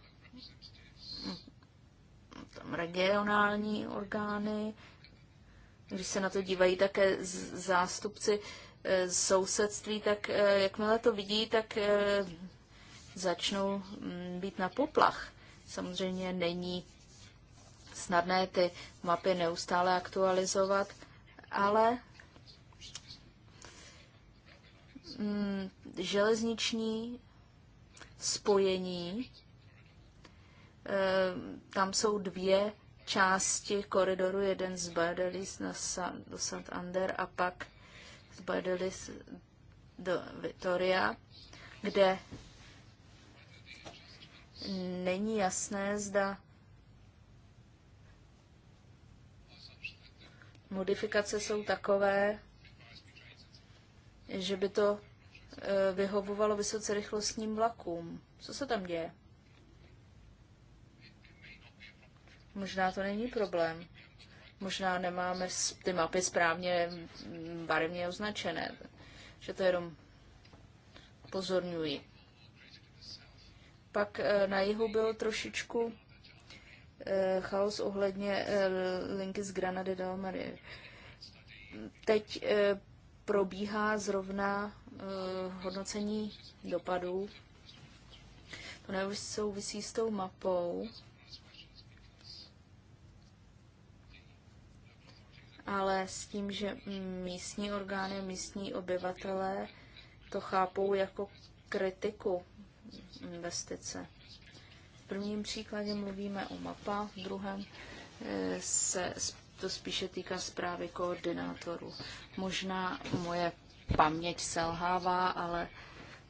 S2: tam regionální orgány, když se na to dívají také zástupci e, sousedství, tak e, jakmile to vidí, tak e, začnou mm, být na poplach. Samozřejmě není snadné ty mapy neustále aktualizovat ale mm, železniční spojení, eh, tam jsou dvě části koridoru, jeden z Badelis na San, do Santander a pak z Badelis do Vitoria, kde není jasné, zda modifikace jsou takové, že by to e, vyhovovalo vysoce rychlostním vlakům. Co se tam děje? Možná to není problém. Možná nemáme ty mapy správně mm, barevně označené, že to jenom pozorňuji. Pak e, na jihu byl trošičku Eh, chaos ohledně eh, linky z Granady do Marie. Teď eh, probíhá zrovna hodnocení dopadů. To souvisí s tou mapou, ale s tím, že místní orgány, místní obyvatelé to chápou jako kritiku investice. V prvním příkladě mluvíme o mapa, v druhém eh, se to spíše týká zprávy koordinátorů. Možná moje paměť selhává, ale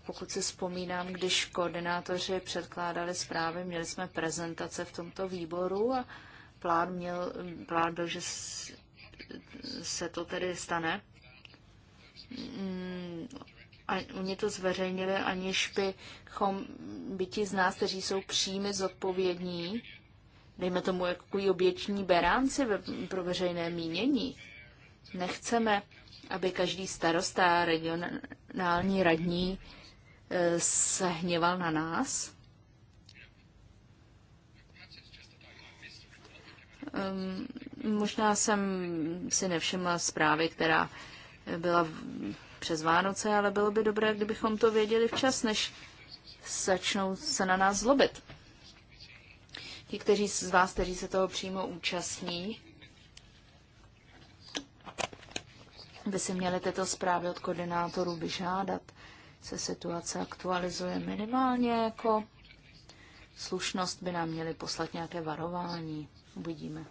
S2: pokud si vzpomínám, když koordinátoři předkládali zprávy, měli jsme prezentace v tomto výboru a plán, měl, plán byl, že se to tedy stane. Mm, oni to zveřejnili, aniž bychom by ti z nás, kteří jsou přími zodpovědní, dejme tomu jakový jako oběční beránci ve, pro veřejné mínění. Nechceme, aby každý starostá, regionální radní e, se hněval na nás. Ehm, možná jsem si nevšimla zprávy, která byla přes Vánoce, ale bylo by dobré, kdybychom to věděli včas, než začnou se na nás zlobit. Ti, kteří z vás, kteří se toho přímo účastní, by si měli tyto zprávy od koordinátorů vyžádat. Se situace aktualizuje minimálně jako slušnost by nám měli poslat nějaké varování. Uvidíme.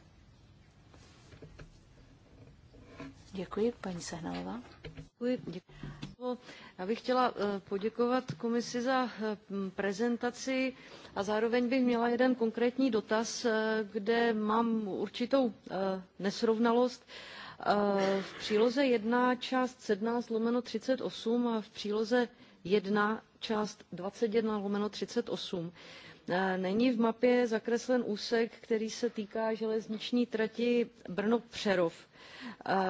S1: Děkuji, paní Sehnalová. Děkuji. Děkuji. Já bych chtěla eh, poděkovat komisi za eh, prezentaci a zároveň bych měla jeden konkrétní dotaz, eh, kde mám určitou nesrovnalost. V příloze 1 část 17 lomeno 38 a v příloze 1 část 21 lomeno 38 není v mapě zakreslen úsek který se týká železniční trati brno přerov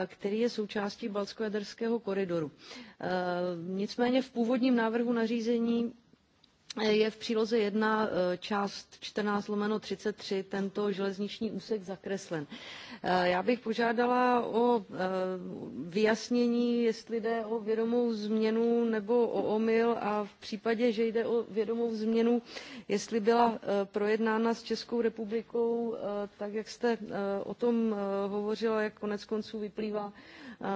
S1: který je součástí baltsko jaderského koridoru. nicméně v původním návrhu nařízení je v příloze 1 eh, část 14 lomeno 33 tento železniční úsek zakreslen. Eh, já bych požádala o eh, vyjasnění, jestli jde o vědomou změnu nebo o omyl a v případě, že jde o vědomou změnu, jestli byla projednána s Českou republikou, tak jak jste o tom hovořila, jak konec konců vyplývá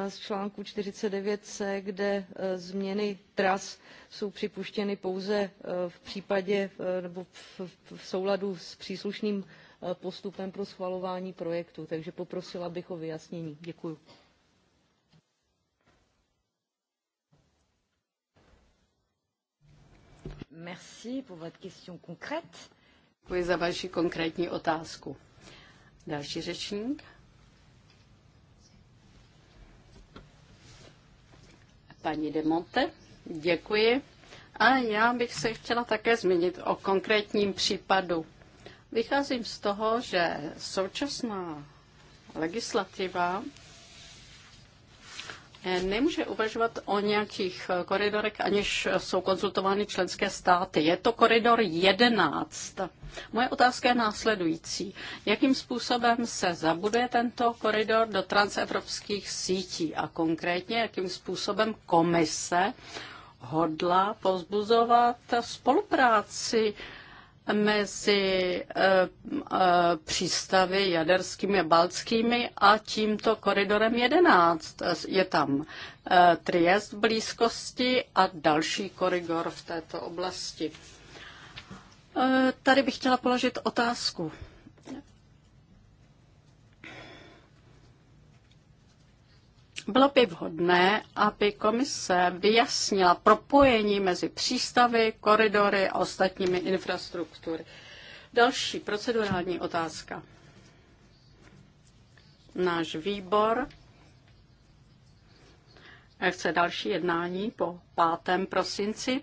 S1: z článku 49c, kde e, změny tras jsou připuštěny pouze e, v případě e, nebo v souladu s příslušným postupem pro schvalování projektu. Takže poprosila bych o vyjasnění. Děkuji. Merci pour votre question concrète.
S3: Děkuji za vaši konkrétní otázku. Další řečník. Paní Demonte, děkuji. A já bych se chtěla také zmínit o konkrétním případu. Vycházím z toho, že současná legislativa nemůže uvažovat o nějakých koridorech, aniž jsou konzultovány členské státy. Je to koridor 11. Moje otázka je následující. Jakým způsobem se zabuduje tento koridor do transevropských sítí a konkrétně jakým způsobem komise hodla pozbuzovat spolupráci mezi eh, eh, přístavy jaderskými a baltskými a tímto koridorem 11. Je tam eh, Triest v blízkosti a další koridor v této oblasti. Tady bych chtěla položit otázku. Bylo by vhodné, aby komise vyjasnila propojení mezi přístavy, koridory a ostatními infrastruktury. Další procedurální otázka. Náš výbor chce další jednání po 5. prosinci.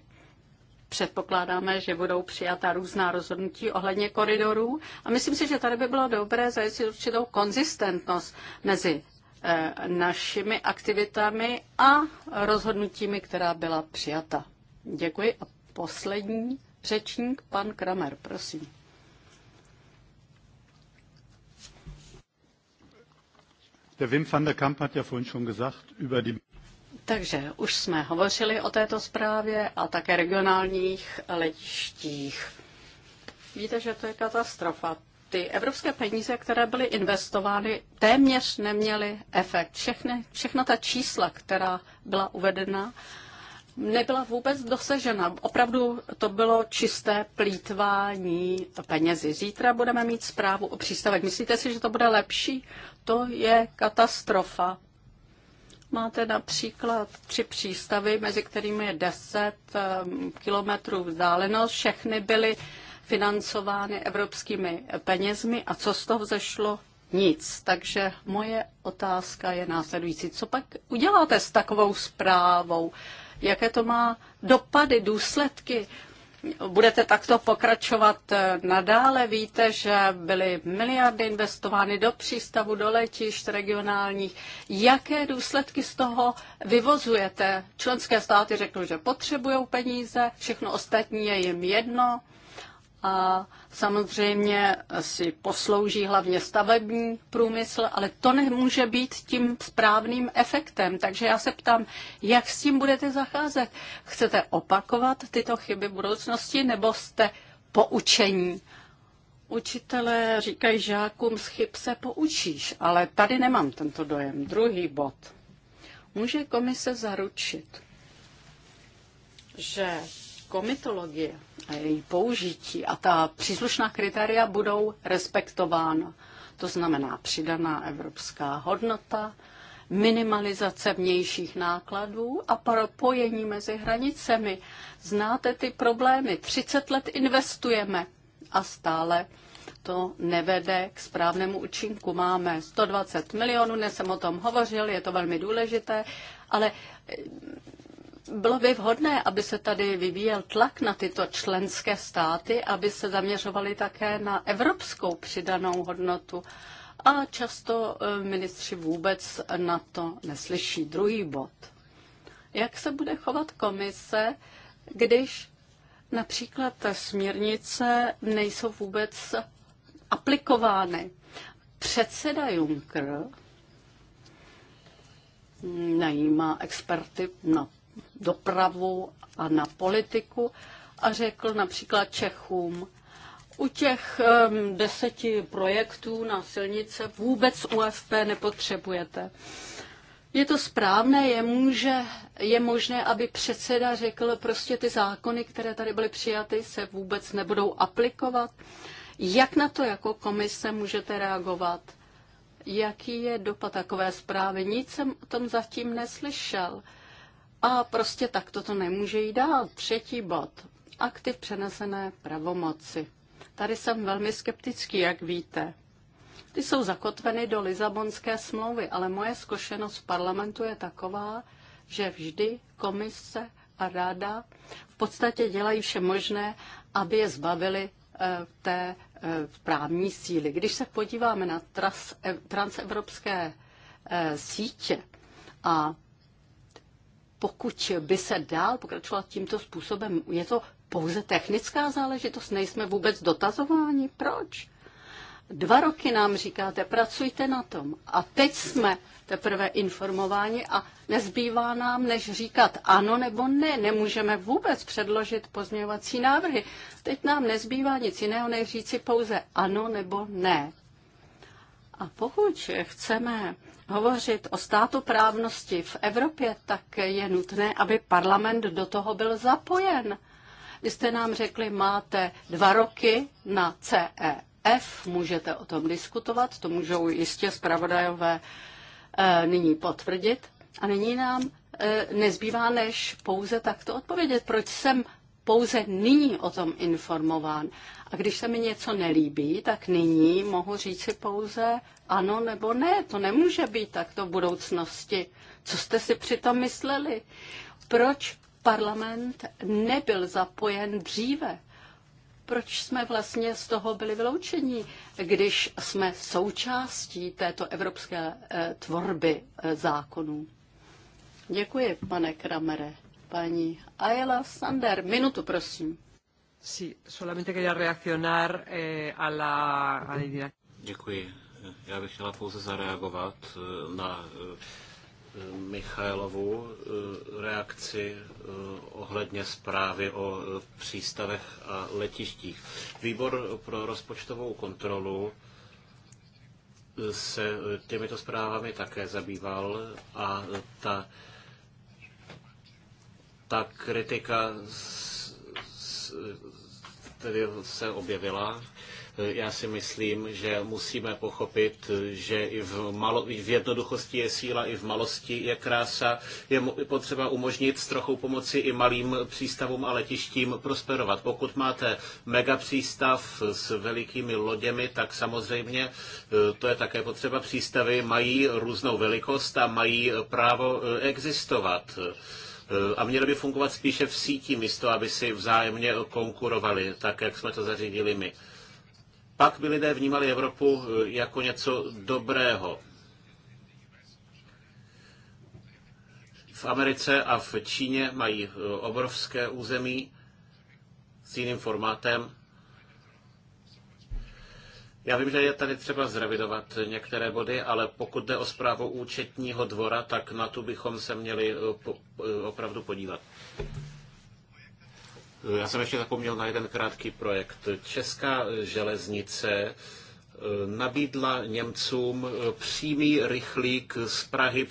S3: Předpokládáme, že budou přijata různá rozhodnutí ohledně koridorů a myslím si, že tady by bylo dobré zajistit určitou konzistentnost mezi Eh, našimi aktivitami a rozhodnutími, která byla přijata. Děkuji. A poslední řečník, pan Kramer, prosím.
S4: Der Wim van der Kamp hat ja vorhin schon gesagt, über die
S3: takže už jsme hovořili o této zprávě a také regionálních letištích. Víte, že to je katastrofa ty evropské peníze, které byly investovány, téměř neměly efekt. Všechny, všechna ta čísla, která byla uvedena, nebyla vůbec dosažena. Opravdu to bylo čisté plítvání penězi. Zítra budeme mít zprávu o přístavech. Myslíte si, že to bude lepší? To je katastrofa. Máte například tři přístavy, mezi kterými je 10 ehm, kilometrů vzdálenost. Všechny byly financovány evropskými penězmi a co z toho zešlo? Nic. Takže moje otázka je následující. Co pak uděláte s takovou zprávou? Jaké to má dopady, důsledky? budete takto pokračovat eh, nadále. Víte, že byly miliardy investovány do přístavu, do letišť regionálních. Jaké důsledky z toho vyvozujete? Členské státy řekly, že potřebují peníze, všechno ostatní je jim jedno a samozřejmě si poslouží hlavně stavební průmysl, ale to nemůže být tím správným efektem. Takže já se ptám, jak s tím budete zacházet? Chcete opakovat tyto chyby v budoucnosti nebo jste poučení? Učitelé říkají žákům, z chyb se poučíš, ale tady nemám tento dojem. Druhý bod. Může komise zaručit, že komitologie a její použití a ta příslušná kritéria budou respektována. To znamená přidaná evropská hodnota, minimalizace vnějších nákladů a propojení mezi hranicemi. Znáte ty problémy. 30 let investujeme a stále to nevede k správnému účinku. Máme 120 milionů, dnes jsem o tom hovořil, je to velmi důležité, ale bylo by vhodné, aby se tady vyvíjel tlak na tyto členské státy, aby se zaměřovali také na evropskou přidanou hodnotu. A často e, ministři vůbec na to neslyší. Druhý bod. Jak se bude chovat komise, když například směrnice nejsou vůbec aplikovány? Předseda Juncker najímá experty na dopravu a na politiku a řekl například Čechům, u těch um, deseti projektů na silnice vůbec UFP nepotřebujete. Je to správné, je, může, je možné, aby předseda řekl, prostě ty zákony, které tady byly přijaty, se vůbec nebudou aplikovat. Jak na to jako komise můžete reagovat? Jaký je dopad takové zprávy? Nic jsem o tom zatím neslyšel. A prostě tak toto nemůže jít dál. Třetí bod. Aktiv přenesené pravomoci. Tady jsem velmi skeptický, jak víte. Ty jsou zakotveny do Lizabonské smlouvy, ale moje zkušenost v parlamentu je taková, že vždy komise a rada v podstatě dělají vše možné, aby je zbavili eh, té eh, právní síly. Když se podíváme na eh, transevropské sítě a pokud by se dál pokračovat tímto způsobem, je to pouze technická záležitost, nejsme vůbec dotazováni. Proč? Dva roky nám říkáte, pracujte na tom. A teď jsme teprve informováni a nezbývá nám, než říkat ano nebo ne. Nemůžeme vůbec předložit pozměňovací návrhy. Teď nám nezbývá nic jiného, než říci pouze ano nebo ne. A pokud chceme hovořit o státu právnosti v Evropě, tak je nutné, aby parlament do toho byl zapojen. Vy jste nám řekli, máte dva roky na CEF, můžete o tom diskutovat, to můžou jistě zpravodajové e, nyní potvrdit. A nyní nám e, nezbývá než pouze takto odpovědět, proč jsem pouze nyní o tom informován. A když se mi něco nelíbí, tak nyní mohu říct si pouze ano nebo ne. To nemůže být takto v budoucnosti. Co jste si přitom mysleli? Proč parlament nebyl zapojen dříve? Proč jsme vlastně z toho byli vyloučeni, když jsme součástí této evropské eh, tvorby eh, zákonů? Děkuji, pane Kramere paní Ayla Sander. Minutu, prosím. Sí, solamente quería
S4: reaccionar eh, a la... A la... Děkuji. Já bych chtěla pouze zareagovat eh, na eh, Michailovu eh, reakci ohledně zprávy o přístavech a letištích. Výbor pro rozpočtovou kontrolu se těmito zprávami také zabýval a ta ta kritika tedy se objevila. Já si myslím, že musíme pochopit, že i v, malo, i v jednoduchosti je síla, i v malosti je krása. Je potřeba umožnit s trochou pomoci i malým přístavům a letištím prosperovat. Pokud máte mega přístav s velikými loděmi, tak samozřejmě e, to je také potřeba. Přístavy mají různou velikost a mají právo e, existovat. Eh, a měly by fungovat spíše v síti, místo aby si vzájemně konkurovali, tak jak jsme to zařídili my. Pak by lidé vnímali Evropu eh, jako něco dobrého. V Americe a v Číně mají eh, obrovské území s jiným formátem já vím, že je tady třeba zrevidovat některé body, ale pokud jde o zprávu účetního dvora, tak na tu bychom se měli eh, eh, opravdu podívat. Já jsem ještě zapomněl na jeden krátký projekt. Česká železnice eh, nabídla Němcům přímý rychlík z Prahy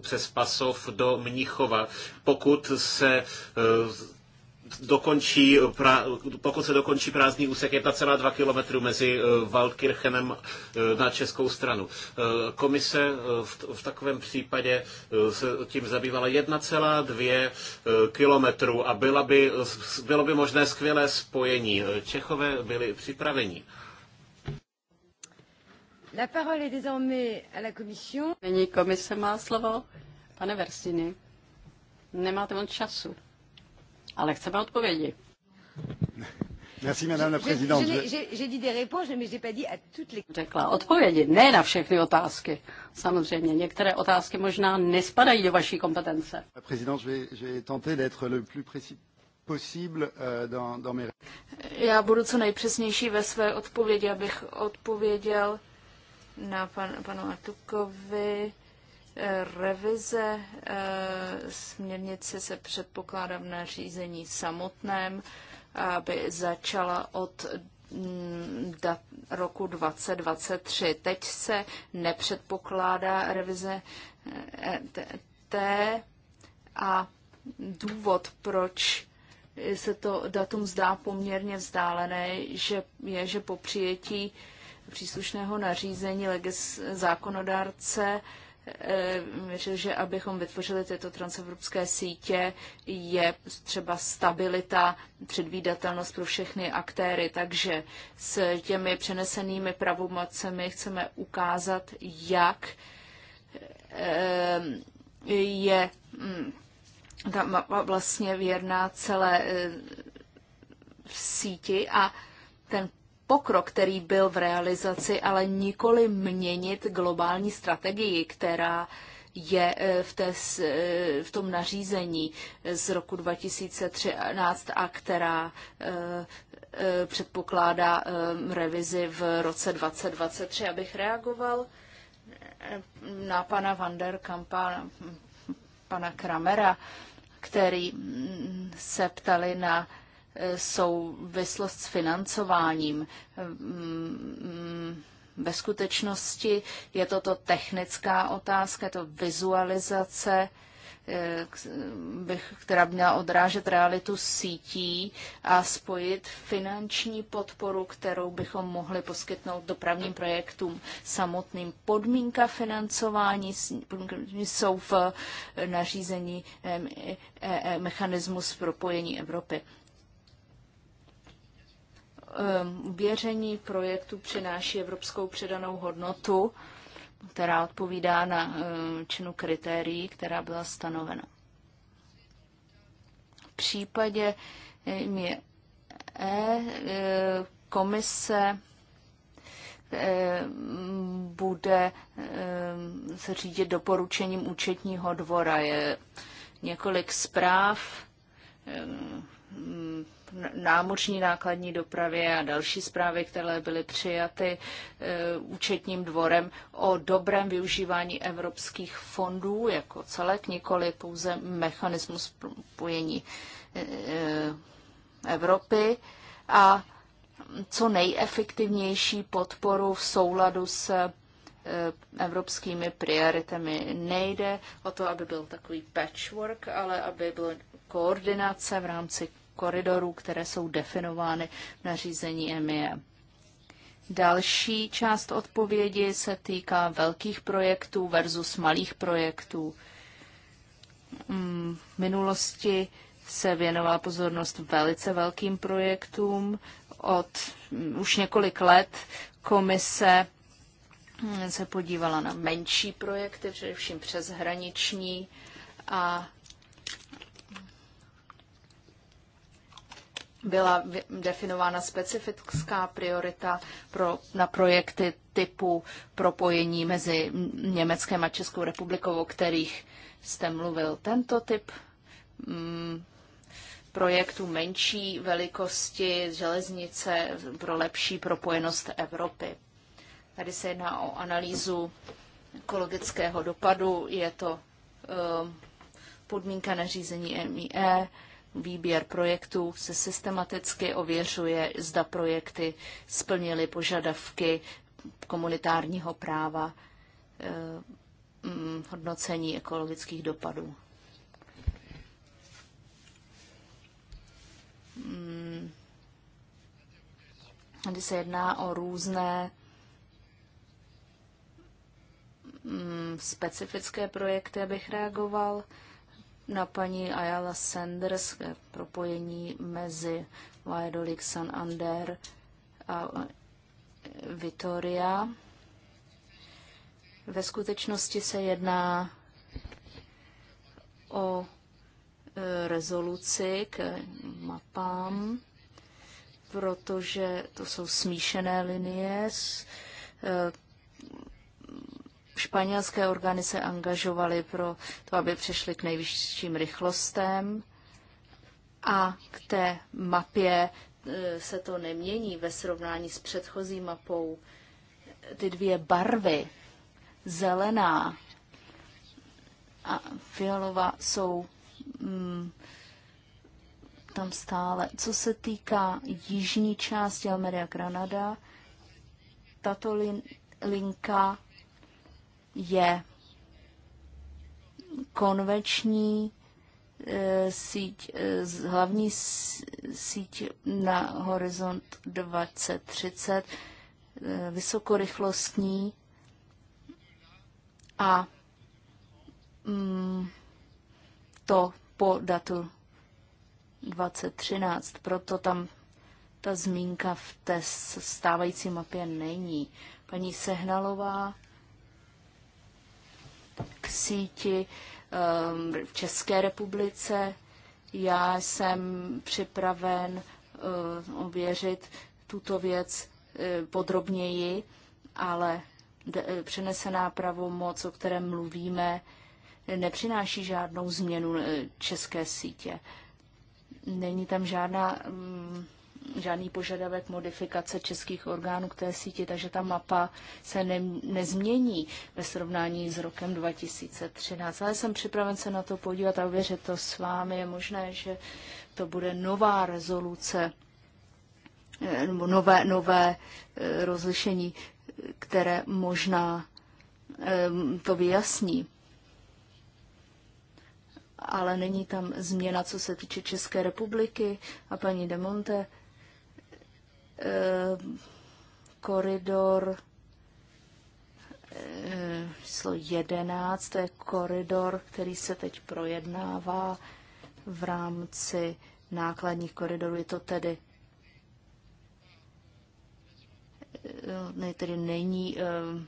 S4: přes Pasov do Mnichova, pokud se dokončí, pokud se dokončí prázdný úsek 1,2 km mezi eh, Valkirchenem eh, na českou stranu. Eh, komise v takovém případě se tím zabývala 1,2 km a byla by, bylo by možné skvělé spojení. Čechové byli připraveni.
S1: La parole est désormais
S3: à la commission. Nyní komise má slovo. Pane Versini, nemáte
S1: moc času
S3: ale chceme odpovědi. Merci, madame la présidente. Řekla odpovědi, ne na všechny otázky. Samozřejmě, některé otázky možná nespadají do vaší kompetence. Já budu co
S2: nejpřesnější ve své odpovědi, abych odpověděl na pan, panu Artukovi Revize eh, směrnice se předpokládá v nařízení samotném, aby začala od mm, roku 2023. Teď se nepředpokládá revize eh, té a důvod, proč se to datum zdá poměrně vzdálené, že je, že po přijetí příslušného nařízení legis- zákonodárce že, eh, že abychom vytvořili tyto transevropské sítě, je třeba stabilita, předvídatelnost pro všechny aktéry. Takže s těmi přenesenými pravomocemi chceme ukázat, jak eh, je mm, ta mapa vlastně věrná celé eh, v síti a ten pokrok, který byl v realizaci, ale nikoli měnit globální strategii, která je e, v, té, e, v tom nařízení z roku 2013 a která e, předpokládá revizi v roce 2023. Abych reagoval na pana Van der Kampa, pana Kramera, který mm, se ptali na souvislost s financováním. Ve skutečnosti je to technická otázka, je to vizualizace, eh, která by měla odrážet realitu sítí a spojit finanční podporu, kterou bychom mohli poskytnout dopravním projektům samotným. Podmínka financování jsou v nařízení eh, eh, mechanismus propojení Evropy. Um, věření projektu přináší evropskou předanou hodnotu, která odpovídá na uh, činu kritérií, která byla stanovena. V případě um, je E, uh, komise um, bude se řídit doporučením účetního dvora. Je několik zpráv námořní nákladní dopravě a další zprávy, které byly přijaty eh, účetním dvorem o dobrém využívání evropských fondů jako celek, nikoli pouze mechanismus propojení eh, eh, Evropy a co nejefektivnější podporu v souladu s evropskými prioritami. Nejde o to, aby byl takový patchwork, ale aby byla koordinace v rámci koridorů, které jsou definovány v nařízení EMIE. Další část odpovědi se týká velkých projektů versus malých projektů. Mm, v minulosti se věnovala pozornost velice velkým projektům. Od mm, už několik let komise mm, se podívala na menší projekty, především přeshraniční a byla definována specifická priorita pro, na projekty typu propojení mezi Německem a Českou republikou, o kterých jste mluvil. Tento typ mm, projektu menší velikosti železnice pro lepší propojenost Evropy. Tady se jedná o analýzu ekologického dopadu, je to uh, podmínka nařízení MIE, výběr projektů se systematicky ověřuje, zda projekty splnily požadavky komunitárního práva eh, mm, hodnocení ekologických dopadů. Když mm. se jedná o různé mm, specifické projekty, abych reagoval na paní Ayala Sanders eh, propojení mezi Vajedolik San Ander a eh, Vitoria. Ve skutečnosti se jedná o eh, rezoluci k mapám, protože to jsou smíšené linie, Španělské orgány se angažovaly pro to, aby přešly k nejvyšším rychlostem a k té mapě e, se to nemění ve srovnání s předchozí mapou. Ty dvě barvy, zelená a fialová, jsou mm, tam stále. Co se týká jižní části Almeria Granada, tato lin, linka je konveční eh, síť, eh, hlavní síť na horizont 2030, eh, vysokorychlostní a mm, to po datu 2013. Proto tam ta zmínka v té stávající mapě není. Paní Sehnalová k síti ehm, v České republice. Já jsem připraven eh, ověřit tuto věc eh, podrobněji, ale eh, přenesená pravomoc, o které mluvíme, nepřináší žádnou změnu české sítě. Není tam žádná mm, žádný požadavek modifikace českých orgánů k té síti, takže ta mapa se ne, nezmění ve srovnání s rokem 2013. Ale jsem připraven se na to podívat a uvěřit to s vámi. Je možné, že to bude nová rezoluce eh, nebo nové, nové eh, rozlišení, které možná ehm, to vyjasní ale není tam změna, co se týče České republiky. A paní Demonte Eh, koridor eh, číslo 11, to je koridor, který se teď projednává v rámci nákladních koridorů. Je to tedy eh, ne, tedy není um,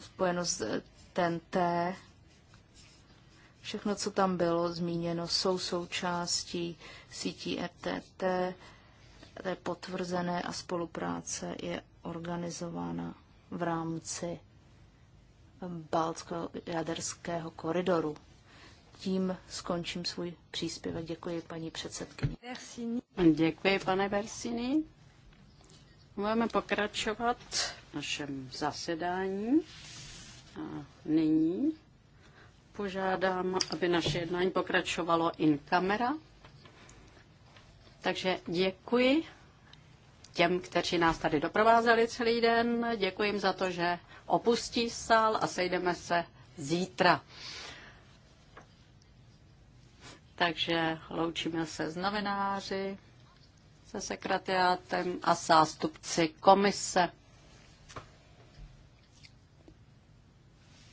S2: spojeno s T. Všechno, co tam bylo zmíněno, jsou součástí sítí RTT té potvrzené a spolupráce je organizována v rámci Baltského jaderského koridoru. Tím skončím svůj
S3: příspěvek. Děkuji paní předsedkyni. Děkuji, pane Bersini. Budeme pokračovat v našem zasedání. A nyní požádám, aby naše jednání pokračovalo in camera. Takže děkuji těm, kteří nás tady doprovázeli celý den. Děkuji jim za to, že opustí sál a sejdeme se zítra. Takže loučíme se s novináři, se sekretariátem a zástupci komise.